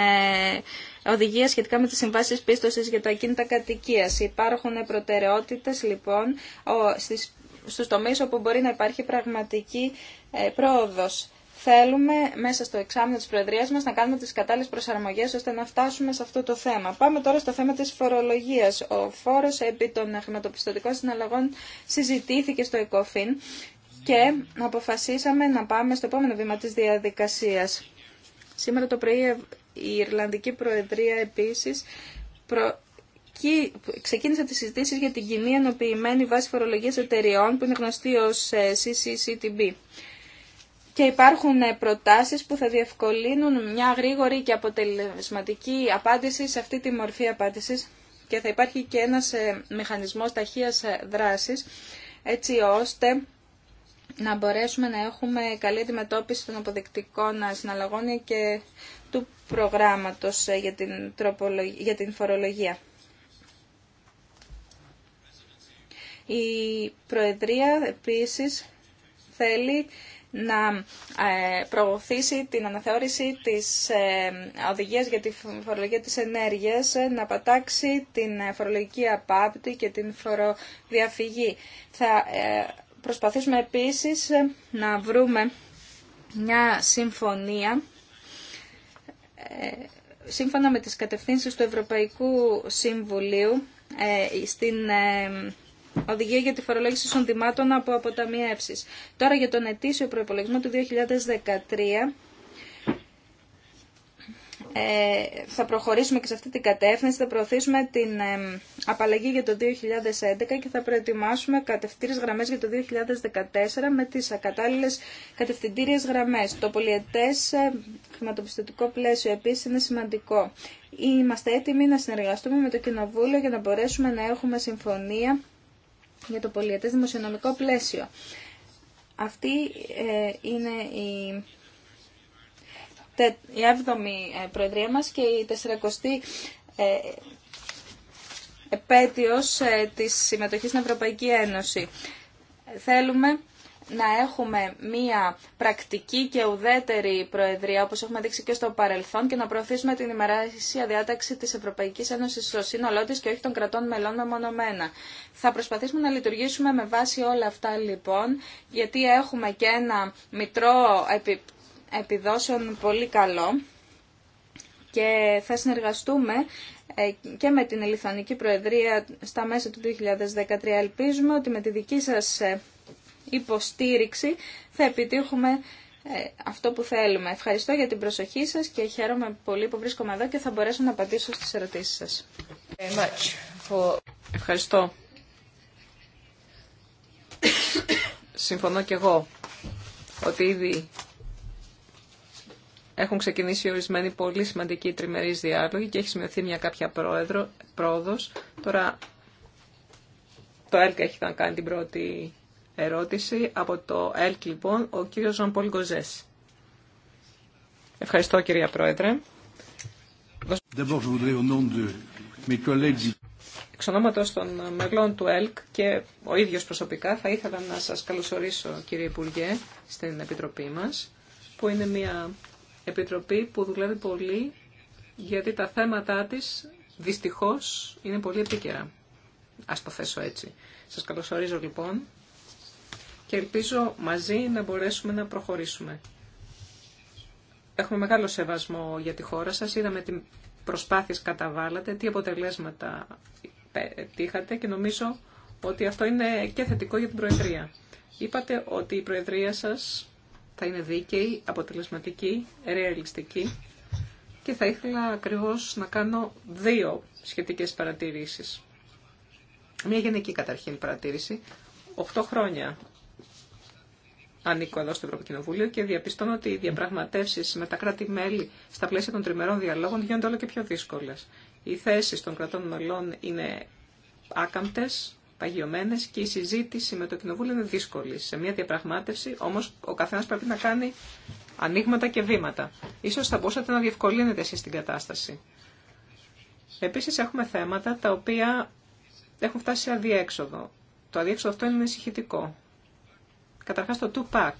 οδηγία σχετικά με τις συμβάσεις πίστοσης για τα κίνητα κατοικία. Υπάρχουν προτεραιότητες λοιπόν στις, στους τομείς όπου μπορεί να υπάρχει πραγματική πρόοδος θέλουμε μέσα στο εξάμεινο της Προεδρίας μας να κάνουμε τις κατάλληλες προσαρμογές ώστε να φτάσουμε σε αυτό το θέμα. Πάμε τώρα στο θέμα της φορολογίας. Ο φόρος επί των χρηματοπιστωτικών συναλλαγών συζητήθηκε στο ΕΚΟΦΗΝ και αποφασίσαμε να πάμε στο επόμενο βήμα της διαδικασίας. Σήμερα το πρωί η Ιρλανδική Προεδρία επίσης προ... ξεκίνησε τις συζητήσεις για την κοινή ενοποιημένη βάση φορολογίας εταιριών που είναι γνωστή ως ε, CCCTB και υπάρχουν ε, προτάσεις που θα διευκολύνουν μια γρήγορη και αποτελεσματική απάντηση σε αυτή τη μορφή απάντησης και θα υπάρχει και ένας ε, μηχανισμός ταχείας ε, δράσης έτσι ώστε να μπορέσουμε να έχουμε καλή αντιμετώπιση των αποδεικτικών συναλλαγών και του προγράμματος για την, για την φορολογία. Η Προεδρία επίσης θέλει να ε, προωθήσει την αναθεώρηση της ε, οδηγίας για τη φορολογία της ενέργειας, ε, να πατάξει την φορολογική απάπτη και την φοροδιαφυγή. Θα προσπαθήσουμε επίσης να βρούμε μια συμφωνία σύμφωνα με τις κατευθύνσεις του Ευρωπαϊκού Συμβουλίου στην οδηγία για τη φορολόγηση των από αποταμιεύσει. Τώρα για τον ετήσιο προπολογισμό του 2013 ε, θα προχωρήσουμε και σε αυτή την κατεύθυνση, θα προωθήσουμε την ε, απαλλαγή για το 2011 και θα προετοιμάσουμε κατευθυντήριες γραμμές για το 2014 με τις ακατάλληλες κατευθυντήριες γραμμές. Το πολιετές ε, χρηματοπιστωτικό πλαίσιο επίση είναι σημαντικό. Είμαστε έτοιμοι να συνεργαστούμε με το Κοινοβούλιο για να μπορέσουμε να έχουμε συμφωνία για το πολιετές δημοσιονομικό πλαίσιο. Αυτή ε, είναι η η ε, Προεδρία μας και η 40η ε, επέτειος της συμμετοχής στην Ευρωπαϊκή Ένωση. Θέλουμε να έχουμε μία πρακτική και ουδέτερη προεδρία, όπως έχουμε δείξει και στο παρελθόν, και να προωθήσουμε την ημεράσια διάταξη της Ευρωπαϊκής Ένωσης στο σύνολό της και όχι των κρατών μελών μεμονωμένα. Θα προσπαθήσουμε να λειτουργήσουμε με βάση όλα αυτά, λοιπόν, γιατί έχουμε και ένα μητρό επι... επιδόσεων πολύ καλό και θα συνεργαστούμε ε, και με την Ελιθανική Προεδρία στα μέσα του 2013. Ελπίζουμε ότι με τη δική σας ε, υποστήριξη θα επιτύχουμε ε, αυτό που θέλουμε. Ευχαριστώ για την προσοχή σας και χαίρομαι πολύ που βρίσκομαι εδώ και θα μπορέσω να απαντήσω στις ερωτήσεις σας. Ευχαριστώ. Συμφωνώ και εγώ ότι ήδη έχουν ξεκινήσει ορισμένοι πολύ σημαντικοί τριμερείς διάλογοι και έχει σημειωθεί μια κάποια πρόεδρο, πρόοδος. Τώρα το ΕΛΚΑ έχει να κάνει την πρώτη ερώτηση από το ΕΛΚ, λοιπόν, ο κύριος Ζανπόλ Γκοζές. Ευχαριστώ, κυρία Πρόεδρε. Εξ ονόματος των μελών του ΕΛΚ και ο ίδιος προσωπικά θα ήθελα να σας καλωσορίσω, κύριε Υπουργέ, στην Επιτροπή μας, που είναι μια Επιτροπή που δουλεύει πολύ γιατί τα θέματα της δυστυχώς είναι πολύ επίκαιρα. Ας το θέσω έτσι. Σας καλωσορίζω λοιπόν και ελπίζω μαζί να μπορέσουμε να προχωρήσουμε. Έχουμε μεγάλο σεβασμό για τη χώρα σας. Είδαμε τι προσπάθειες καταβάλατε, τι αποτελέσματα πετύχατε και νομίζω ότι αυτό είναι και θετικό για την Προεδρία. Είπατε ότι η Προεδρία σας θα είναι δίκαιη, αποτελεσματική, ρεαλιστική και θα ήθελα ακριβώς να κάνω δύο σχετικές παρατηρήσεις. Μια γενική καταρχήν παρατήρηση. Οχτώ χρόνια ανήκω εδώ στο Ευρωκοινοβούλιο και διαπιστώνω ότι οι διαπραγματεύσει με τα κράτη-μέλη στα πλαίσια των τριμερών διαλόγων γίνονται όλο και πιο δύσκολε. Οι θέσει των κρατών μελών είναι άκαμπτε, παγιωμένε και η συζήτηση με το Κοινοβούλιο είναι δύσκολη. Σε μια διαπραγμάτευση όμω ο καθένα πρέπει να κάνει ανοίγματα και βήματα. Ίσως θα μπορούσατε να διευκολύνετε εσεί την κατάσταση. Επίση έχουμε θέματα τα οποία έχουν φτάσει σε αδιέξοδο. Το αδιέξοδο αυτό είναι ανησυχητικό. Καταρχά το 2-pack.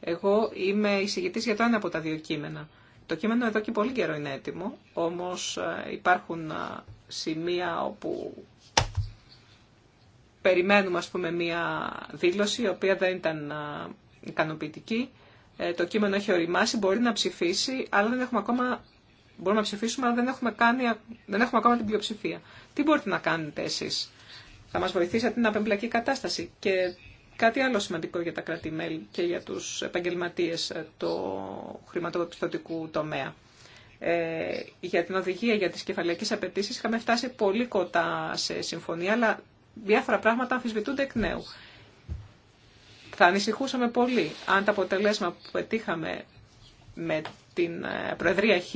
Εγώ είμαι εισηγητή για το ένα από τα δύο κείμενα. Το κείμενο εδώ και πολύ καιρό είναι έτοιμο, όμω ε, υπάρχουν ε, σημεία όπου περιμένουμε ας πούμε μία δήλωση η οποία δεν ήταν ε, ικανοποιητική. το κείμενο έχει οριμάσει, μπορεί να ψηφίσει, αλλά δεν έχουμε ακόμα μπορούμε να ψηφίσουμε, αλλά δεν έχουμε, κάνει, δεν έχουμε ακόμα την πλειοψηφία. Τι μπορείτε να κάνετε εσείς. Θα μας βοηθήσετε την απεμπλακή κατάσταση και Κάτι άλλο σημαντικό για τα κράτη-μέλη και για τους επαγγελματίες ε, του χρηματοπιστωτικού τομέα. Ε, για την οδηγία για τις κεφαλαϊκές απαιτήσει είχαμε φτάσει πολύ κοντά σε συμφωνία, αλλά διάφορα πράγματα αμφισβητούνται εκ νέου. Θα ανησυχούσαμε πολύ αν τα αποτελέσματα που πετύχαμε με την ε, Προεδρία Χ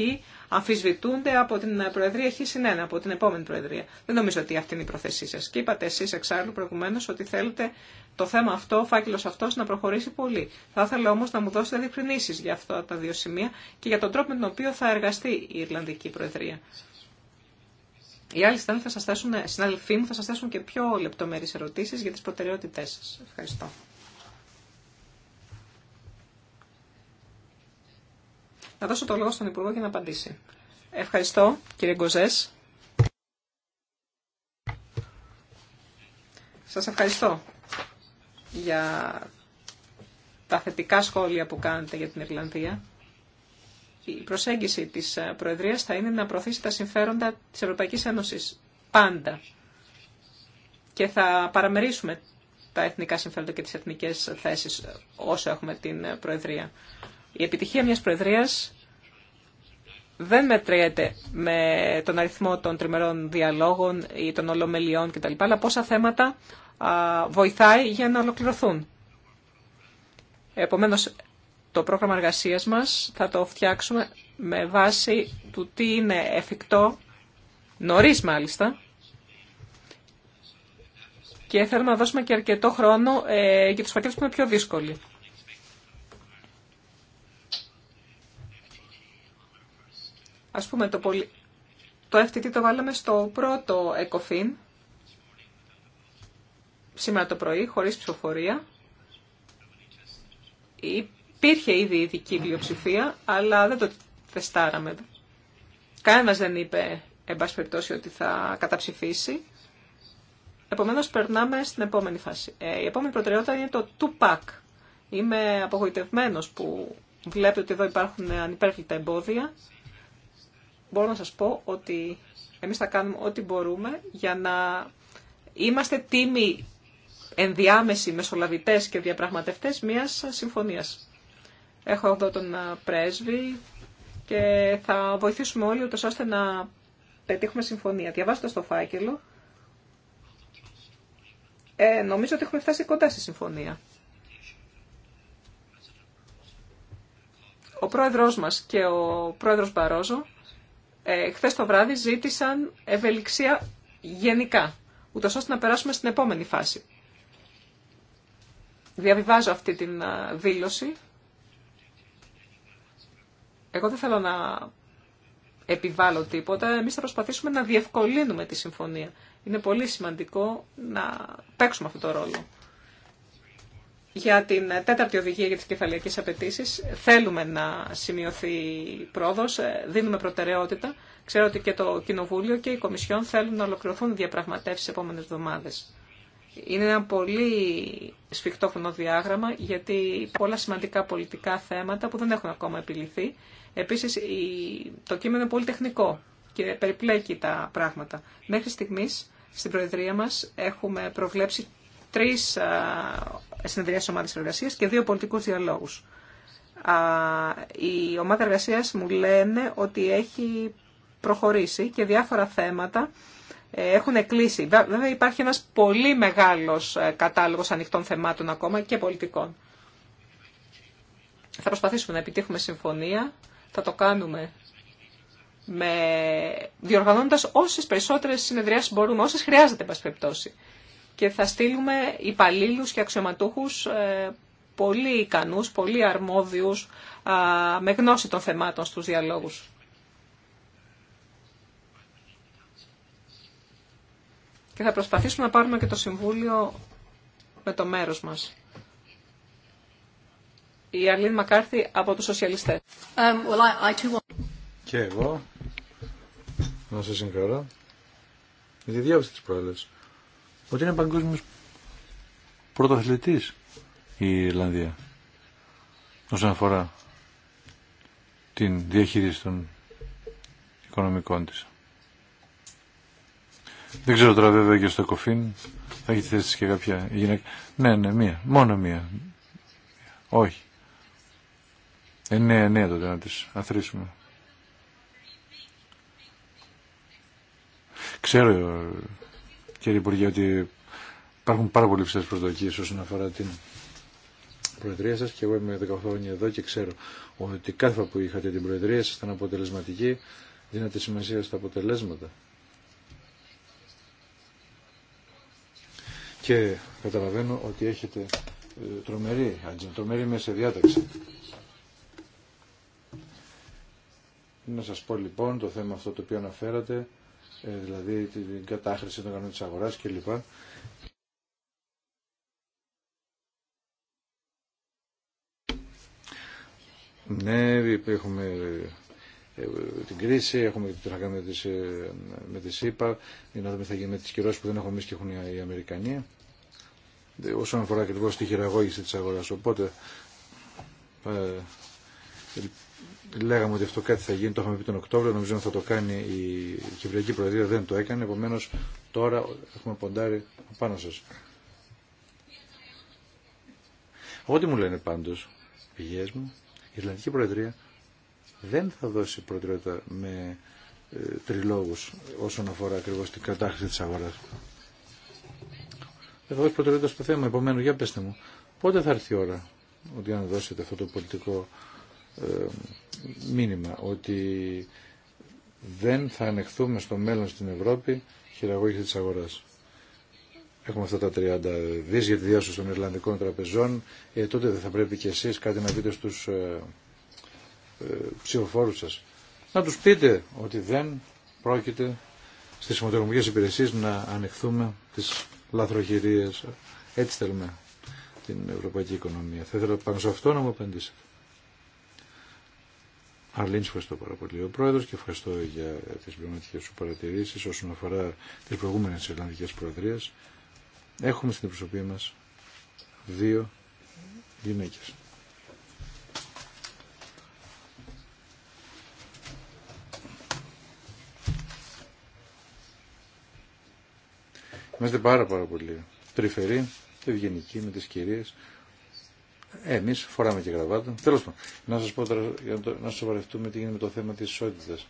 αμφισβητούνται από την Προεδρία χ Χ1, από την επόμενη Προεδρία. Δεν νομίζω ότι αυτή είναι η πρόθεσή σα. Και είπατε εσεί εξάλλου προηγουμένω ότι θέλετε το θέμα αυτό, ο φάκελο αυτό, να προχωρήσει πολύ. Θα ήθελα όμω να μου δώσετε διευκρινήσει για αυτά τα δύο σημεία και για τον τρόπο με τον οποίο θα εργαστεί η Ιρλανδική Προεδρία. Οι άλλοι συνάδελφοι μου θα σας θέσουν και πιο λεπτομέρειε ερωτήσεις για τις προτεραιότητέ σα. Ευχαριστώ. Να δώσω το λόγο στον Υπουργό για να απαντήσει. Ευχαριστώ, κύριε Γκοζέ. Σας ευχαριστώ για τα θετικά σχόλια που κάνετε για την Ιρλανδία. Η προσέγγιση της Προεδρίας θα είναι να προωθήσει τα συμφέροντα της Ευρωπαϊκή Ένωση πάντα. Και θα παραμερίσουμε τα εθνικά συμφέροντα και τις εθνικές θέσεις όσο έχουμε την Προεδρία. Η επιτυχία μιας Προεδρίας δεν μετριέται με τον αριθμό των τριμερών διαλόγων ή των ολομελιών κτλ. Αλλά πόσα θέματα βοηθάει για να ολοκληρωθούν. Επομένως, το πρόγραμμα εργασίας μας θα το φτιάξουμε με βάση του τι είναι εφικτό, νωρίς μάλιστα, και θέλουμε να δώσουμε και αρκετό χρόνο ε, για τους φακέλους που είναι πιο δύσκολοι. Ας πούμε, το, πολυ... το FTT το βάλαμε στο πρώτο ECOFIN, σήμερα το πρωί, χωρίς ψηφοφορία. Υπήρχε ήδη ειδική πλειοψηφία, αλλά δεν το θεστάραμε. Κανένα δεν είπε, εν πάση περιπτώσει, ότι θα καταψηφίσει. Επομένως, περνάμε στην επόμενη φάση. Ε, η επόμενη προτεραιότητα είναι το 2-pack. Είμαι απογοητευμένο που βλέπετε ότι εδώ υπάρχουν ανυπέρβλητα εμπόδια μπορώ να σας πω ότι εμείς θα κάνουμε ό,τι μπορούμε για να είμαστε τίμοι ενδιάμεση μεσολαβητές και διαπραγματευτές μιας συμφωνίας. Έχω εδώ τον πρέσβη και θα βοηθήσουμε όλοι ούτως ώστε να πετύχουμε συμφωνία. Διαβάστε το φάκελο. Ε, νομίζω ότι έχουμε φτάσει κοντά στη συμφωνία. Ο πρόεδρος μας και ο πρόεδρος Μπαρόζο ε, το βράδυ ζήτησαν ευελιξία γενικά, ούτως ώστε να περάσουμε στην επόμενη φάση. Διαβιβάζω αυτή την δήλωση. Εγώ δεν θέλω να επιβάλλω τίποτα. Εμείς θα προσπαθήσουμε να διευκολύνουμε τη συμφωνία. Είναι πολύ σημαντικό να παίξουμε αυτό το ρόλο. Για την τέταρτη οδηγία για τις κεφαλαϊκές απαιτήσει θέλουμε να σημειωθεί πρόοδος, ε, δίνουμε προτεραιότητα. Ξέρω ότι και το Κοινοβούλιο και η Κομισιόν θέλουν να ολοκληρωθούν διαπραγματεύσεις επόμενες εβδομάδες. Είναι ένα πολύ σφιχτό χρονοδιάγραμμα γιατί πολλά σημαντικά πολιτικά θέματα που δεν έχουν ακόμα επιληθεί. Επίσης το κείμενο είναι πολύ τεχνικό και περιπλέκει τα πράγματα. Μέχρι στιγμής στην Προεδρία μας έχουμε προβλέψει τρεις συνεδριές ομάδα εργασίας και δύο πολιτικούς διαλόγους. Η ομάδα εργασίας μου λένε ότι έχει προχωρήσει και διάφορα θέματα ε, έχουν κλείσει. Βέβαια υπάρχει ένας πολύ μεγάλος ε, κατάλογος ανοιχτών θεμάτων ακόμα και πολιτικών. Θα προσπαθήσουμε να επιτύχουμε συμφωνία, θα το κάνουμε με... όσε όσες περισσότερες συνεδριάσεις μπορούμε, όσες χρειάζεται, εν και θα στείλουμε υπαλλήλους και αξιωματούχους ε, πολύ ικανούς, πολύ αρμόδιους, με γνώση των θεμάτων στους διαλόγους. Και θα προσπαθήσουμε να πάρουμε και το Συμβούλιο με το μέρος μας. Η Αρλίν Μακάρθη από τους Σοσιαλιστές. Um, και εγώ να σας συγχαρώ ότι είναι παγκόσμιος πρωτοαθλητής η Ιρλανδία όσον αφορά την διαχείριση των οικονομικών της. Δεν ξέρω τώρα βέβαια και στο κοφίν θα έχει θέση και κάποια γυναίκα. Ναι, ναι, μία. Μόνο μία. Όχι. Εννέα, ναι, τότε να τις αθροίσουμε. Ξέρω κύριε Υπουργέ, ότι υπάρχουν πάρα πολύ ψηλέ προσδοκίε όσον αφορά την Προεδρία σα και εγώ είμαι 18 χρόνια εδώ και ξέρω ότι κάθε φορά που είχατε την Προεδρία σα ήταν αποτελεσματική, δίνατε σημασία στα αποτελέσματα. Και καταλαβαίνω ότι έχετε ε, τρομερή τρομερή μέσα διάταξη. Να σας πω λοιπόν το θέμα αυτό το οποίο αναφέρατε ε, δηλαδή την κατάχρηση των κανόνων της αγοράς κλπ. Ναι, έχουμε ε, την κρίση, έχουμε τι θα κάνουμε ε, με τη ΣΥΠΑ, για να δούμε θα γίνει με τις κυρώσεις που δεν έχουμε εμεί και έχουν οι Αμερικανοί. Όσον αφορά ακριβώ τη χειραγώγηση της αγορά. Οπότε Λέγαμε ότι αυτό κάτι θα γίνει, το είχαμε πει τον Οκτώβριο, νομίζω ότι θα το κάνει η Κυπριακή Προεδρία, δεν το έκανε, επομένω τώρα έχουμε ποντάρει πάνω σα. Ό,τι μου λένε πάντως, πηγές μου, η Ιρλανδική Προεδρία δεν θα δώσει προτεραιότητα με ε, τριλόγους όσον αφορά ακριβώς την κατάχρηση της αγοράς. Δεν θα δώσει προτεραιότητα στο θέμα, επομένως για πέστε μου, πότε θα έρθει η ώρα ότι αν δώσετε αυτό το πολιτικό ε, μήνυμα ότι δεν θα ανεχθούμε στο μέλλον στην Ευρώπη χειραγώγηση της αγοράς. Έχουμε αυτά τα 30 δις για τη διάσωση των Ιρλανδικών τραπεζών. Ε, τότε δεν θα πρέπει κι εσείς κάτι να πείτε στους ε, ε, ψηφοφόρους σας. Να τους πείτε ότι δεν πρόκειται στις συμμετοχομικές υπηρεσίες να ανεχθούμε τις λαθροχειρίες. Έτσι θέλουμε την ευρωπαϊκή οικονομία. Θα ήθελα πάνω σε αυτό να μου απαντήσετε. Αρλίνη, ευχαριστώ πάρα πολύ ο Πρόεδρος και ευχαριστώ για τις πνευματικέ σου παρατηρήσει όσον αφορά τι προηγούμενε Ιρλανδικέ Προεδρίε. Έχουμε στην προσωπή μας δύο γυναίκε. Είμαστε πάρα πάρα πολύ τρυφεροί και ευγενικοί με τις κυρίες εμείς φοράμε και γραβάτα. Τέλος πάντων, να σας πω τώρα, για να, να σοβαρευτούμε τι γίνεται με το θέμα της ισότητας.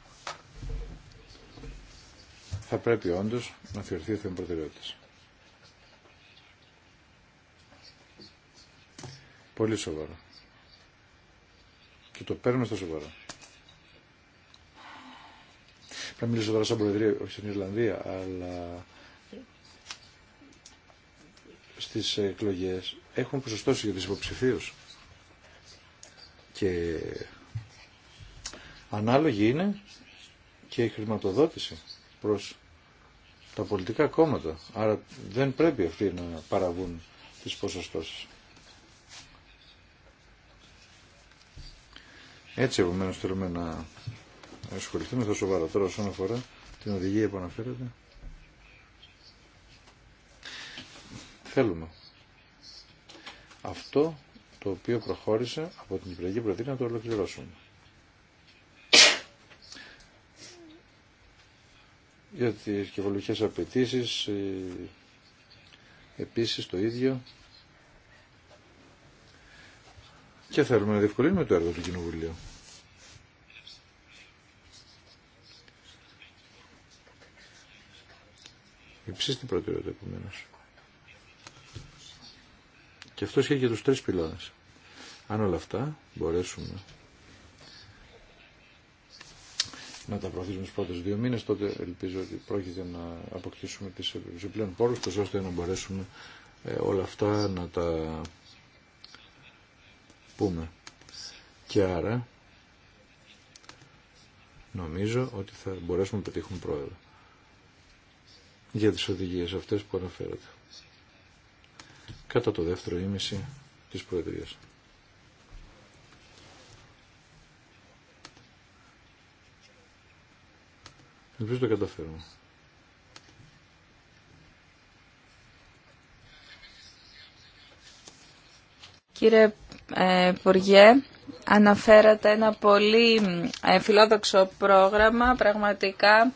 Θα πρέπει όντως να θεωρηθεί θέμα προτεραιότητας. Πολύ σοβαρό. Και το παίρνουμε στο σοβαρό. Πρέπει να μιλήσω τώρα σαν Προεδρία, όχι στην Ιρλανδία, αλλά στις εκλογές έχουν ποσοστώσει για τις υποψηφίους. Και ανάλογη είναι και η χρηματοδότηση προς τα πολιτικά κόμματα. Άρα δεν πρέπει αυτοί να παραβούν τις ποσοστώσεις. Έτσι επομένω θέλουμε να ασχοληθούμε θα σοβαρά τώρα όσον αφορά την οδηγία που αναφέρεται θέλουμε. Αυτό το οποίο προχώρησε από την Υπηρετική Προεδρία να το ολοκληρώσουμε. Για τις κεφαλικές απαιτήσει ε, επίσης το ίδιο και θέλουμε να διευκολύνουμε το έργο του Κοινοβουλίου. Υψίστη προτεραιότητα επομένως. Και αυτό ισχύει για του τρεις πυλώνες. Αν όλα αυτά μπορέσουμε να τα προωθήσουμε στου πρώτους δύο μήνες, τότε ελπίζω ότι πρόκειται να αποκτήσουμε τις επιπλέον πόρου, ώστε να μπορέσουμε ε, όλα αυτά να τα πούμε. Και άρα νομίζω ότι θα μπορέσουμε να πετύχουμε πρόεδρο για τις οδηγίες αυτές που αναφέρατε κατά το δεύτερο ήμιση της Προεδρίας. Ελπίζω το καταφέρουμε. Κύριε ε, Υπουργέ, αναφέρατε ένα πολύ ε, φιλόδοξο πρόγραμμα, πραγματικά.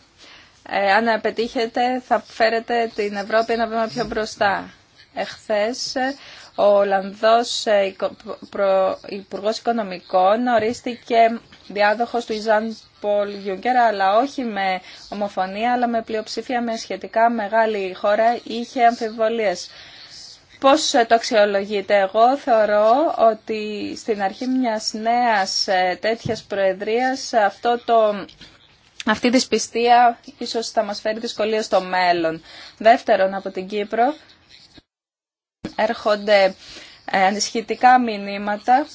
Ε, αν πετύχετε θα φέρετε την Ευρώπη ένα βήμα πιο μπροστά. Εχθές ο Ολλανδός ε, Υπουργός Οικονομικών ορίστηκε διάδοχος του Ιζάν Πολ Γιούγκερ, αλλά όχι με ομοφωνία, αλλά με πλειοψηφία με σχετικά μεγάλη χώρα, είχε αμφιβολίες. Πώς ε, το αξιολογείτε εγώ, θεωρώ ότι στην αρχή μιας νέας ε, τέτοιας προεδρίας αυτό το αυτή η δυσπιστία ίσως θα μας φέρει δυσκολίες στο μέλλον. Δεύτερον, από την Κύπρο, έρχονται ε, ανησυχητικά μηνύματα.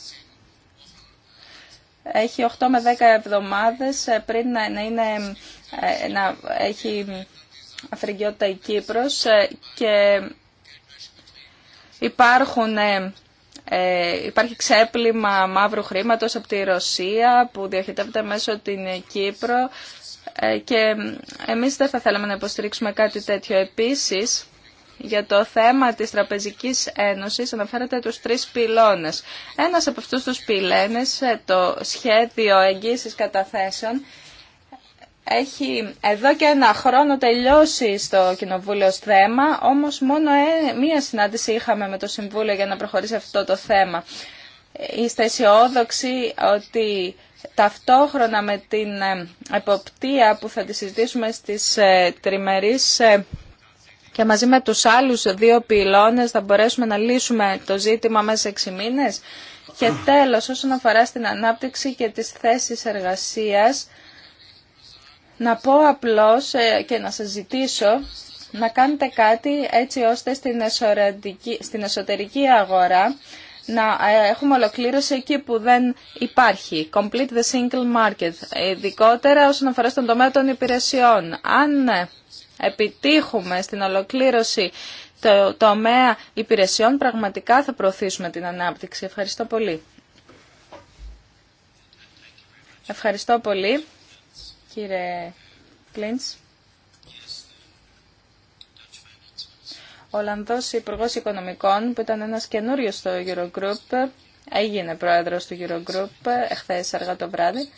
Έχει 8 με 10 εβδομάδες ε, πριν να, είναι, ε, να έχει αφρικιότητα η Κύπρος και υπάρχουν ε, υπάρχει ξέπλυμα μαύρου χρήματος από τη Ρωσία που διοχετεύεται μέσω την Κύπρο και εμείς δεν θα θέλαμε να υποστηρίξουμε κάτι τέτοιο. Επίσης, για το θέμα της Τραπεζικής Ένωσης αναφέρεται τους τρεις πυλώνες. Ένας από αυτούς τους πυλώνες, ε, το σχέδιο εγγύησης καταθέσεων, έχει εδώ και ένα χρόνο τελειώσει στο Κοινοβούλιο ως θέμα, όμως μόνο ε, μία συνάντηση είχαμε με το Συμβούλιο για να προχωρήσει αυτό το θέμα. Είστε αισιόδοξοι ότι ταυτόχρονα με την ε, εποπτεία που θα τη συζητήσουμε στις τριμερείς και μαζί με τους άλλους δύο πυλώνες θα μπορέσουμε να λύσουμε το ζήτημα μέσα σε έξι μήνες. Και τέλος, όσον αφορά στην ανάπτυξη και τις θέσεις εργασίας, να πω απλώς ε, και να σας ζητήσω να κάνετε κάτι έτσι ώστε στην εσωτερική αγορά να ε, έχουμε ολοκλήρωση εκεί που δεν υπάρχει. Complete the single market, ειδικότερα όσον αφορά στον τομέα των υπηρεσιών. Αν ναι, επιτύχουμε στην ολοκλήρωση το τομέα υπηρεσιών, πραγματικά θα προωθήσουμε την ανάπτυξη. Ευχαριστώ πολύ. Ευχαριστώ πολύ, κύριε Κλίντς. Ο Ολλανδός Υπουργός Οικονομικών, που ήταν ένας καινούριο στο Eurogroup, έγινε πρόεδρος του Eurogroup εχθές αργά το βράδυ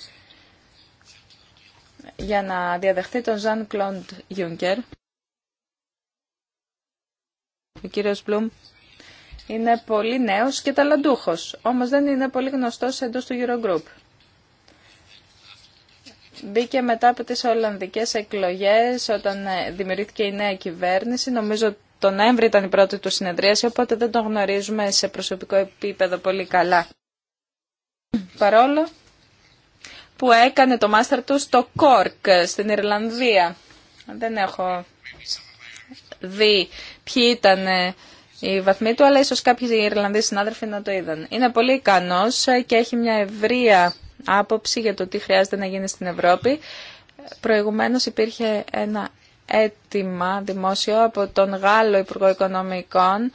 για να διαδεχθεί τον Ζαν Κλοντ γιουγκερ Ο κύριος Μπλουμ είναι πολύ νέος και ταλαντούχος, όμως δεν είναι πολύ γνωστός εντός του Eurogroup. Μπήκε μετά από τις Ολλανδικές εκλογές όταν ε, δημιουργήθηκε η νέα κυβέρνηση. Νομίζω τον Νοέμβρη ήταν η πρώτη του συνεδρίαση, οπότε δεν τον γνωρίζουμε σε προσωπικό επίπεδο πολύ καλά. Παρόλο που έκανε το μάστερ του στο Κόρκ, στην Ιρλανδία. Δεν έχω δει ποιοι ήταν ε, οι βαθμοί του, αλλά ίσως κάποιοι Ιρλανδοί συνάδελφοι να το είδαν. Είναι πολύ ικανός και έχει μια ευρεία άποψη για το τι χρειάζεται να γίνει στην Ευρώπη. Προηγουμένως υπήρχε ένα αίτημα δημόσιο από τον Γάλλο Υπουργό Οικονομικών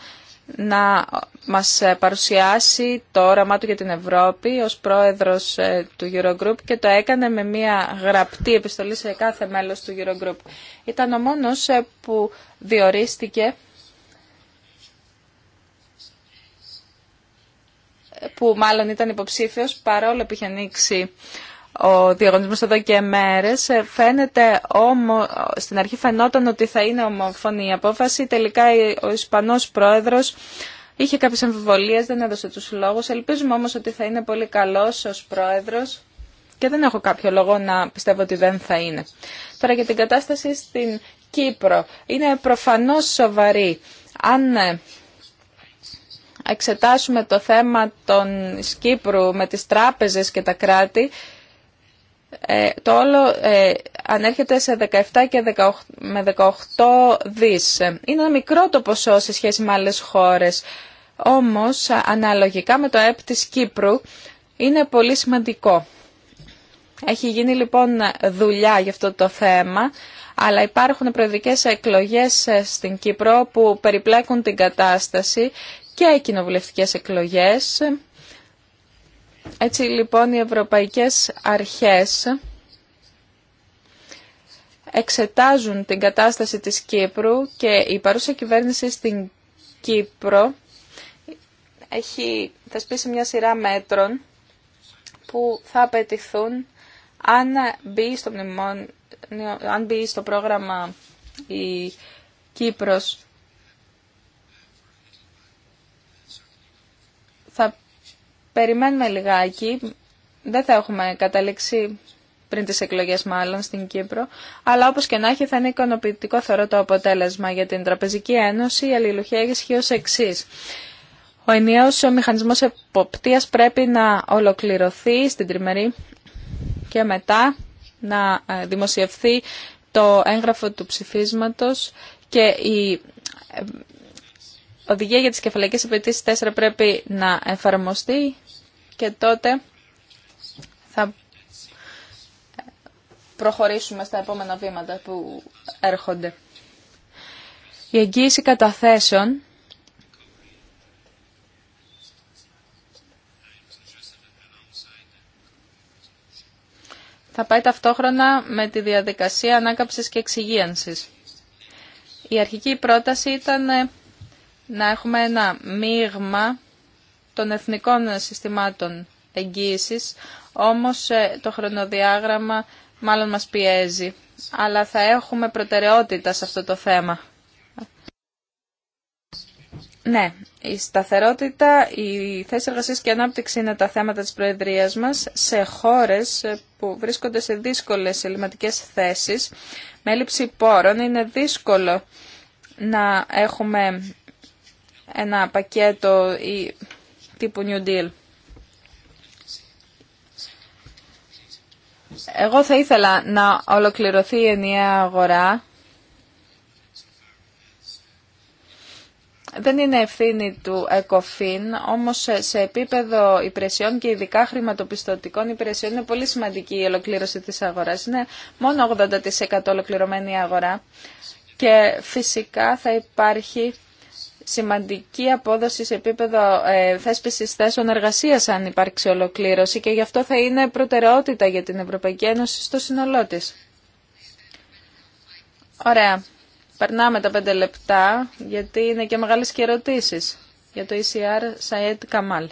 να μας ε, παρουσιάσει το όραμά του για την Ευρώπη ως πρόεδρος ε, του Eurogroup και το έκανε με μια γραπτή επιστολή σε κάθε μέλος του Eurogroup. Ήταν ο μόνος ε, που διορίστηκε που μάλλον ήταν υποψήφιος παρόλο που είχε ανοίξει ο διαγωνισμός εδώ και μέρες. Φαίνεται όμο, στην αρχή φαινόταν ότι θα είναι ομοφωνή η απόφαση. Τελικά ο Ισπανός πρόεδρος Είχε κάποιε αμφιβολίε, δεν έδωσε του λόγου. Ελπίζουμε όμω ότι θα είναι πολύ καλό ω πρόεδρο και δεν έχω κάποιο λόγο να πιστεύω ότι δεν θα είναι. Τώρα για την κατάσταση στην Κύπρο. Είναι προφανώ σοβαρή. Αν ε, εξετάσουμε το θέμα των Κύπρου με τις τράπεζες και τα κράτη, ε, το όλο ε, ανέρχεται σε 17 και 18, με 18 δις. Είναι ένα μικρό το ποσό σε σχέση με άλλες χώρες. Όμως, αναλογικά με το ΕΠ της Κύπρου, είναι πολύ σημαντικό. Έχει γίνει λοιπόν δουλειά για αυτό το θέμα, αλλά υπάρχουν προεδρικές εκλογές ε, στην Κύπρο που περιπλέκουν την κατάσταση και κοινοβουλευτικές εκλογές έτσι λοιπόν οι ευρωπαϊκές αρχές εξετάζουν την κατάσταση της Κύπρου και η παρούσα κυβέρνηση στην Κύπρο έχει θεσπίσει μια σειρά μέτρων που θα απαιτηθούν αν μπει στο, αν μπει στο πρόγραμμα η Κύπρος Περιμένουμε λιγάκι. Δεν θα έχουμε καταλήξει πριν τις εκλογές μάλλον στην Κύπρο, αλλά όπως και να έχει θα είναι ικανοποιητικό θεωρώ το αποτέλεσμα για την Τραπεζική Ένωση. Η αλληλουχία έχει ως εξή. Ο ενιαίος ο μηχανισμός εποπτείας πρέπει να ολοκληρωθεί στην τριμερή και μετά να ε, δημοσιευθεί το έγγραφο του ψηφίσματος και η ε, οδηγία για τις κεφαλαϊκές απαιτήσεις 4 πρέπει να εφαρμοστεί και τότε θα προχωρήσουμε στα επόμενα βήματα που έρχονται. Η εγγύηση καταθέσεων θα πάει ταυτόχρονα με τη διαδικασία ανάκαψης και εξυγίανσης. Η αρχική πρόταση ήταν να έχουμε ένα μείγμα των εθνικών συστημάτων εγγύησης, όμως ε, το χρονοδιάγραμμα μάλλον μας πιέζει. Αλλά θα έχουμε προτεραιότητα σε αυτό το θέμα. Ναι, η σταθερότητα, η θέση εργασίας και η ανάπτυξη είναι τα θέματα της Προεδρίας μας σε χώρες ε, που βρίσκονται σε δύσκολες ελληματικές θέσεις. Με έλλειψη πόρων είναι δύσκολο να έχουμε ένα πακέτο ή, τύπου New Deal. Εγώ θα ήθελα να ολοκληρωθεί η ενιαία αγορά. Δεν είναι ευθύνη του ΕΚΟΦΗΝ, όμως σε επίπεδο υπηρεσιών και ειδικά χρηματοπιστωτικών υπηρεσιών είναι πολύ σημαντική η ολοκλήρωση της αγοράς. Είναι μόνο 80% ολοκληρωμένη η αγορά και φυσικά θα υπάρχει σημαντική απόδοση σε επίπεδο ε, θέσπισης θέσεων εργασίας αν υπάρξει ολοκλήρωση και γι' αυτό θα είναι προτεραιότητα για την Ευρωπαϊκή Ένωση στο σύνολό τη. Ωραία. Περνάμε τα πέντε λεπτά γιατί είναι και μεγάλες και ερωτήσεις για το ECR Σαέτ Καμάλ.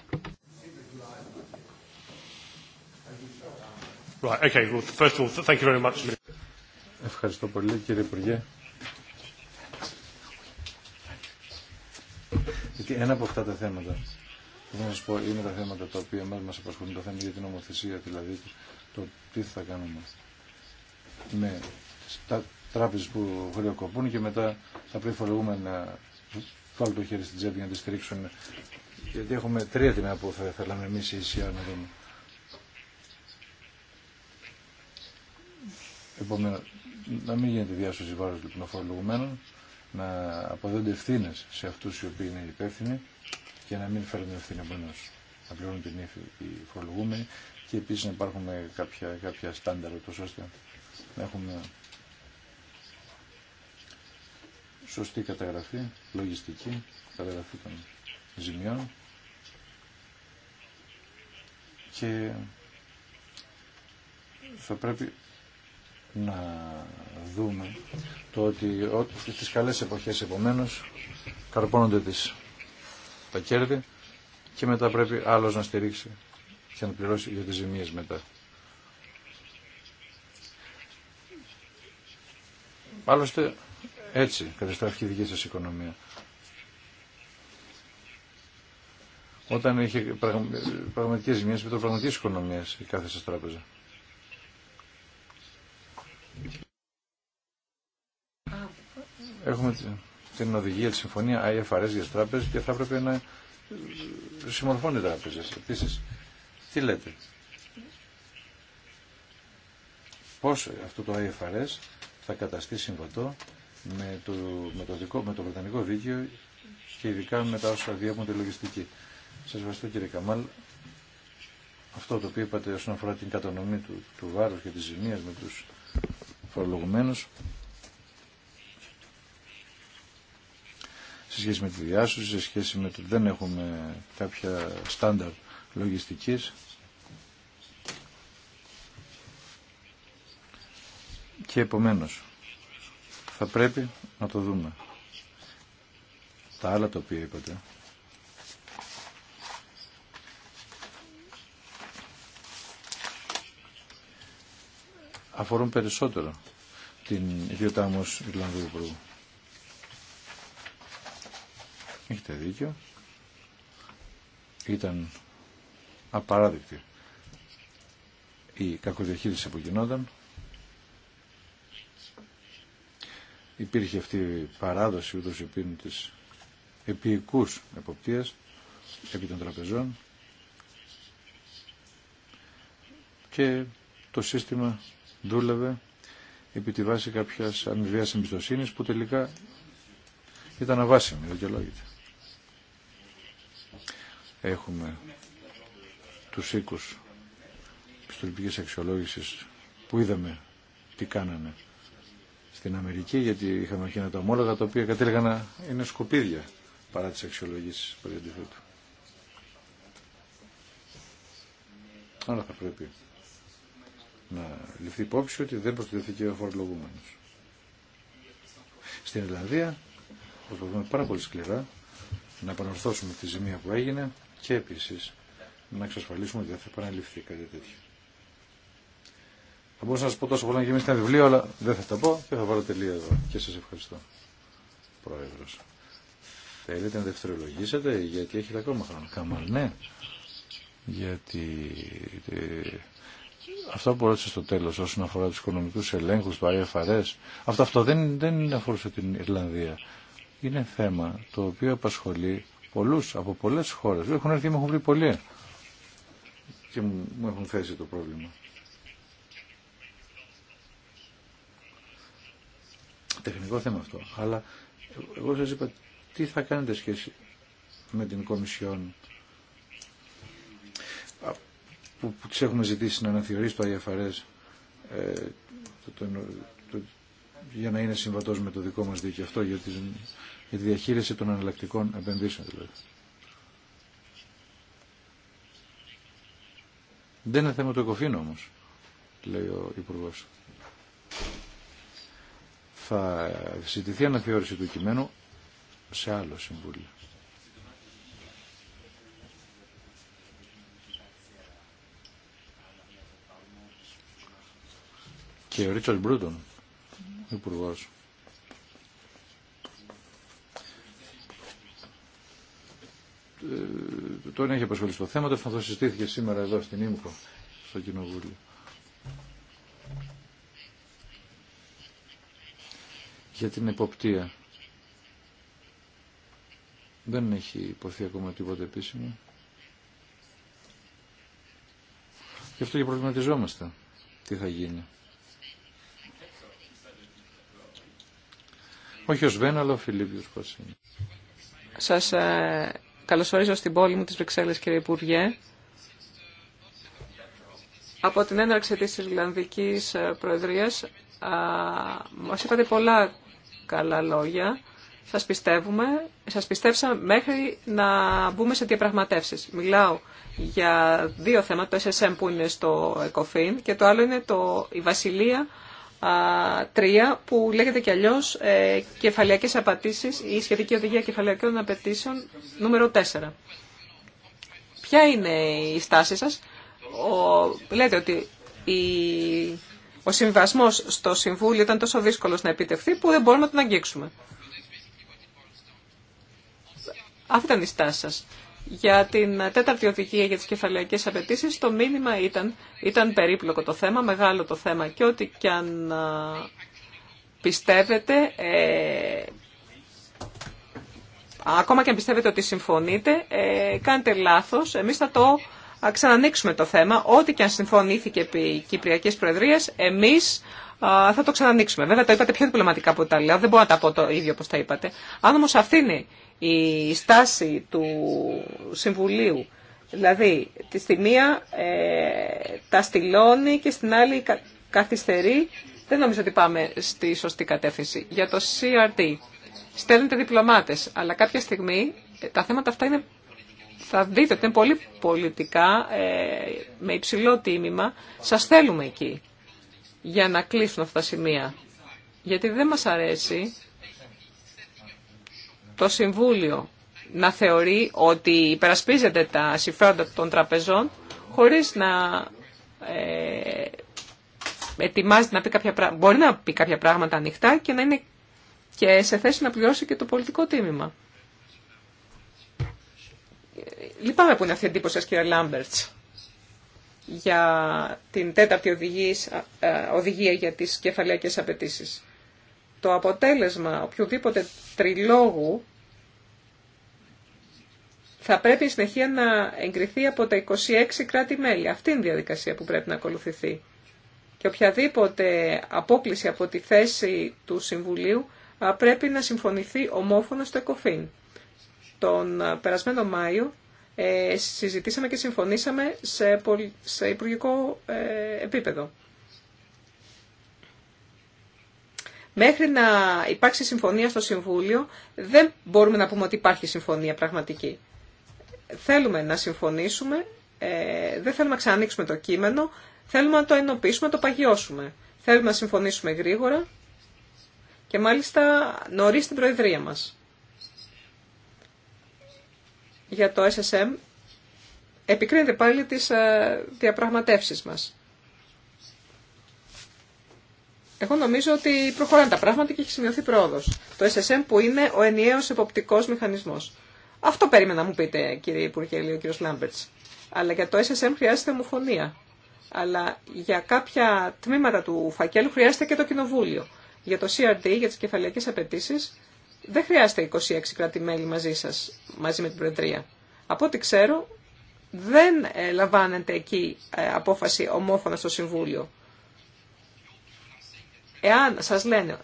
Ευχαριστώ πολύ κύριε Υπουργέ Γιατί ένα από αυτά τα θέματα που θα σα πω είναι τα θέματα τα οποία μα απασχολούν, το θέμα για την ομοθεσία δηλαδή το τι θα κάνουμε με τα τράπεζε που χρεοκοπούν και μετά θα πρέπει να βάλουν το χέρι στην τσέπη για να τη στηρίξουν. Γιατί έχουμε τρία τιμά που θα θέλαμε εμεί η ΙΣΙΑ να δούμε. Επομένω, να μην γίνεται διάσωση βάρος λοιπόν να αποδέονται ευθύνε σε αυτού οι οποίοι είναι υπεύθυνοι και να μην φέρουν ευθύνη μόνο να πληρώνουν την ύφη οι φορολογούμενοι και επίση να υπάρχουν κάποια, κάποια στάνταρ τόσο ώστε να έχουμε σωστή καταγραφή, λογιστική καταγραφή των ζημιών και θα πρέπει να δούμε το ότι στις καλές εποχές επομένως καρπώνονται τις, τα κέρδη και μετά πρέπει άλλος να στηρίξει και να πληρώσει για τις ζημίες μετά. Άλλωστε έτσι καταστράφηκε η δική σας οικονομία. Όταν είχε πραγματικές ζημίες με το πραγματικές οικονομίες η κάθε σας τράπεζα. έχουμε την οδηγία, τη συμφωνία IFRS για τις τράπεζες και θα έπρεπε να ε, συμμορφώνει οι τράπεζε. Επίση. τι λέτε, πώ αυτό το IFRS θα καταστεί συμβατό με το, με με το Βρετανικό δίκαιο και ειδικά με τα όσα διέπουν τη λογιστική. Σας ευχαριστώ κύριε Καμάλ. Αυτό το οποίο είπατε όσον αφορά την κατανομή του, του βάρους και τη ζημία με του φορολογουμένου. σε σχέση με τη διάσωση, σε σχέση με το δεν έχουμε κάποια στάνταρ λογιστικής. Και επομένως θα πρέπει να το δούμε. Τα άλλα τα οποία είπατε. αφορούν περισσότερο την ιδιωτά μου Ιρλανδού Υπουργού. Έχετε δίκιο. Ήταν απαράδεκτη η κακοδιαχείριση που γινόταν. Υπήρχε αυτή η παράδοση ούτως επίνου της επίοικούς εποπτείας επί των τραπεζών και το σύστημα δούλευε επί τη βάση κάποιας αμοιβαίας εμπιστοσύνης που τελικά ήταν αβάσιμη, δικαιολόγητη έχουμε τους οίκους πιστοληπτικής αξιολόγησης που είδαμε τι κάνανε στην Αμερική γιατί είχαμε εκείνα τα ομόλογα τα οποία κατέληγαν να είναι σκουπίδια παρά τις αξιολογήσεις που του. Άρα θα πρέπει να ληφθεί υπόψη ότι δεν και ο φορολογούμενος. Στην Ιρλανδία προσπαθούμε πάρα πολύ σκληρά να επαναρθώσουμε τη ζημία που έγινε και επίση να εξασφαλίσουμε ότι δεν θα επαναληφθεί κάτι τέτοιο. Θα μπορούσα να σα πω τόσο πολλά και εμεί ένα βιβλίο, αλλά δεν θα τα πω και θα βάλω τελεία εδώ. Και σα ευχαριστώ, Πρόεδρο. Θέλετε να δευτερολογήσετε, γιατί έχετε ακόμα χρόνο. Καμάλ, ναι. Γιατί ε, αυτό που ρώτησε στο τέλο όσον αφορά του οικονομικού ελέγχου, του IFRS, αυτό, αυτό δεν, δεν αφορούσε την Ιρλανδία. Είναι θέμα το οποίο απασχολεί πολλούς από πολλές χώρες. Έχουν έρθει και μου έχουν βρει πολλοί και μου έχουν θέσει το πρόβλημα. Τεχνικό θέμα αυτό. Αλλά εγώ σας είπα τι θα κάνετε σχέση με την Κομισιόν που, που τις έχουμε ζητήσει να αναθεωρήσει το IFRS ε, το, το, για να είναι συμβατός με το δικό μας δίκαιο αυτό γιατί για τη διαχείριση των εναλλακτικών επενδύσεων δηλαδή. Δεν είναι θέμα το ΕΚΟΦΗΝ όμως, λέει ο Υπουργός. Θα συζητηθεί αναθεώρηση του κειμένου σε άλλο συμβούλιο. Και ο Ρίτσαρντ Μπρούτον, υπουργό τον έχει απασχολήσει το θέμα, το αυτό συζητήθηκε σήμερα εδώ στην ΙΜΚΟ, στο Κοινοβούλιο. Για την εποπτεία. Δεν έχει υποθεί ακόμα τίποτα επίσημο. Γι' αυτό και προβληματιζόμαστε τι θα γίνει. Όχι ο Σβέν, αλλά ο Φιλίπιος Κωσίνης. Σας ε, καλωσορίζω στην πόλη μου της Βρυξέλλες, κύριε Υπουργέ. Από την έναρξη της Ιρλανδικής ε, Προεδρίας α, μας είπατε πολλά καλά λόγια. Σας πιστεύουμε, σας πιστεύσαμε μέχρι να μπούμε σε διαπραγματεύσει. Μιλάω για δύο θέματα, το SSM που είναι στο εκοφήν και το άλλο είναι το, η Βασιλεία 3 που λέγεται και αλλιώς ε, απατήσεις ή σχετική οδηγία κεφαλαιακών απαιτήσεων νούμερο 4. Ποια είναι η στάση σας. Ο, λέτε ότι η, ο συμβασμός στο Συμβούλιο ήταν τόσο δύσκολος να επιτευχθεί που δεν μπορούμε να τον αγγίξουμε. Αυτή ήταν η στάση σας. Για την τέταρτη οδηγία για τις κεφαλαϊκές απαιτήσει, το μήνυμα ήταν, ήταν περίπλοκο το θέμα, μεγάλο το θέμα και ό,τι κι αν πιστεύετε, ε, ακόμα και αν πιστεύετε ότι συμφωνείτε, ε, κάνετε λάθος, εμείς θα το ξανανοίξουμε το θέμα, ό,τι κι αν συμφωνήθηκε επί Κυπριακής Προεδρίας, εμείς θα το ξανανοίξουμε. Βέβαια, το είπατε πιο διπλωματικά από τα λέω, δεν μπορώ να τα πω το ίδιο όπω τα είπατε. Αν όμω αυτή είναι η στάση του Συμβουλίου, δηλαδή τη στιγμή ε, τα στυλώνει και στην άλλη καθυστερεί, δεν νομίζω ότι πάμε στη σωστή κατεύθυνση. Για το CRT, στέλνετε διπλωμάτες, αλλά κάποια στιγμή ε, τα θέματα αυτά είναι, θα δείτε ότι είναι πολύ πολιτικά, ε, με υψηλό τίμημα, σας θέλουμε εκεί για να κλείσουν αυτά τα σημεία. Γιατί δεν μας αρέσει το Συμβούλιο να θεωρεί ότι υπερασπίζεται τα συμφέροντα των τραπεζών χωρίς να ε, ετοιμάζεται να πει κάποια πράγματα, μπορεί να πει κάποια πράγματα ανοιχτά και να είναι και σε θέση να πληρώσει και το πολιτικό τίμημα. Λυπάμαι που είναι αυτή η εντύπωση σας κύριε Λάμπερτς για την τέταρτη ε, ε, οδηγία για τις κεφαλαίκες απαιτήσει το αποτέλεσμα οποιοδήποτε τριλόγου θα πρέπει η συνεχεία να εγκριθεί από τα 26 κράτη-μέλη. Αυτή είναι η διαδικασία που πρέπει να ακολουθηθεί. Και οποιαδήποτε απόκληση από τη θέση του Συμβουλίου πρέπει να συμφωνηθεί ομόφωνα στο ΕΚΟΦΗΝ. Τον περασμένο Μάιο ε, συζητήσαμε και συμφωνήσαμε σε υπουργικό ε, επίπεδο. Μέχρι να υπάρξει συμφωνία στο Συμβούλιο, δεν μπορούμε να πούμε ότι υπάρχει συμφωνία πραγματική. Θέλουμε να συμφωνήσουμε, ε, δεν θέλουμε να ξανανοίξουμε το κείμενο, θέλουμε να το ενοποιήσουμε, να το παγιώσουμε. Θέλουμε να συμφωνήσουμε γρήγορα και μάλιστα νωρίς την Προεδρία μας. Για το SSM επικρίνεται πάλι τις ε, διαπραγματεύσεις μας. Εγώ νομίζω ότι προχωράνε τα πράγματα και έχει σημειωθεί πρόοδο. Το SSM που είναι ο ενιαίο εποπτικό μηχανισμό. Αυτό περίμενα να μου πείτε, κύριε Υπουργέ, λέει ο κύριο Λάμπερτ. Αλλά για το SSM χρειάζεται ομοφωνία. Αλλά για κάποια τμήματα του φακέλου χρειάζεται και το κοινοβούλιο. Για το CRD, για τι κεφαλαίκε απαιτήσει, δεν χρειάζεται 26 κράτη-μέλη μαζί σα, μαζί με την Προεδρία. Από ό,τι ξέρω, δεν ε, λαμβάνεται εκεί ε, απόφαση ομόφωνα στο Συμβούλιο. Εάν σας λένε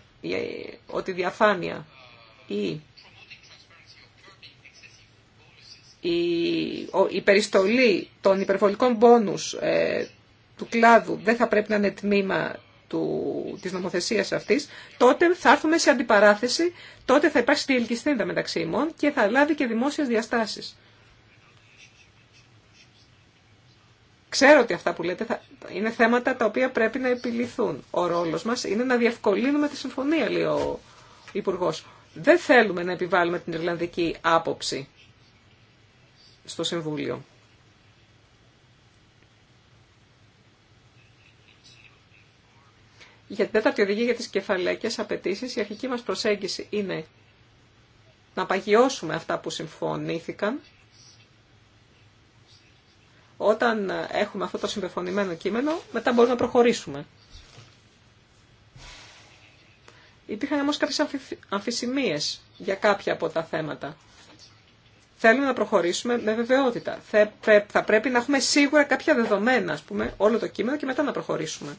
ότι η διαφάνεια ή η περιστολή των υπερβολικών πόνους ε, του κλάδου δεν θα πρέπει να είναι τμήμα του, της νομοθεσίας αυτής, τότε θα έρθουμε σε αντιπαράθεση, τότε θα υπάρξει διελκυστίνδα μεταξύ ημών και θα λάβει και δημόσιες διαστάσεις. Ξέρω ότι αυτά που λέτε είναι θέματα τα οποία πρέπει να επιληθούν. Ο ρόλος μας είναι να διευκολύνουμε τη συμφωνία, λέει ο υπουργό. Δεν θέλουμε να επιβάλλουμε την Ιρλανδική άποψη στο Συμβούλιο. Για την τέταρτη οδηγία για τις κεφαλαίκες απαιτήσει, η αρχική μας προσέγγιση είναι να παγιώσουμε αυτά που συμφωνήθηκαν όταν έχουμε αυτό το συμπεφωνημένο κείμενο, μετά μπορούμε να προχωρήσουμε. Υπήρχαν όμως κάποιες αμφισημίες για κάποια από τα θέματα. Θέλουμε να προχωρήσουμε με βεβαιότητα. Θα πρέπει να έχουμε σίγουρα κάποια δεδομένα, ας πούμε, όλο το κείμενο και μετά να προχωρήσουμε.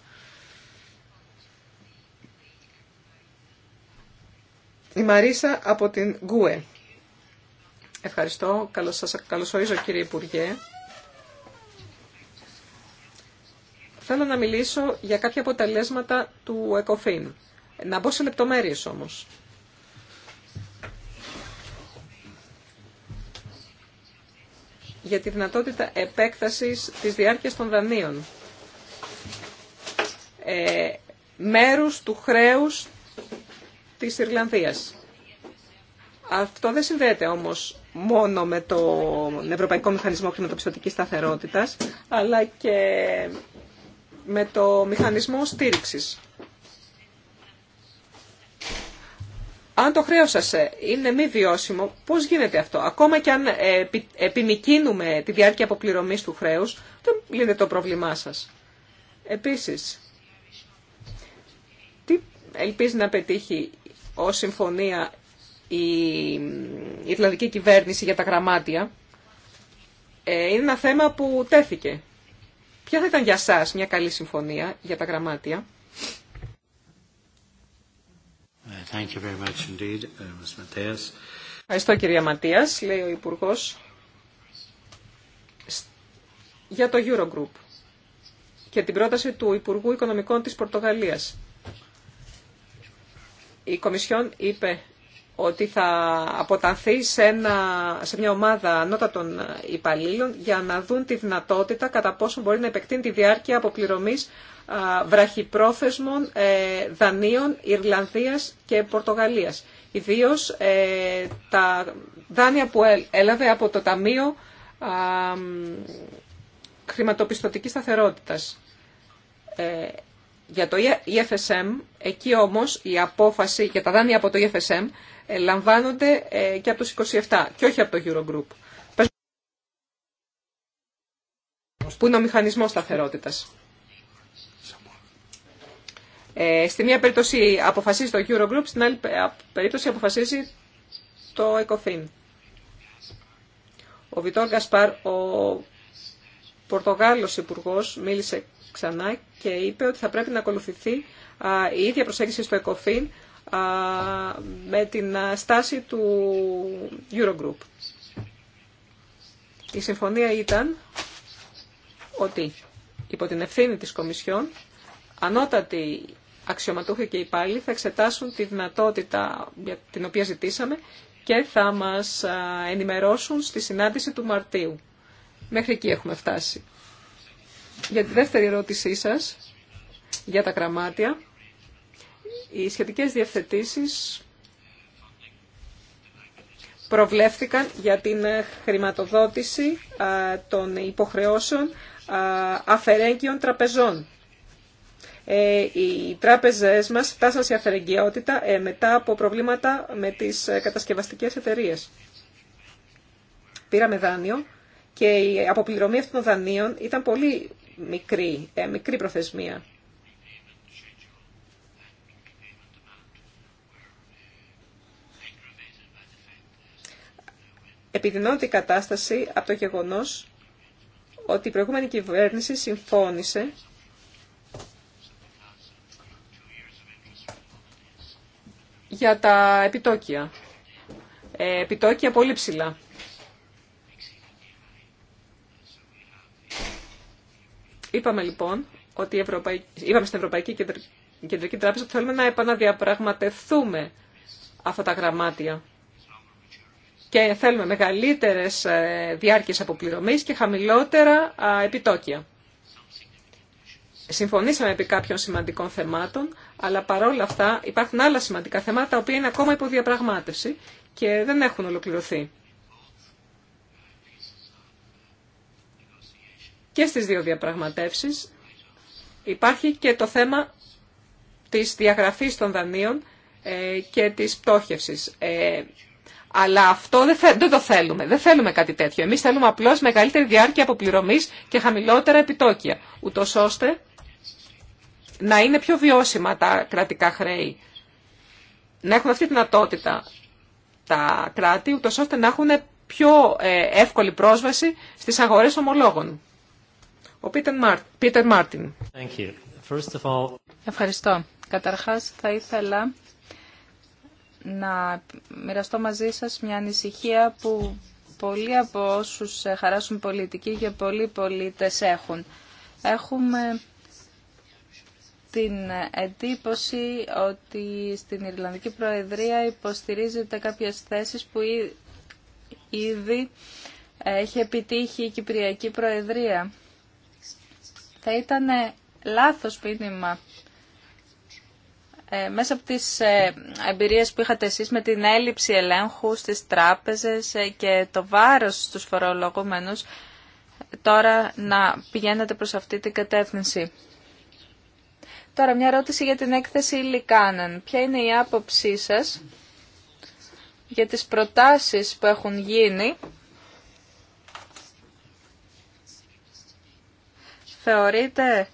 Η Μαρίσα από την Γκουε. Ευχαριστώ. Καλώς σας καλωσορίζω κύριε Υπουργέ. Θέλω να μιλήσω για κάποια αποτελέσματα του ΕΚΟΦΗΝ. Να μπω σε λεπτομέρειες όμως. για τη δυνατότητα επέκτασης της διάρκειας των δανείων. Ε, μέρους του χρέους της Ιρλανδίας. Αυτό δεν συνδέεται όμως μόνο με τον Ευρωπαϊκό Μηχανισμό Χρηματοπιστωτικής Σταθερότητας, αλλά και με το μηχανισμό στήριξης. Αν το χρέος σας ε, είναι μη βιώσιμο, πώς γίνεται αυτό. Ακόμα και αν ε, επιμικίνουμε τη διάρκεια αποπληρωμής του χρέους, δεν λύνεται το πρόβλημά σας. Επίσης, τι ελπίζει να πετύχει ως συμφωνία η Ιρλανδική κυβέρνηση για τα γραμμάτια, ε, είναι ένα θέμα που τέθηκε. Ποια θα ήταν για σας μια καλή συμφωνία για τα γραμμάτια. Ε, thank you very much indeed, ε, Ευχαριστώ κυρία Ματίας, λέει ο Υπουργός, για το Eurogroup και την πρόταση του Υπουργού Οικονομικών της Πορτογαλίας. Η Κομισιόν είπε ότι θα αποτανθεί σε, σε μια ομάδα ανώτατων υπαλλήλων για να δουν τη δυνατότητα κατά πόσο μπορεί να επεκτείνει τη διάρκεια αποπληρωμής βραχυπρόθεσμων ε, δανείων Ιρλανδίας και Πορτογαλίας. Ιδίως ε, τα δάνεια που ε, έλαβε από το Ταμείο Χρηματοπιστωτικής Σταθερότητας. Για το EFSM, e εκεί όμως η απόφαση για τα δάνεια από το EFSM ε, λαμβάνονται ε, και από τους 27 και όχι από το Eurogroup. Που είναι ο μηχανισμός σταθερότητας. Ε, στη μία περίπτωση αποφασίζει το Eurogroup, στην άλλη περίπτωση αποφασίζει το ECOFIN. Ο Βιτόρ Γκασπάρ, ο Πορτογάλος υπουργό μίλησε ξανά και είπε ότι θα πρέπει να ακολουθηθεί η ίδια προσέγγιση στο ECOFIN με την στάση του Eurogroup. Η συμφωνία ήταν ότι υπό την ευθύνη της Κομισιόν ανώτατοι αξιωματούχοι και υπάλληλοι θα εξετάσουν τη δυνατότητα για την οποία ζητήσαμε και θα μας ενημερώσουν στη συνάντηση του Μαρτίου. Μέχρι εκεί έχουμε φτάσει. Για τη δεύτερη ερώτησή σας, για τα κραμάτια, οι σχετικές διευθετήσεις προβλέφθηκαν για την χρηματοδότηση των υποχρεώσεων αφαιρέγγιων τραπεζών. Ε, οι τράπεζες μας φτάσαν σε αφαιρεγγιότητα ε, μετά από προβλήματα με τις ε, κατασκευαστικές εταιρείες. Πήραμε δάνειο και η αποπληρωμή αυτών των δανείων ήταν πολύ μικρή, μικρή προθεσμία. Επιδεινώνεται η κατάσταση από το γεγονός ότι η προηγούμενη κυβέρνηση συμφώνησε για τα επιτόκια. Ε, επιτόκια πολύ ψηλά. Είπαμε λοιπόν ότι η Ευρωπαϊκή, είπαμε στην Ευρωπαϊκή Κεντρική Τράπεζα ότι θέλουμε να επαναδιαπραγματευτούμε αυτά τα γραμμάτια και θέλουμε μεγαλύτερες ε, διάρκειες αποπληρωμής και χαμηλότερα επιτόκια. Συμφωνήσαμε επί κάποιων σημαντικών θεμάτων, αλλά παρόλα αυτά υπάρχουν άλλα σημαντικά θέματα, τα οποία είναι ακόμα υπό διαπραγμάτευση και δεν έχουν ολοκληρωθεί. Και στις δύο διαπραγματεύσεις υπάρχει και το θέμα της διαγραφής των δανείων ε, και της πτώχευσης. Ε, αλλά αυτό δεν, το θέλουμε. Δεν θέλουμε κάτι τέτοιο. Εμεί θέλουμε απλώ μεγαλύτερη διάρκεια αποπληρωμή και χαμηλότερα επιτόκια. Ούτω ώστε να είναι πιο βιώσιμα τα κρατικά χρέη. Να έχουν αυτή τη δυνατότητα τα κράτη, ούτω ώστε να έχουν πιο ε, εύκολη πρόσβαση στι αγορέ ομολόγων. Ο Πίτερ Μάρτιν. Ευχαριστώ. Καταρχάς θα ήθελα να μοιραστώ μαζί σας μια ανησυχία που πολλοί από όσους ε, χαράσουν πολιτική και πολλοί πολίτες έχουν. Έχουμε την εντύπωση ότι στην Ιρλανδική Προεδρία υποστηρίζεται κάποιες θέσεις που ήδη έχει επιτύχει η Κυπριακή Προεδρία. Θα ήταν λάθος πίνημα ε, μέσα από τις ε, εμπειρίες που είχατε εσείς με την έλλειψη ελέγχου στις τράπεζες ε, και το βάρος στους φορολογούμενους, τώρα να πηγαίνετε προς αυτή την κατεύθυνση. Τώρα μια ερώτηση για την έκθεση Λικάνεν. Ποια είναι η άποψή σας για τις προτάσεις που έχουν γίνει. Θεωρείτε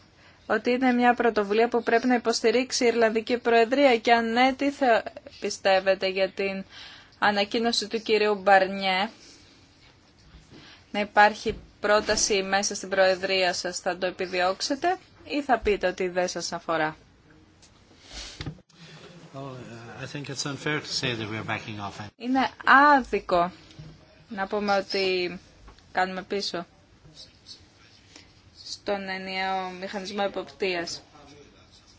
ότι είναι μια πρωτοβουλία που πρέπει να υποστηρίξει η Ιρλανδική Προεδρία και αν ναι, τι θα πιστεύετε για την ανακοίνωση του κυρίου Μπαρνιέ να υπάρχει πρόταση μέσα στην Προεδρία σας θα το επιδιώξετε ή θα πείτε ότι δεν σας αφορά. Uh, είναι άδικο να πούμε ότι κάνουμε πίσω τον ενιαίο μηχανισμό εποπτείας.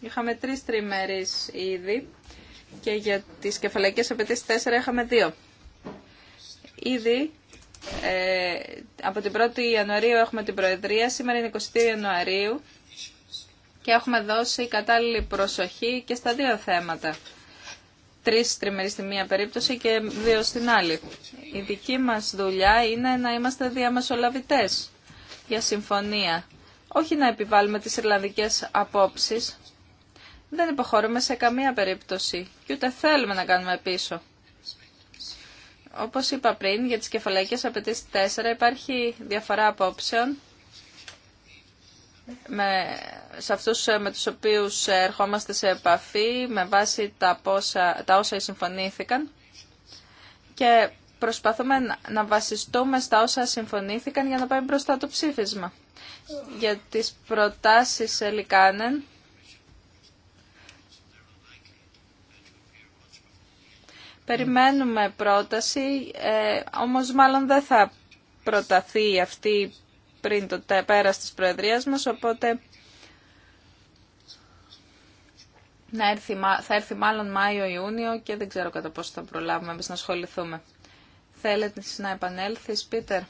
Είχαμε τρεις τριμερείς ήδη και για τις κεφαλαϊκές απαιτήσεις τέσσερα είχαμε δύο. Ήδη ε, από την 1η Ιανουαρίου έχουμε την Προεδρία, σήμερα είναι 23 Ιανουαρίου και έχουμε δώσει κατάλληλη προσοχή και στα δύο θέματα. Τρεις τριμερείς στη μία περίπτωση και δύο στην άλλη. Η δική μας δουλειά είναι να είμαστε διαμεσολαβητές για συμφωνία όχι να επιβάλλουμε τις Ιρλανδικές απόψεις. Δεν υποχωρούμε σε καμία περίπτωση και ούτε θέλουμε να κάνουμε πίσω. Όπως είπα πριν, για τις κεφαλαϊκές απαιτήσεις 4 υπάρχει διαφορά απόψεων με, σε αυτούς ε, με τους οποίους ε, ερχόμαστε σε επαφή με βάση τα, πόσα, τα όσα συμφωνήθηκαν και προσπαθούμε να βασιστούμε στα όσα συμφωνήθηκαν για να πάει μπροστά το ψήφισμα. Για τις προτάσεις Ελικάνεν, περιμένουμε πρόταση, ε, όμως μάλλον δεν θα προταθεί αυτή πριν το πέρας της Προεδρίας μας, οπότε να έρθει, θα έρθει μάλλον Μάιο-Ιούνιο και δεν ξέρω κατά πόσο θα προλάβουμε εμείς να ασχοληθούμε θέλετε να επανέλθεις, Πίτερ.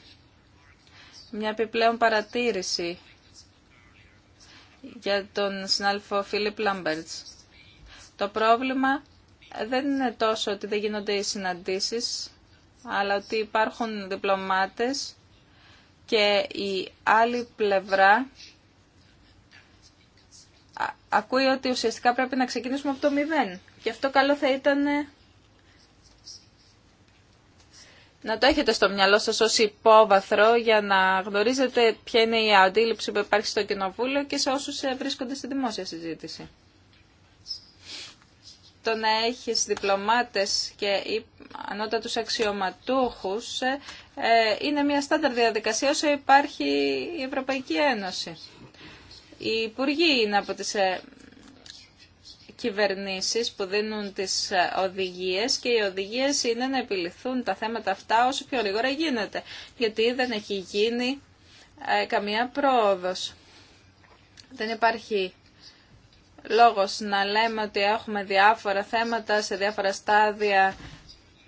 Μια επιπλέον παρατήρηση για τον συνάδελφο Φίλιπ Λάμπερτς. Το πρόβλημα δεν είναι τόσο ότι δεν γίνονται οι συναντήσεις, αλλά ότι υπάρχουν διπλωμάτες και η άλλη πλευρά ακούει ότι ουσιαστικά πρέπει να ξεκινήσουμε από το μηδέν. Και αυτό καλό θα ήταν να το έχετε στο μυαλό σας ως υπόβαθρο για να γνωρίζετε ποια είναι η αντίληψη που υπάρχει στο Κοινοβούλιο και σε όσους ε, βρίσκονται στη δημόσια συζήτηση. Το να έχεις διπλωμάτες και ανώτατους αξιωματούχους ε, ε, είναι μια στάνταρ διαδικασία όσο υπάρχει η Ευρωπαϊκή Ένωση. Οι υπουργοί είναι από τις κυβερνήσεις που δίνουν τις ε, οδηγίες και οι οδηγίες είναι να επιληθούν τα θέματα αυτά όσο πιο γρήγορα γίνεται, γιατί δεν έχει γίνει ε, καμία πρόοδος. Δεν υπάρχει λόγος να λέμε ότι έχουμε διάφορα θέματα σε διάφορα στάδια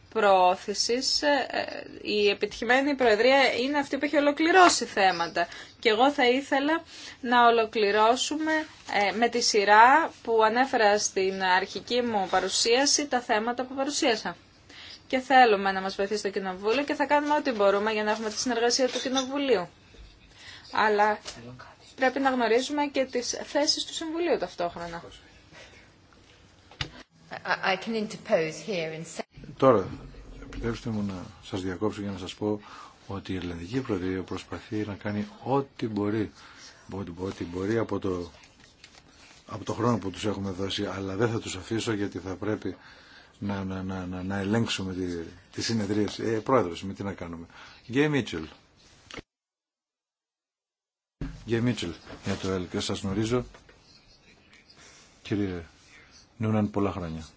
προώθησης, ε, ε, η επιτυχημένη Προεδρία είναι αυτή που έχει ολοκληρώσει θέματα. Και εγώ θα ήθελα να ολοκληρώσουμε ε, με τη σειρά που ανέφερα στην αρχική μου παρουσίαση τα θέματα που παρουσίασα. Και θέλουμε να μας βοηθήσει το Κοινοβούλιο και θα κάνουμε ό,τι μπορούμε για να έχουμε τη συνεργασία του Κοινοβουλίου. Αλλά πρέπει να γνωρίζουμε και τις θέσεις του Συμβουλίου ταυτόχρονα. Τώρα, επιτρέψτε μου να σας διακόψω για να σας πω ότι η Ελληνική Προεδρία προσπαθεί να κάνει ό,τι μπορεί, ό,τι μπορεί από το, από το χρόνο που τους έχουμε δώσει, αλλά δεν θα τους αφήσω γιατί θα πρέπει να, να, να, να, ελέγξουμε τη, τη συνεδρία. Ε, πρόεδρος, με τι να κάνουμε. Γκέι Μίτσελ. Γκέι Μίτσελ, για το ΕΛΚ. Σας γνωρίζω, κύριε νιούναν πολλά χρόνια.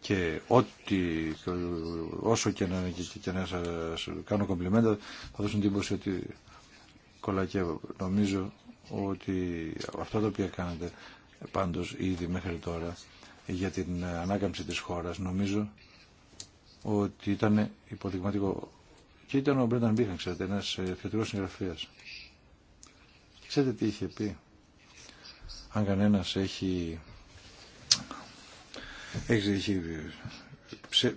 Και ό,τι, όσο και να, και, και να σας κάνω κομπλιμέντα, θα δώσουν εντύπωση ότι κολακεύω. Νομίζω ότι αυτά τα οποία κάνετε πάντως ήδη μέχρι τώρα για την ανάκαμψη της χώρας νομίζω ότι ήταν υποδειγματικό. Και ήταν ο Μπρένταν Μπίχαν, ξέρετε, ένας ε, θεατρικός συγγραφέας. Ξέρετε τι είχε πει αν κανένας έχει, έχει, έχει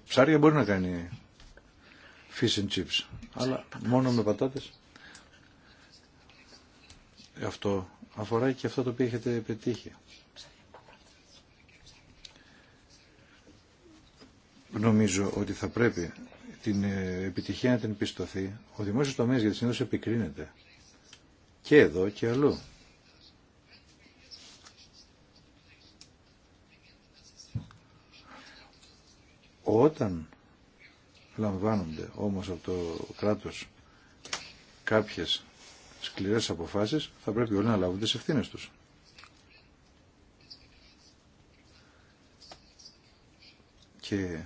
ψάρια μπορεί να κάνει fish and chips, αλλά μόνο με πατάτες. Αυτό αφορά και αυτό το οποίο έχετε πετύχει. Νομίζω ότι θα πρέπει την ε, επιτυχία να την πιστωθεί. Ο δημόσιος τομέας για τη συνήθως επικρίνεται και εδώ και αλλού. Όταν λαμβάνονται όμως από το κράτος κάποιες σκληρές αποφάσεις, θα πρέπει όλοι να λάβουν τις ευθύνες τους. Και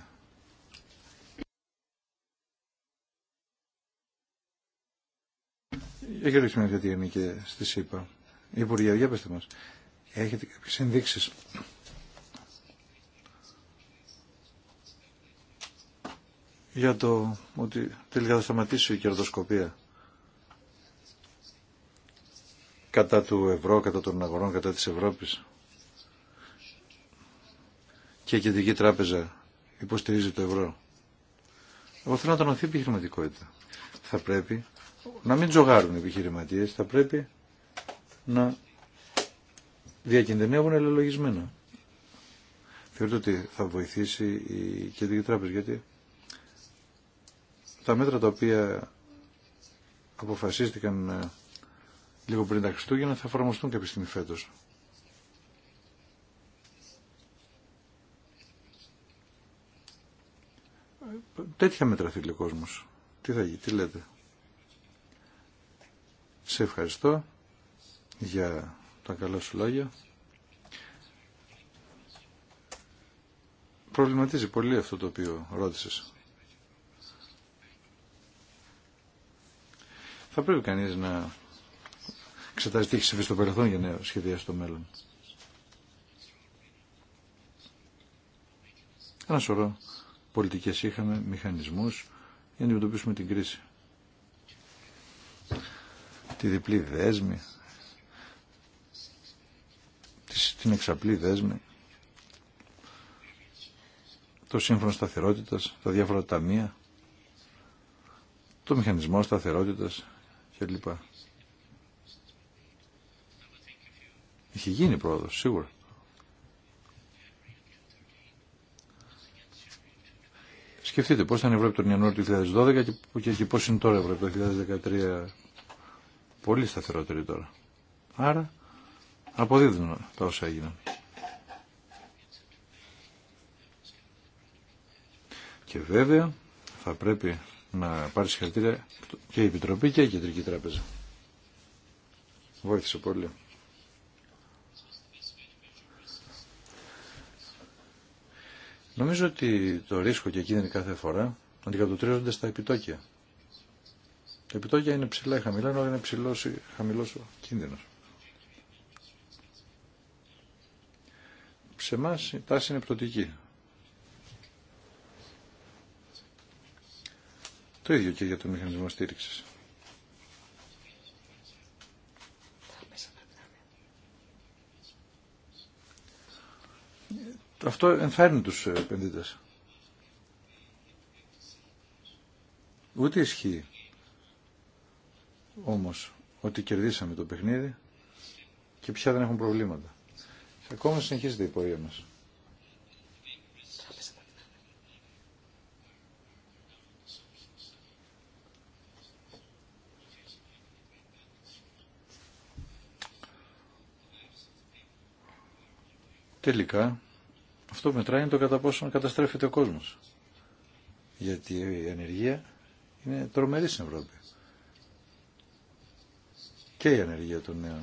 Έχει ρίξει μια τέτοια και στη ΣΥΠΑ. Υπουργέ, για πετε μας. Έχετε κάποιες ενδείξεις για το ότι τελικά θα σταματήσει η κερδοσκοπία κατά του ευρώ, κατά των αγορών, κατά της Ευρώπης. Και η Κεντρική Τράπεζα υποστηρίζει το ευρώ. Εγώ θέλω να τονωθεί η επιχειρηματικότητα. Θα πρέπει να μην τζογάρουν οι επιχειρηματίες, θα πρέπει να διακινδυνεύουν ελελογισμένα. Θεωρείτε ότι θα βοηθήσει η Κεντρική Τράπεζα, γιατί τα μέτρα τα οποία αποφασίστηκαν ε, λίγο πριν τα Χριστούγεννα θα εφαρμοστούν κάποια στιγμή φέτος. Τέτοια μέτρα θέλει ο κόσμος. Τι θα γίνει, τι λέτε. Σε ευχαριστώ για τα καλά σου λόγια. Προβληματίζει πολύ αυτό το οποίο ρώτησες. θα πρέπει κανείς να εξετάζει τι έχει συμβεί στο παρελθόν για να σχεδιάσει το μέλλον. Ένα σωρό πολιτικές είχαμε, μηχανισμούς για να αντιμετωπίσουμε την κρίση. Τη διπλή δέσμη, την εξαπλή δέσμη, το σύμφωνο σταθερότητας, τα διάφορα ταμεία, το μηχανισμό σταθερότητας, κλπ. Είχε γίνει πρόοδος, σίγουρα. Σκεφτείτε πώς ήταν η Ευρώπη τον Ιανουάριο του 2012 και, και, και πώς είναι τώρα η Ευρώπη το 2013. Πολύ σταθερότερη τώρα. Άρα αποδίδουν τα όσα έγιναν. Και βέβαια θα πρέπει να πάρει συγχαρητήρια και η Επιτροπή και η Κεντρική Τράπεζα. Βοήθησε πολύ. Νομίζω ότι το ρίσκο και κίνδυνο κάθε φορά αντικατοτρίζονται στα επιτόκια. Τα επιτόκια είναι ψηλά ή χαμηλά, ενώ είναι ψηλός ή χαμηλός ο κίνδυνος. Σε εμά η τάση χαμηλο ο κινδυνο σε εμα πτωτική. Το ίδιο και για το μηχανισμό στήριξη. Αυτό ενθάρρυνει τους επενδύτες. Ούτε ισχύει όμως ότι κερδίσαμε το παιχνίδι και πια δεν έχουν προβλήματα. Ακόμα συνεχίζεται η πορεία μας. τελικά αυτό μετράει είναι το κατά πόσο καταστρέφεται ο κόσμος. Γιατί η ανεργία είναι τρομερή στην Ευρώπη. Και η ανεργία των νέων.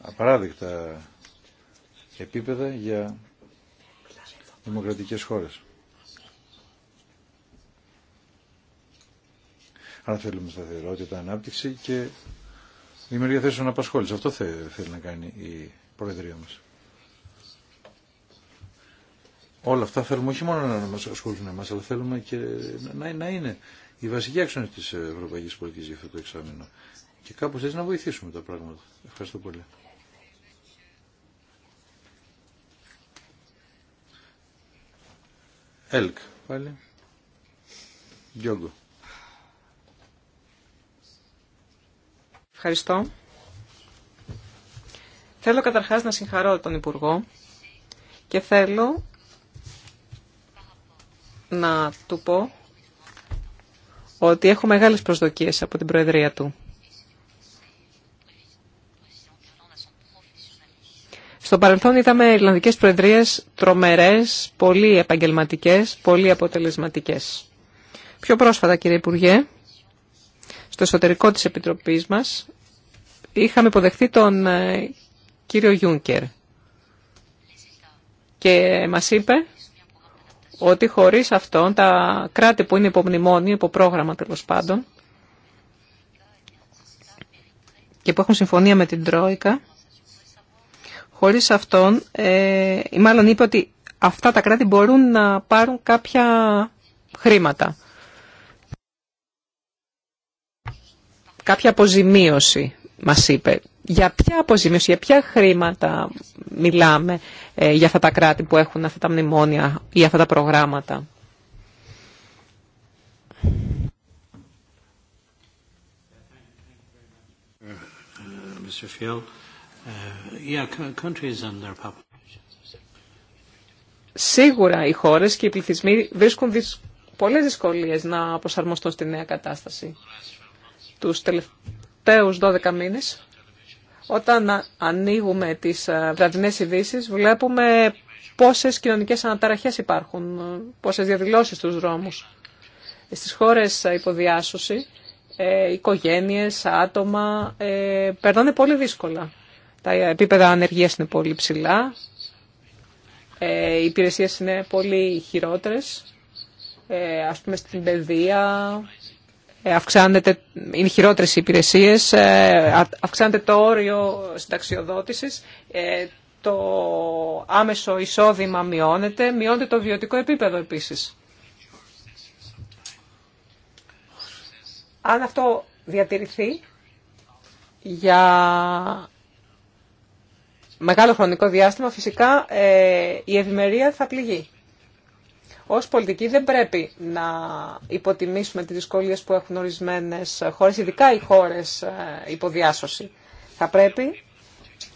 Απαράδεκτα επίπεδα για δημοκρατικές χώρες. Αλλά θέλουμε σταθερότητα, ανάπτυξη και δημιουργία θέσεων απασχόληση. Αυτό θέλει να κάνει η Προεδρία μας. Όλα αυτά θέλουμε όχι μόνο να μας ασχολούν εμάς, αλλά θέλουμε και να, να είναι η βασική άξονα της Ευρωπαϊκής Πολιτικής για αυτό το εξάμεινο. Και κάπως έτσι να βοηθήσουμε τα πράγματα. Ευχαριστώ πολύ. Ελκ, πάλι. Γιώργο. Ευχαριστώ. Θέλω καταρχάς να συγχαρώ τον Υπουργό και θέλω να του πω ότι έχω μεγάλες προσδοκίες από την Προεδρία του. Στο παρελθόν είδαμε Ιρλανδικές Προεδρίες τρομερές, πολύ επαγγελματικές, πολύ αποτελεσματικές. Πιο πρόσφατα, κύριε Υπουργέ, στο εσωτερικό της Επιτροπής μας, είχαμε υποδεχθεί τον ε, κύριο Γιούνκερ και μας είπε ότι χωρίς αυτόν τα κράτη που είναι υπομνημόνιοι υπό πρόγραμμα τέλο πάντων και που έχουν συμφωνία με την Τρόικα, χωρίς αυτόν, ε, ή μάλλον είπε ότι αυτά τα κράτη μπορούν να πάρουν κάποια χρήματα. Κάποια αποζημίωση, μας είπε για ποια αποζημίωση, για ποια χρήματα μιλάμε ε, για αυτά τα κράτη που έχουν αυτά τα μνημόνια ή αυτά τα προγράμματα. Uh, Σίγουρα οι χώρες και οι πληθυσμοί βρίσκουν δυσ... πολλές δυσκολίες να προσαρμοστούν στη νέα κατάσταση. Τους τελευταίους 12 μήνες όταν ανοίγουμε τις ε, βραδινές ειδήσει, βλέπουμε πόσες κοινωνικές αναταραχές υπάρχουν, πόσες διαδηλώσεις στους δρόμους. Στις χώρες ε, υποδιάσωση, ε, οικογένειες, άτομα περνάνε πολύ δύσκολα. Τα επίπεδα ανεργίας είναι πολύ ψηλά, οι υπηρεσίες είναι πολύ χειρότερες, ας πούμε στην παιδεία, ε, αυξάνεται, είναι χειρότερες οι υπηρεσίες, ε, αυξάνεται το όριο συνταξιοδότησης, ε, το άμεσο εισόδημα μειώνεται, μειώνεται το βιωτικό επίπεδο επίσης. Αν αυτό διατηρηθεί για μεγάλο χρονικό διάστημα, φυσικά η ευημερία θα πληγεί. Ω πολιτικοί δεν πρέπει να υποτιμήσουμε τις δυσκολίε που έχουν ορισμένε χώρε, ειδικά οι χώρε ε, υποδιάσωση. Θα πρέπει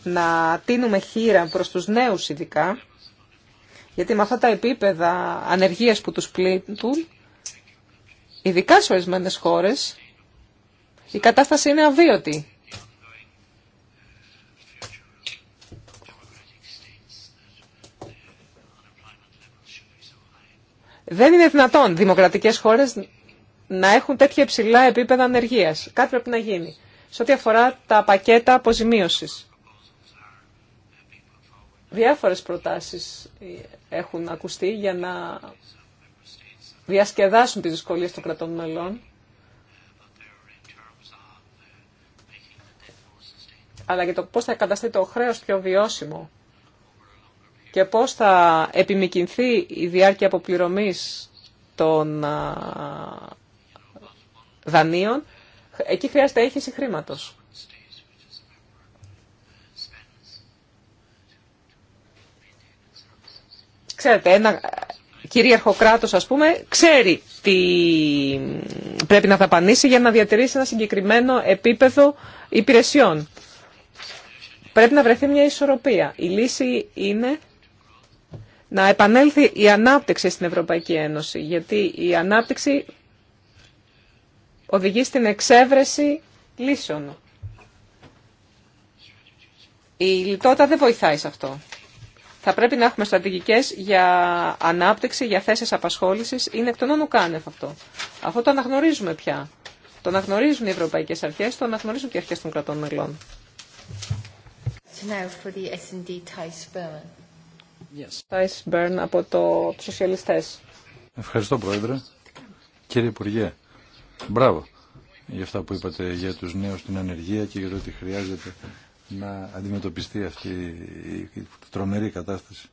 να τίνουμε χείρα προς τους νέους ειδικά, γιατί με αυτά τα επίπεδα ανεργίας που τους πλήττουν, ειδικά σε ορισμένες χώρες, η κατάσταση είναι αβίωτη. Δεν είναι δυνατόν δημοκρατικές χώρες να έχουν τέτοια υψηλά επίπεδα ανεργίας. Κάτι πρέπει να γίνει. Σε ό,τι αφορά τα πακέτα αποζημίωσης. Διάφορες προτάσεις έχουν ακουστεί για να διασκεδάσουν τις δυσκολίες των κρατών μελών. Αλλά για το πώς θα καταστεί το χρέος πιο βιώσιμο και πώς θα επιμηκυνθεί η διάρκεια αποπληρωμής των δανείων, εκεί χρειάζεται έχηση χρήματος. Ξέρετε, ένα κυρίαρχο κράτος, ας πούμε, ξέρει τι πρέπει να δαπανίσει για να διατηρήσει ένα συγκεκριμένο επίπεδο υπηρεσιών. Πρέπει να βρεθεί μια ισορροπία. Η λύση είναι να επανέλθει η ανάπτυξη στην Ευρωπαϊκή Ένωση, γιατί η ανάπτυξη οδηγεί στην εξέβρεση λύσεων. Η λιτότητα δεν βοηθάει σε αυτό. Θα πρέπει να έχουμε στρατηγικές για ανάπτυξη, για θέσεις απασχόλησης. Είναι εκ των όνων κάνευ αυτό. Αυτό το αναγνωρίζουμε πια. Το αναγνωρίζουν οι ευρωπαϊκές αρχές, το αναγνωρίζουν και οι αρχές των κρατών μελών από το Ευχαριστώ Πρόεδρε. Κύριε Υπουργέ, μπράβο για αυτά που είπατε για τους νέους στην ανεργία και για το ότι χρειάζεται να αντιμετωπιστεί αυτή η τρομερή κατάσταση.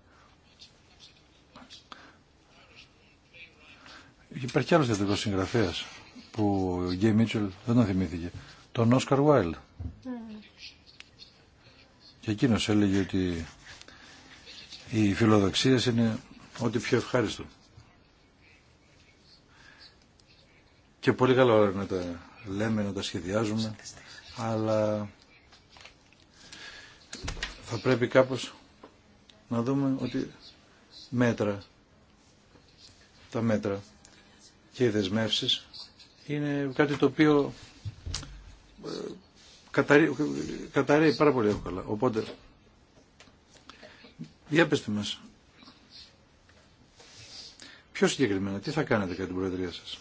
Υπάρχει κι άλλος θεατρικός συγγραφέας που ο Γκέι Μίτσελ δεν τον θυμήθηκε. Τον Όσκαρ Βάιλ. Ναι. Και εκείνος έλεγε ότι οι φιλοδοξίες είναι ό,τι πιο ευχάριστο. Και πολύ καλό να τα λέμε, να τα σχεδιάζουμε, αλλά θα πρέπει κάπως να δούμε ότι μέτρα, τα μέτρα και οι δεσμεύσεις είναι κάτι το οποίο ε, καταραίει πάρα πολύ εύκολα. Οπότε για πετε μας. Πιο συγκεκριμένα, τι θα κάνετε κατά την Προεδρία σας.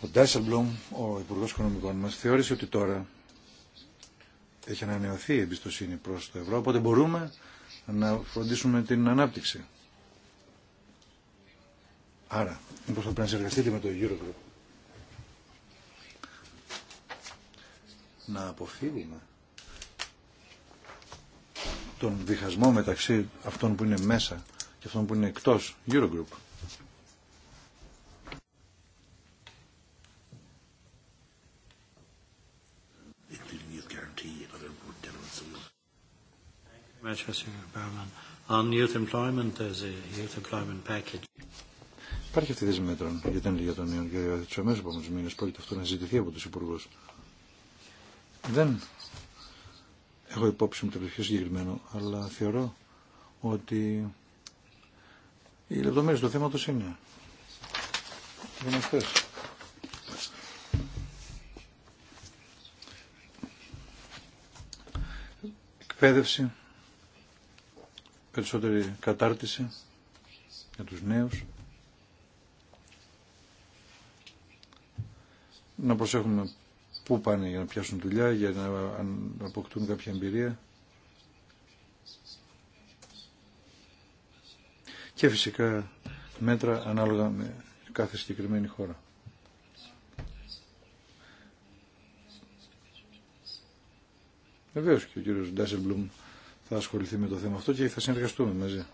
Ο Ντάισελμπλουμ, ο Υπουργό Οικονομικών μας, θεώρησε ότι τώρα έχει ανανεωθεί η εμπιστοσύνη προς το ευρώ, οπότε μπορούμε να φροντίσουμε την ανάπτυξη. Άρα, μήπως θα πρέπει να συνεργαστείτε με το Eurogroup. Να αποφύγουμε τον διχασμό μεταξύ αυτών που είναι μέσα και αυτών που είναι εκτός Eurogroup. Υπάρχει αυτή η δεσμή μέτρων για την ελληνική των Νέων και για του αμέσω επόμενου μήνε πρόκειται αυτό να ζητηθεί από του υπουργού. Δεν έχω υπόψη μου το πιο συγκεκριμένο, αλλά θεωρώ ότι οι λεπτομέρειε του θέματο είναι γνωστέ. Εκπαίδευση, περισσότερη κατάρτιση για τους νέους. Να προσέχουμε πού πάνε για να πιάσουν δουλειά, για να αποκτούν κάποια εμπειρία. Και φυσικά μέτρα ανάλογα με κάθε συγκεκριμένη χώρα. Βεβαίω και ο κύριος Ντάσελμπλουμ θα ασχοληθεί με το θέμα αυτό και θα συνεργαστούμε μαζί.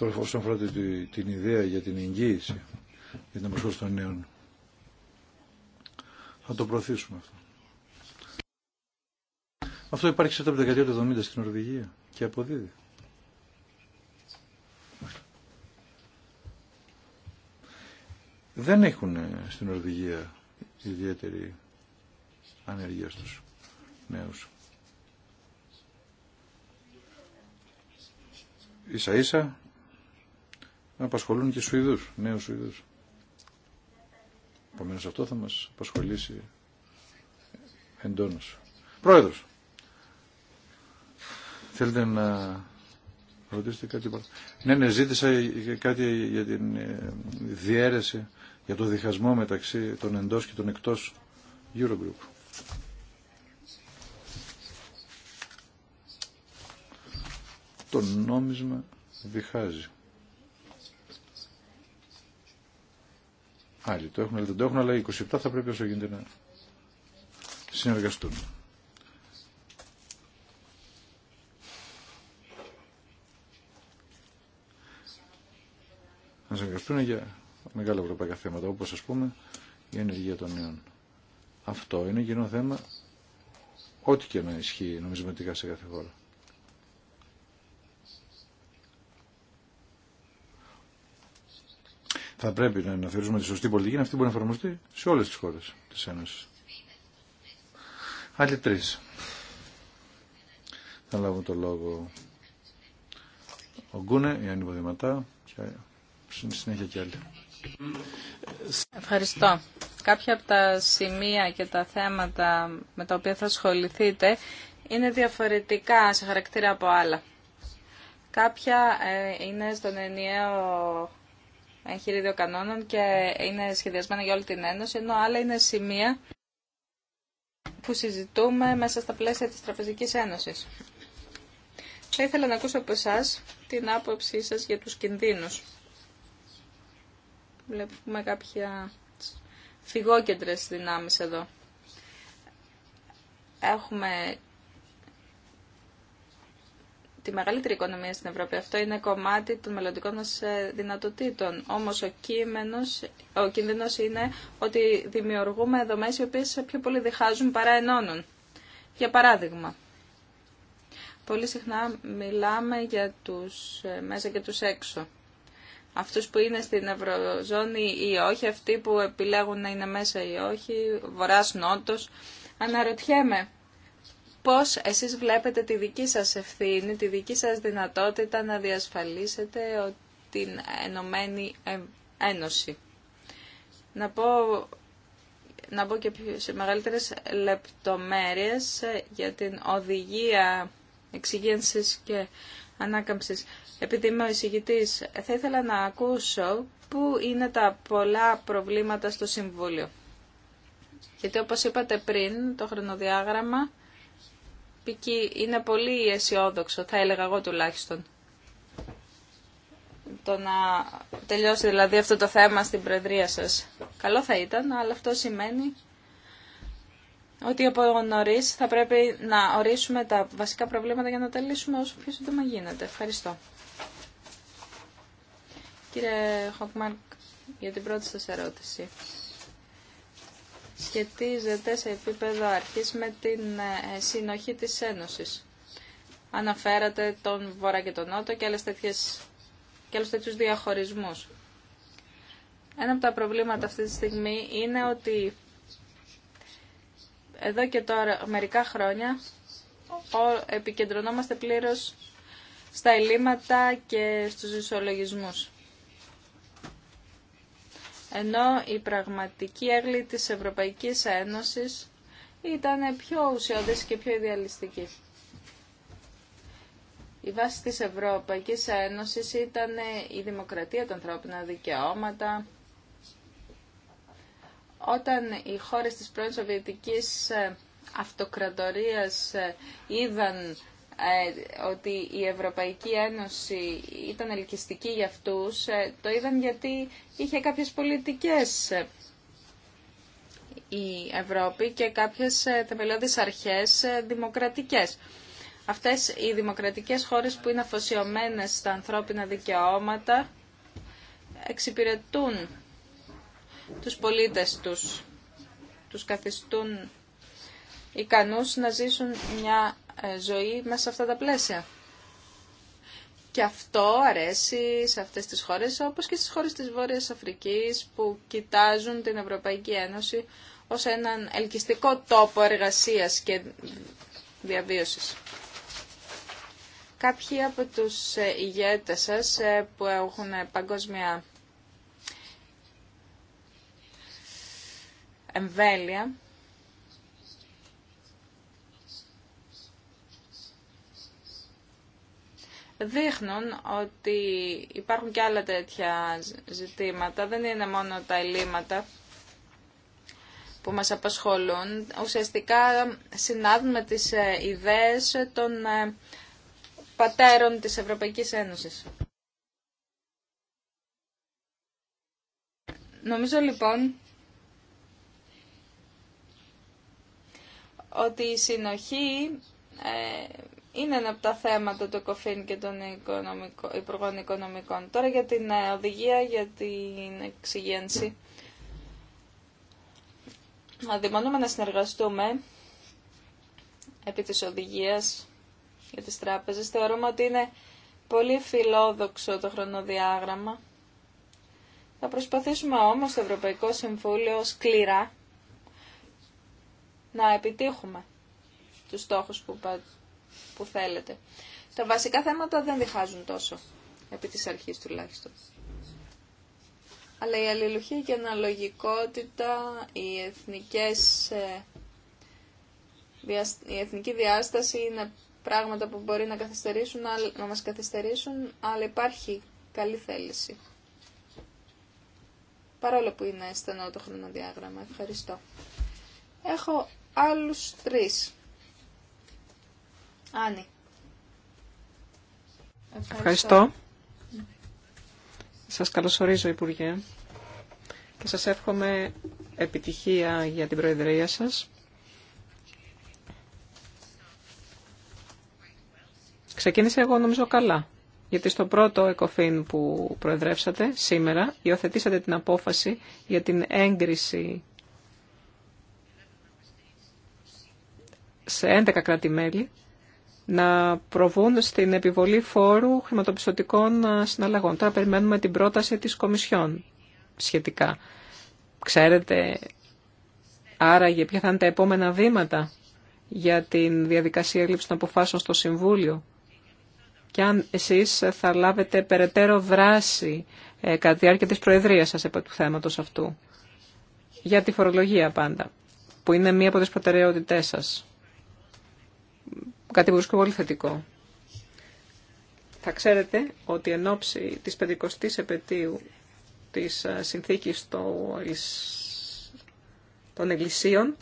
Τώρα όσον αφορά την ιδέα για την εγγύηση για την απασχόληση των νέων. Θα το προωθήσουμε αυτό. Αυτό υπάρχει σε τα δεκαετία του 70 στην Ορβηγία και αποδίδει. Δεν έχουν στην Ορβηγία ιδιαίτερη ανεργία στους νέους. Ίσα ίσα να απασχολούν και Σουηδούς, νέους Σουηδούς. Επομένως αυτό θα μας απασχολήσει εντόνως. Πρόεδρος, θέλετε να ρωτήσετε κάτι Ναι, ναι, ζήτησα κάτι για την ε, διαίρεση, για το διχασμό μεταξύ των εντός και των εκτός Eurogroup. Το νόμισμα διχάζει. Άλλοι το έχουν, άλλοι δεν το έχουν, αλλά 27 θα πρέπει όσο γίνεται να συνεργαστούν. Να συνεργαστούν για μεγάλα ευρωπαϊκά θέματα, όπως ας πούμε η ενεργεία των νέων. Αυτό είναι κοινό θέμα, ό,τι και να ισχύει νομισματικά σε κάθε χώρα. θα πρέπει να αναθεωρήσουμε τη σωστή πολιτική είναι αυτή που μπορεί να εφαρμοστεί σε όλες τις χώρες της Ένωσης. Άλλοι τρεις θα λάβουν το λόγο. Ο Γκούνε, η Άννη Ποδηματά και συνέχεια και άλλοι. Ευχαριστώ. Κάποια από τα σημεία και τα θέματα με τα οποία θα ασχοληθείτε είναι διαφορετικά σε χαρακτήρα από άλλα. Κάποια ε, είναι στον ενιαίο εγχειρίδιο κανόνων και είναι σχεδιασμένα για όλη την Ένωση, ενώ άλλα είναι σημεία που συζητούμε μέσα στα πλαίσια της Τραπεζικής Ένωσης. Θα ήθελα να ακούσω από εσά την άποψή σας για τους κινδύνους. Βλέπουμε κάποια φυγόκεντρες δυνάμεις εδώ. Έχουμε τη μεγαλύτερη οικονομία στην Ευρώπη. Αυτό είναι κομμάτι των μελλοντικών ε, δυνατοτήτων. Όμως ο, ο κίνδυνος είναι ότι δημιουργούμε δομές οι οποίες πιο πολύ διχάζουν παρά ενώνουν. Για παράδειγμα, πολύ συχνά μιλάμε για τους ε, μέσα και τους έξω. Αυτούς που είναι στην Ευρωζώνη ή όχι, αυτοί που επιλέγουν να είναι μέσα ή όχι, βοράς, νότος. Αναρωτιέμαι, πώς εσείς βλέπετε τη δική σας ευθύνη, τη δική σας δυνατότητα να διασφαλίσετε την Ενωμένη ε, Ένωση. Να πω, να πω και σε μεγαλύτερες λεπτομέρειες ε, για την οδηγία εξηγήνσης και ανάκαμψης. Επειδή είμαι ο εισηγητής, θα ήθελα να ακούσω πού είναι τα πολλά προβλήματα στο Συμβούλιο. Γιατί όπως είπατε πριν, το χρονοδιάγραμμα είναι πολύ αισιόδοξο, θα έλεγα εγώ τουλάχιστον. Το να τελειώσει δηλαδή αυτό το θέμα στην Προεδρία σας. Καλό θα ήταν, αλλά αυτό σημαίνει ότι από νωρί θα πρέπει να ορίσουμε τα βασικά προβλήματα για να τα λύσουμε όσο πιο σύντομα γίνεται. Ευχαριστώ. Κύριε Χοκμάρκ, για την πρώτη σας ερώτηση σχετίζεται σε επίπεδο αρχής με την ε, συνοχή της Ένωσης. Αναφέρατε τον Βορρά και τον Νότο και, άλλες τέτοιες, και διαχωρισμούς. Ένα από τα προβλήματα αυτή τη στιγμή είναι ότι εδώ και τώρα μερικά χρόνια επικεντρωνόμαστε πλήρως στα ελλείμματα και στους ισολογισμούς ενώ η πραγματική έγκλη της Ευρωπαϊκής Ένωσης ήταν πιο ουσιώδης και πιο ιδεαλιστική. Η βάση της Ευρωπαϊκής Ένωσης ήταν η δημοκρατία, των ανθρώπινα δικαιώματα. Όταν οι χώρες της πρώην Σοβιετικής ε, Αυτοκρατορίας ε, είδαν ε, ότι η Ευρωπαϊκή Ένωση ήταν ελκυστική για αυτούς, ε, το είδαν γιατί είχε κάποιες πολιτικές ε, η Ευρώπη και κάποιες θεμελιώδεις αρχές δημοκρατικές. Αυτές οι δημοκρατικές χώρες που είναι αφοσιωμένες στα ανθρώπινα δικαιώματα εξυπηρετούν τους πολίτες τους, τους καθιστούν ικανούς να ζήσουν μια ε, ζωή μέσα σε αυτά τα πλαίσια. Και αυτό αρέσει σε αυτές τις χώρες, όπως και στις χώρες της Βόρειας Αφρικής, που κοιτάζουν την Ευρωπαϊκή Ένωση ως έναν ελκυστικό τόπο εργασίας και διαβίωσης. Κάποιοι από τους ε, ηγέτες σας ε, που έχουν παγκόσμια εμβέλεια δείχνουν ότι υπάρχουν και άλλα τέτοια ζητήματα. Δεν είναι μόνο τα ελλείμματα που μας απασχολούν. Ουσιαστικά συνάδουμε με τις ε, ιδέες των ε, πατέρων της Ευρωπαϊκής Ένωσης. Νομίζω λοιπόν ότι η συνοχή ε, είναι ένα από τα θέματα του ΕΚΟΦΗΝ και των Υπουργών Οικονομικών. Τώρα για την ε, οδηγία για την εξηγένση. Αντιμονούμε να συνεργαστούμε επί της οδηγίας για τις τράπεζες. Θεωρούμε ότι είναι πολύ φιλόδοξο το χρονοδιάγραμμα. Θα προσπαθήσουμε όμως το Ευρωπαϊκό Συμβούλιο σκληρά να επιτύχουμε τους στόχους που που θέλετε. Τα βασικά θέματα δεν διχάζουν τόσο, επί της αρχής τουλάχιστον. Αλλά η αλληλουχία και η αναλογικότητα, οι εθνικές, ε, η εθνική διάσταση είναι πράγματα που μπορεί να, καθυστερήσουν, να μας καθυστερήσουν, αλλά υπάρχει καλή θέληση. Παρόλο που είναι στενό το χρονοδιάγραμμα. Ευχαριστώ. Έχω άλλους τρεις. Άννη. Ευχαριστώ. Ευχαριστώ. Σας καλωσορίζω, Υπουργέ, και σας εύχομαι επιτυχία για την Προεδρία σας. Ξεκίνησε εγώ νομίζω καλά, γιατί στο πρώτο ΕΚΟΦΗΝ που προεδρεύσατε σήμερα υιοθετήσατε την απόφαση για την έγκριση σε 11 κράτη-μέλη να προβούν στην επιβολή φόρου χρηματοπιστωτικών ε, συναλλαγών. Τώρα περιμένουμε την πρόταση της Κομισιόν σχετικά. Ξέρετε άραγε ποια θα είναι τα επόμενα βήματα για την διαδικασία λήψη των αποφάσεων στο Συμβούλιο και αν εσείς θα λάβετε περαιτέρω δράση ε, κατά τη διάρκεια της Προεδρίας σας επί του θέματος αυτού για τη φορολογία πάντα, που είναι μία από τις προτεραιότητές σας κάτι που βρίσκω πολύ θετικό. Θα ξέρετε ότι εν ώψη της 50 επαιτίου της ε, συνθήκης των Εκκλησίων,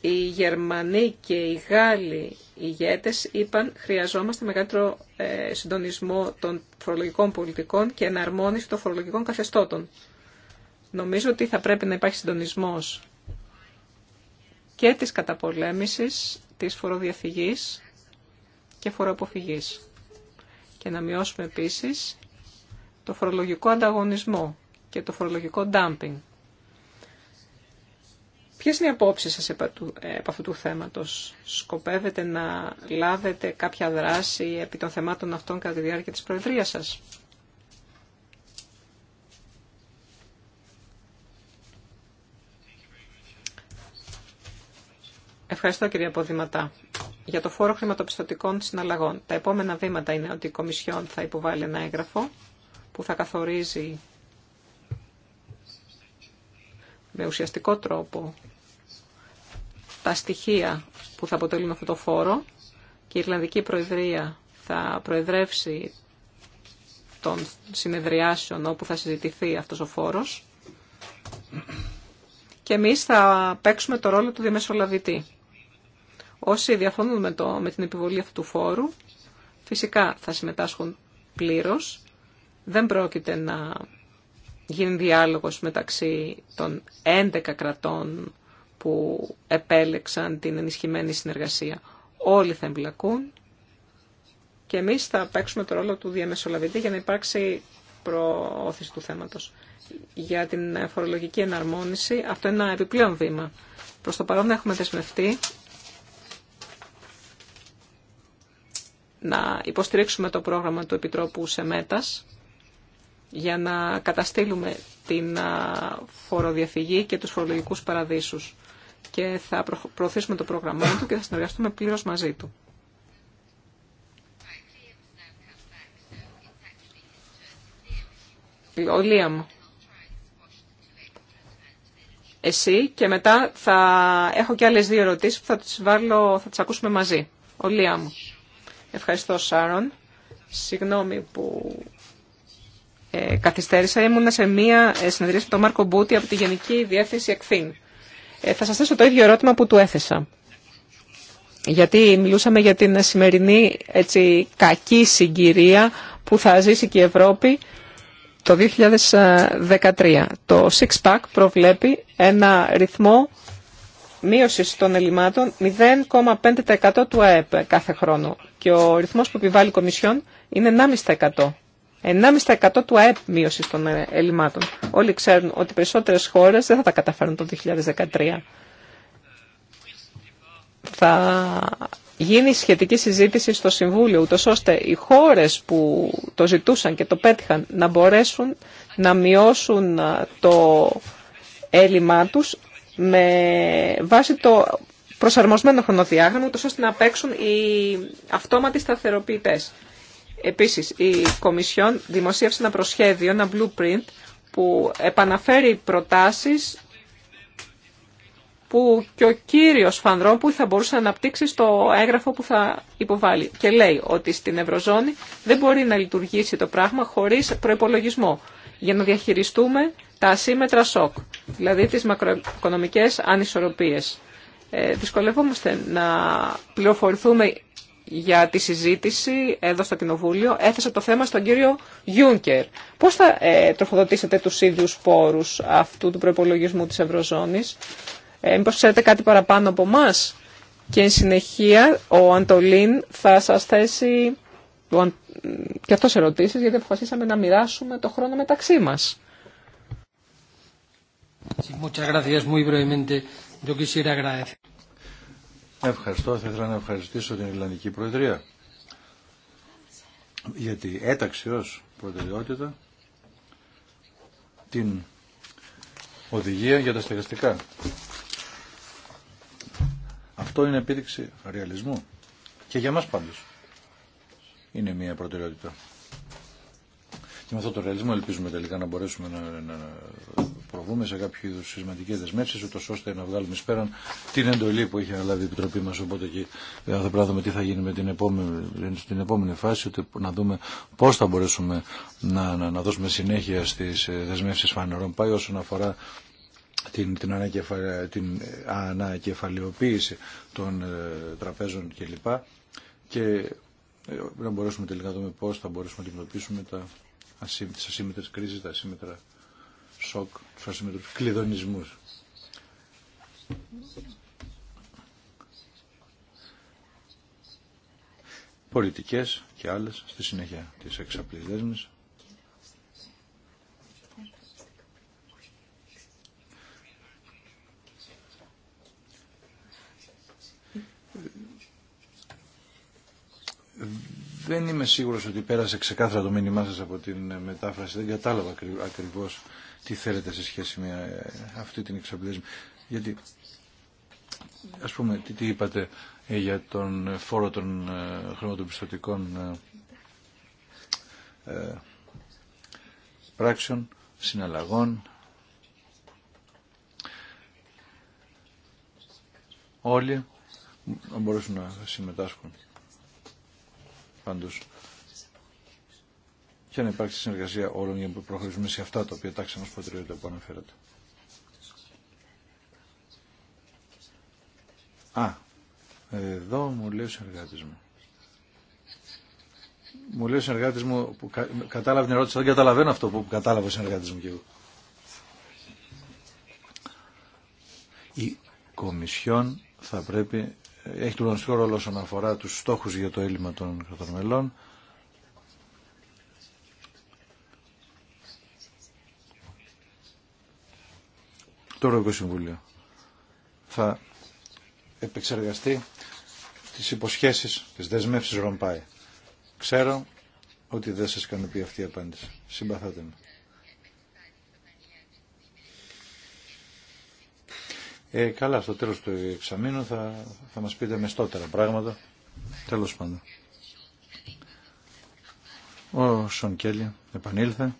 οι Γερμανοί και οι Γάλλοι ηγέτες είπαν χρειαζόμαστε μεγαλύτερο ε, συντονισμό των φορολογικών πολιτικών και εναρμόνιση των φορολογικών καθεστώτων. Νομίζω ότι θα πρέπει να υπάρχει συντονισμός και της καταπολέμησης της φοροδιαφυγής και φοροαποφυγής. Και να μειώσουμε επίσης το φορολογικό ανταγωνισμό και το φορολογικό dumping. Ποιες είναι οι απόψεις σας από ε, αυτού του θέματος. Σκοπεύετε να λάβετε κάποια δράση επί των θεμάτων αυτών κατά τη διάρκεια της Προεδρίας σας. Ευχαριστώ κύριε Ποδηματά. Για το φόρο χρηματοπιστωτικών συναλλαγών. Τα επόμενα βήματα είναι ότι η Κομισιόν θα υποβάλει ένα έγγραφο που θα καθορίζει με ουσιαστικό τρόπο τα στοιχεία που θα αποτελούν αυτό το φόρο και η Ιρλανδική Προεδρία θα προεδρεύσει των συνεδριάσεων όπου θα συζητηθεί αυτός ο φόρος και εμείς θα παίξουμε το ρόλο του διαμεσολαβητή. Όσοι διαφωνούν με, το, με την επιβολή αυτού του φόρου, φυσικά θα συμμετάσχουν πλήρως. Δεν πρόκειται να γίνει διάλογος μεταξύ των 11 κρατών που επέλεξαν την ενισχυμένη συνεργασία. Όλοι θα εμπλακούν και εμείς θα παίξουμε το ρόλο του διαμεσολαβητή για να υπάρξει προώθηση του θέματος. Για την φορολογική εναρμόνιση αυτό είναι ένα επιπλέον βήμα. Προς το παρόν έχουμε δεσμευτεί να υποστηρίξουμε το πρόγραμμα του Επιτρόπου Σεμέτας για να καταστήλουμε την φοροδιαφυγή και τους φορολογικούς παραδείσους και θα προωθήσουμε το πρόγραμμά του και θα συνεργαστούμε πλήρως μαζί του. Ο Λίαμ. Εσύ και μετά θα έχω και άλλες δύο ερωτήσεις που θα τις, βάλω, θα τις ακούσουμε μαζί. Ο Λίαμ. Ευχαριστώ, Σάρων. Συγγνώμη που ε, καθυστέρησα. Ήμουν σε μία ε, συνεδρία με τον Μάρκο Μπούτη από τη Γενική Διεύθυνση ΕΚΦΗΝ. Ε, θα σας θέσω το ίδιο ερώτημα που του έθεσα. Γιατί μιλούσαμε για την σημερινή έτσι, κακή συγκυρία που θα ζήσει και η Ευρώπη το 2013. Το Six Pack προβλέπει ένα ρυθμό μείωσης των ελλημάτων 0,5% του ΑΕΠ κάθε χρόνο και ο ρυθμός που επιβάλλει η Κομισιόν είναι 1,5%. 1,5% του ΑΕΠ μείωση των ε, ελλημάτων. Όλοι ξέρουν ότι περισσότερες χώρες δεν θα τα καταφέρουν το 2013. Θα γίνει σχετική συζήτηση στο Συμβούλιο, ούτως ώστε οι χώρες που το ζητούσαν και το πέτυχαν να μπορέσουν να μειώσουν ε, το έλλειμμά τους με βάση το προσαρμοσμένο χρονοδιάγραμμα, ούτως ώστε να παίξουν οι αυτόματοι σταθεροποιητέ. Επίσης, η Κομισιόν δημοσίευσε ένα προσχέδιο, ένα blueprint, που επαναφέρει προτάσεις που και ο κύριος Φανδρόπου θα μπορούσε να αναπτύξει στο έγγραφο που θα υποβάλει. Και λέει ότι στην Ευρωζώνη δεν μπορεί να λειτουργήσει το πράγμα χωρίς προϋπολογισμό για να διαχειριστούμε τα ασύμετρα σοκ, δηλαδή τις μακροοικονομικές ανισορροπίες. Ε, δυσκολευόμαστε να πληροφορηθούμε για τη συζήτηση εδώ στο Κοινοβούλιο. Έθεσα το θέμα στον κύριο Γιούνκερ. Πώς θα ε, τροφοδοτήσετε τους ίδιους πόρους αυτού του προπολογισμού της Ευρωζώνης. Ε, μήπως ξέρετε κάτι παραπάνω από εμά. Και εν συνεχεία ο Αντολίν θα σας θέσει και αυτός ερωτήσεις γιατί αποφασίσαμε να μοιράσουμε το χρόνο μεταξύ μας. Ευχαριστώ. Θα ήθελα να ευχαριστήσω την Ιρλανδική Προεδρία γιατί έταξε ως προτεραιότητα την οδηγία για τα στεγαστικά. Αυτό είναι επίδειξη ρεαλισμού και για μας πάντως είναι μια προτεραιότητα. Και με αυτό το ρεαλισμό ελπίζουμε τελικά να μπορέσουμε να, να προβούμε σε κάποιο είδου σημαντικέ δεσμεύσει, ούτω ώστε να βγάλουμε ει πέραν την εντολή που είχε αναλάβει η Επιτροπή μα. Οπότε και ε, θα πρέπει να δούμε τι θα γίνει με την επόμενη, ε, στην επόμενη φάση, ούτε να δούμε πώ θα μπορέσουμε να, να, να δώσουμε συνέχεια στι ε, δεσμεύσει φανερών. Πάει όσον αφορά την, την, ανακεφα, την ανακεφαλαιοποίηση των ε, τραπέζων κλπ. Και, να μπορέσουμε τελικά να δούμε πώς θα μπορέσουμε να αντιμετωπίσουμε τα τις ασύμμετρες κρίσεις, τα ασύμμετρα σοκ, τους ασύμμετρους κλειδονισμούς. Πολιτικές και άλλες στη συνέχεια της εξαπλής δέσμης. Δεν είμαι σίγουρος ότι πέρασε ξεκάθαρα το μήνυμά σας από την ε, μετάφραση. Δεν κατάλαβα ακριβώς τι θέλετε σε σχέση με ε, αυτή την εξαπλήσμη. Γιατί, ας πούμε, τι, είπατε ε, για τον φόρο των χρηματοπιστωτικών πράξεων, συναλλαγών, όλοι να μπορέσουν να συμμετάσχουν πάντως και να υπάρξει συνεργασία όλων για να προχωρήσουμε σε αυτά τα οποία τάξαμε ως προτεραιότητα που αναφέρατε. Α, εδώ μου λέει ο συνεργάτης μου. Μου λέει ο συνεργάτης μου που κατάλαβε την ερώτηση, δεν καταλαβαίνω αυτό που κατάλαβε ο συνεργάτης μου και εγώ. Η Κομισιόν θα πρέπει έχει τον γνωστικό ρόλο όσον αφορά τους στόχους για το έλλειμμα των κρατών Το Ευρωπαϊκό Συμβούλιο θα επεξεργαστεί τις υποσχέσεις, τις δεσμεύσεις Ρομπάι. Ξέρω ότι δεν σας ικανοποιεί αυτή η απάντηση. Συμπαθάτε με. Ε, καλά, στο τέλος του εξαμήνου θα, θα μας πείτε μεστότερα πράγματα. Τέλος πάντων. Ο Σον Κέλλη επανήλθε.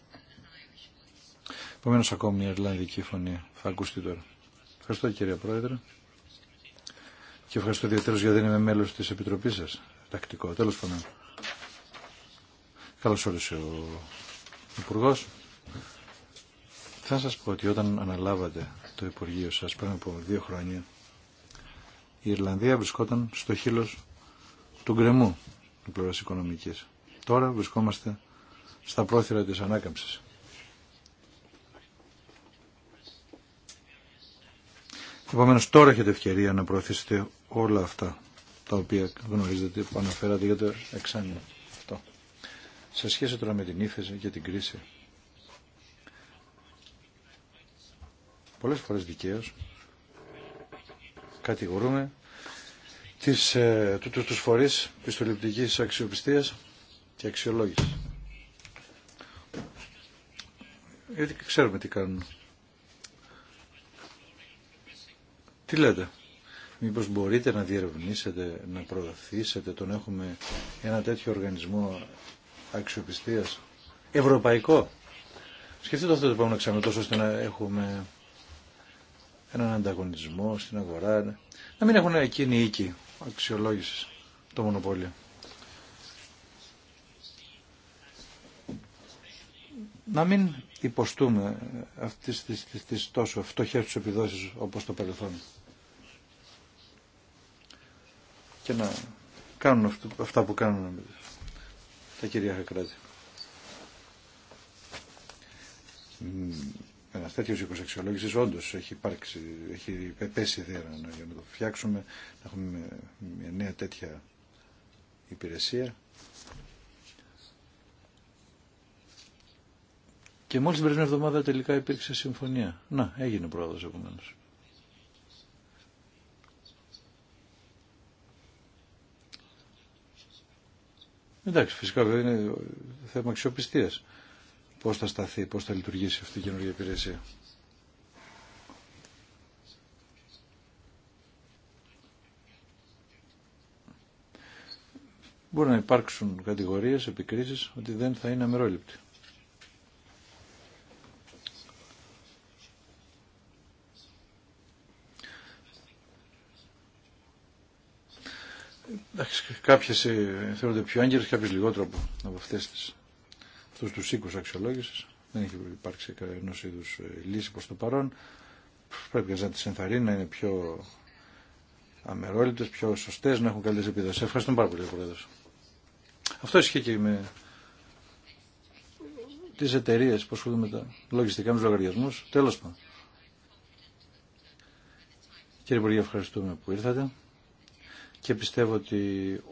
Επομένως, ακόμη μια Ιρλανδική φωνή θα ακούσει τώρα. Ευχαριστώ κύριε Πρόεδρε. Και ευχαριστώ ιδιαίτερα γιατί είμαι μέλο τη Επιτροπή σας. Τακτικό, Τέλος πάντων. Καλώ όρισε ο Υπουργό. Θα σας πω ότι όταν αναλάβατε το Υπουργείο σας πριν από δύο χρόνια η Ιρλανδία βρισκόταν στο χείλος του γκρεμού του πλευράς οικονομικής. Τώρα βρισκόμαστε στα πρόθυρα της ανάκαμψης. Επομένως τώρα έχετε ευκαιρία να προωθήσετε όλα αυτά τα οποία γνωρίζετε που αναφέρατε για το εξάμεινο αυτό. Σε σχέση τώρα με την ύφεση και την κρίση πολλές φορές δικαίως κατηγορούμε τις, ε, του, τους φορείς πιστοληπτικής αξιοπιστίας και αξιολόγηση. Γιατί ξέρουμε τι κάνουν. Τι λέτε. Μήπως μπορείτε να διερευνήσετε, να προωθήσετε, τον έχουμε ένα τέτοιο οργανισμό αξιοπιστίας ευρωπαϊκό. Σκεφτείτε αυτό το επόμενο ξανά τόσο ώστε να έχουμε έναν ανταγωνισμό στην αγορά, ναι. να μην έχουν εκείνη η οίκη αξιολόγηση το μονοπόλιο. Να μην υποστούμε αυτές τις, τόσο φτωχές τους επιδόσεις όπως το παρελθόν. Και να κάνουν αυτά που κάνουν τα κυρία κράτη ένα τέτοιο οίκο αξιολόγηση όντω έχει υπάρξει, έχει πέσει ιδέα για να το φτιάξουμε, να έχουμε μια νέα τέτοια υπηρεσία. Και μόλις την περσμένη εβδομάδα τελικά υπήρξε συμφωνία. Να, έγινε πρόοδος επομένω. Εντάξει, φυσικά βέβαια είναι θέμα αξιοπιστίας πώς θα σταθεί, πώς θα λειτουργήσει αυτή η καινούργια υπηρεσία. Μπορεί να υπάρξουν κατηγορίες, επικρίσεις, ότι δεν θα είναι αμερόληπτοι. Κάποιες ε, θεωρούνται πιο άγγελες, κάποιες λιγότερο από αυτές τις του τους οίκους αξιολόγηση. Δεν έχει υπάρξει κανένα είδου ε, λύση προ το παρόν. Πρέπει να τι ενθαρρύνει να είναι πιο αμερόληπτε, πιο σωστέ να έχουν καλέ επιδόσεις. Ευχαριστούμε πάρα πολύ, Πρόεδρος. Αυτό ισχύει και με τις εταιρείε που ασχολούνται με τα λογιστικά, με τους λογαριασμούς. Τέλος πάντων. Κύριε Υπουργέ, ευχαριστούμε που ήρθατε και πιστεύω ότι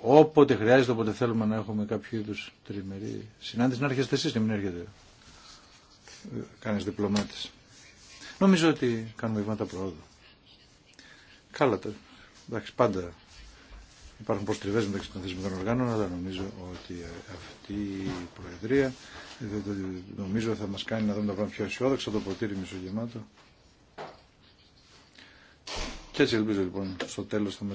όποτε χρειάζεται, όποτε θέλουμε να έχουμε κάποιο είδου τριμερή συνάντηση, να έρχεστε εσεί να μην έρχεται κανεί διπλωμάτη. Νομίζω ότι κάνουμε βήματα προόδου. Καλά τα. Εντάξει, πάντα υπάρχουν προστριβέ μεταξύ των θεσμικών οργάνων, αλλά νομίζω ότι αυτή η Προεδρία νομίζω θα μα κάνει να δούμε τα πράγματα πιο αισιόδοξα, το ποτήρι μισογεμάτο. Και έτσι ελπίζω λοιπόν στο τέλο θα μα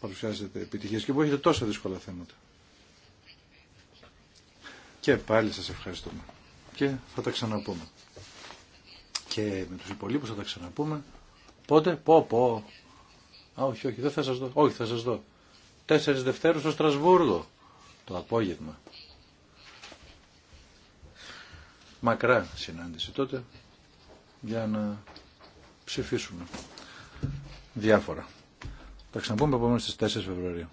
παρουσιάζετε επιτυχίες και που έχετε τόσα δύσκολα θέματα. Και πάλι σας ευχαριστούμε. Και θα τα ξαναπούμε. Και με τους υπολείπους θα τα ξαναπούμε. Πότε, πω, πω. Α, όχι, όχι, δεν θα σας δω. Όχι, θα σας δω. Τέσσερις Δευτέρου στο Στρασβούργο. Το απόγευμα. Μακρά συνάντηση τότε για να ψηφίσουμε διάφορα. Θα ξαναπούμε μόνο στις 4 Φεβρουαρίου.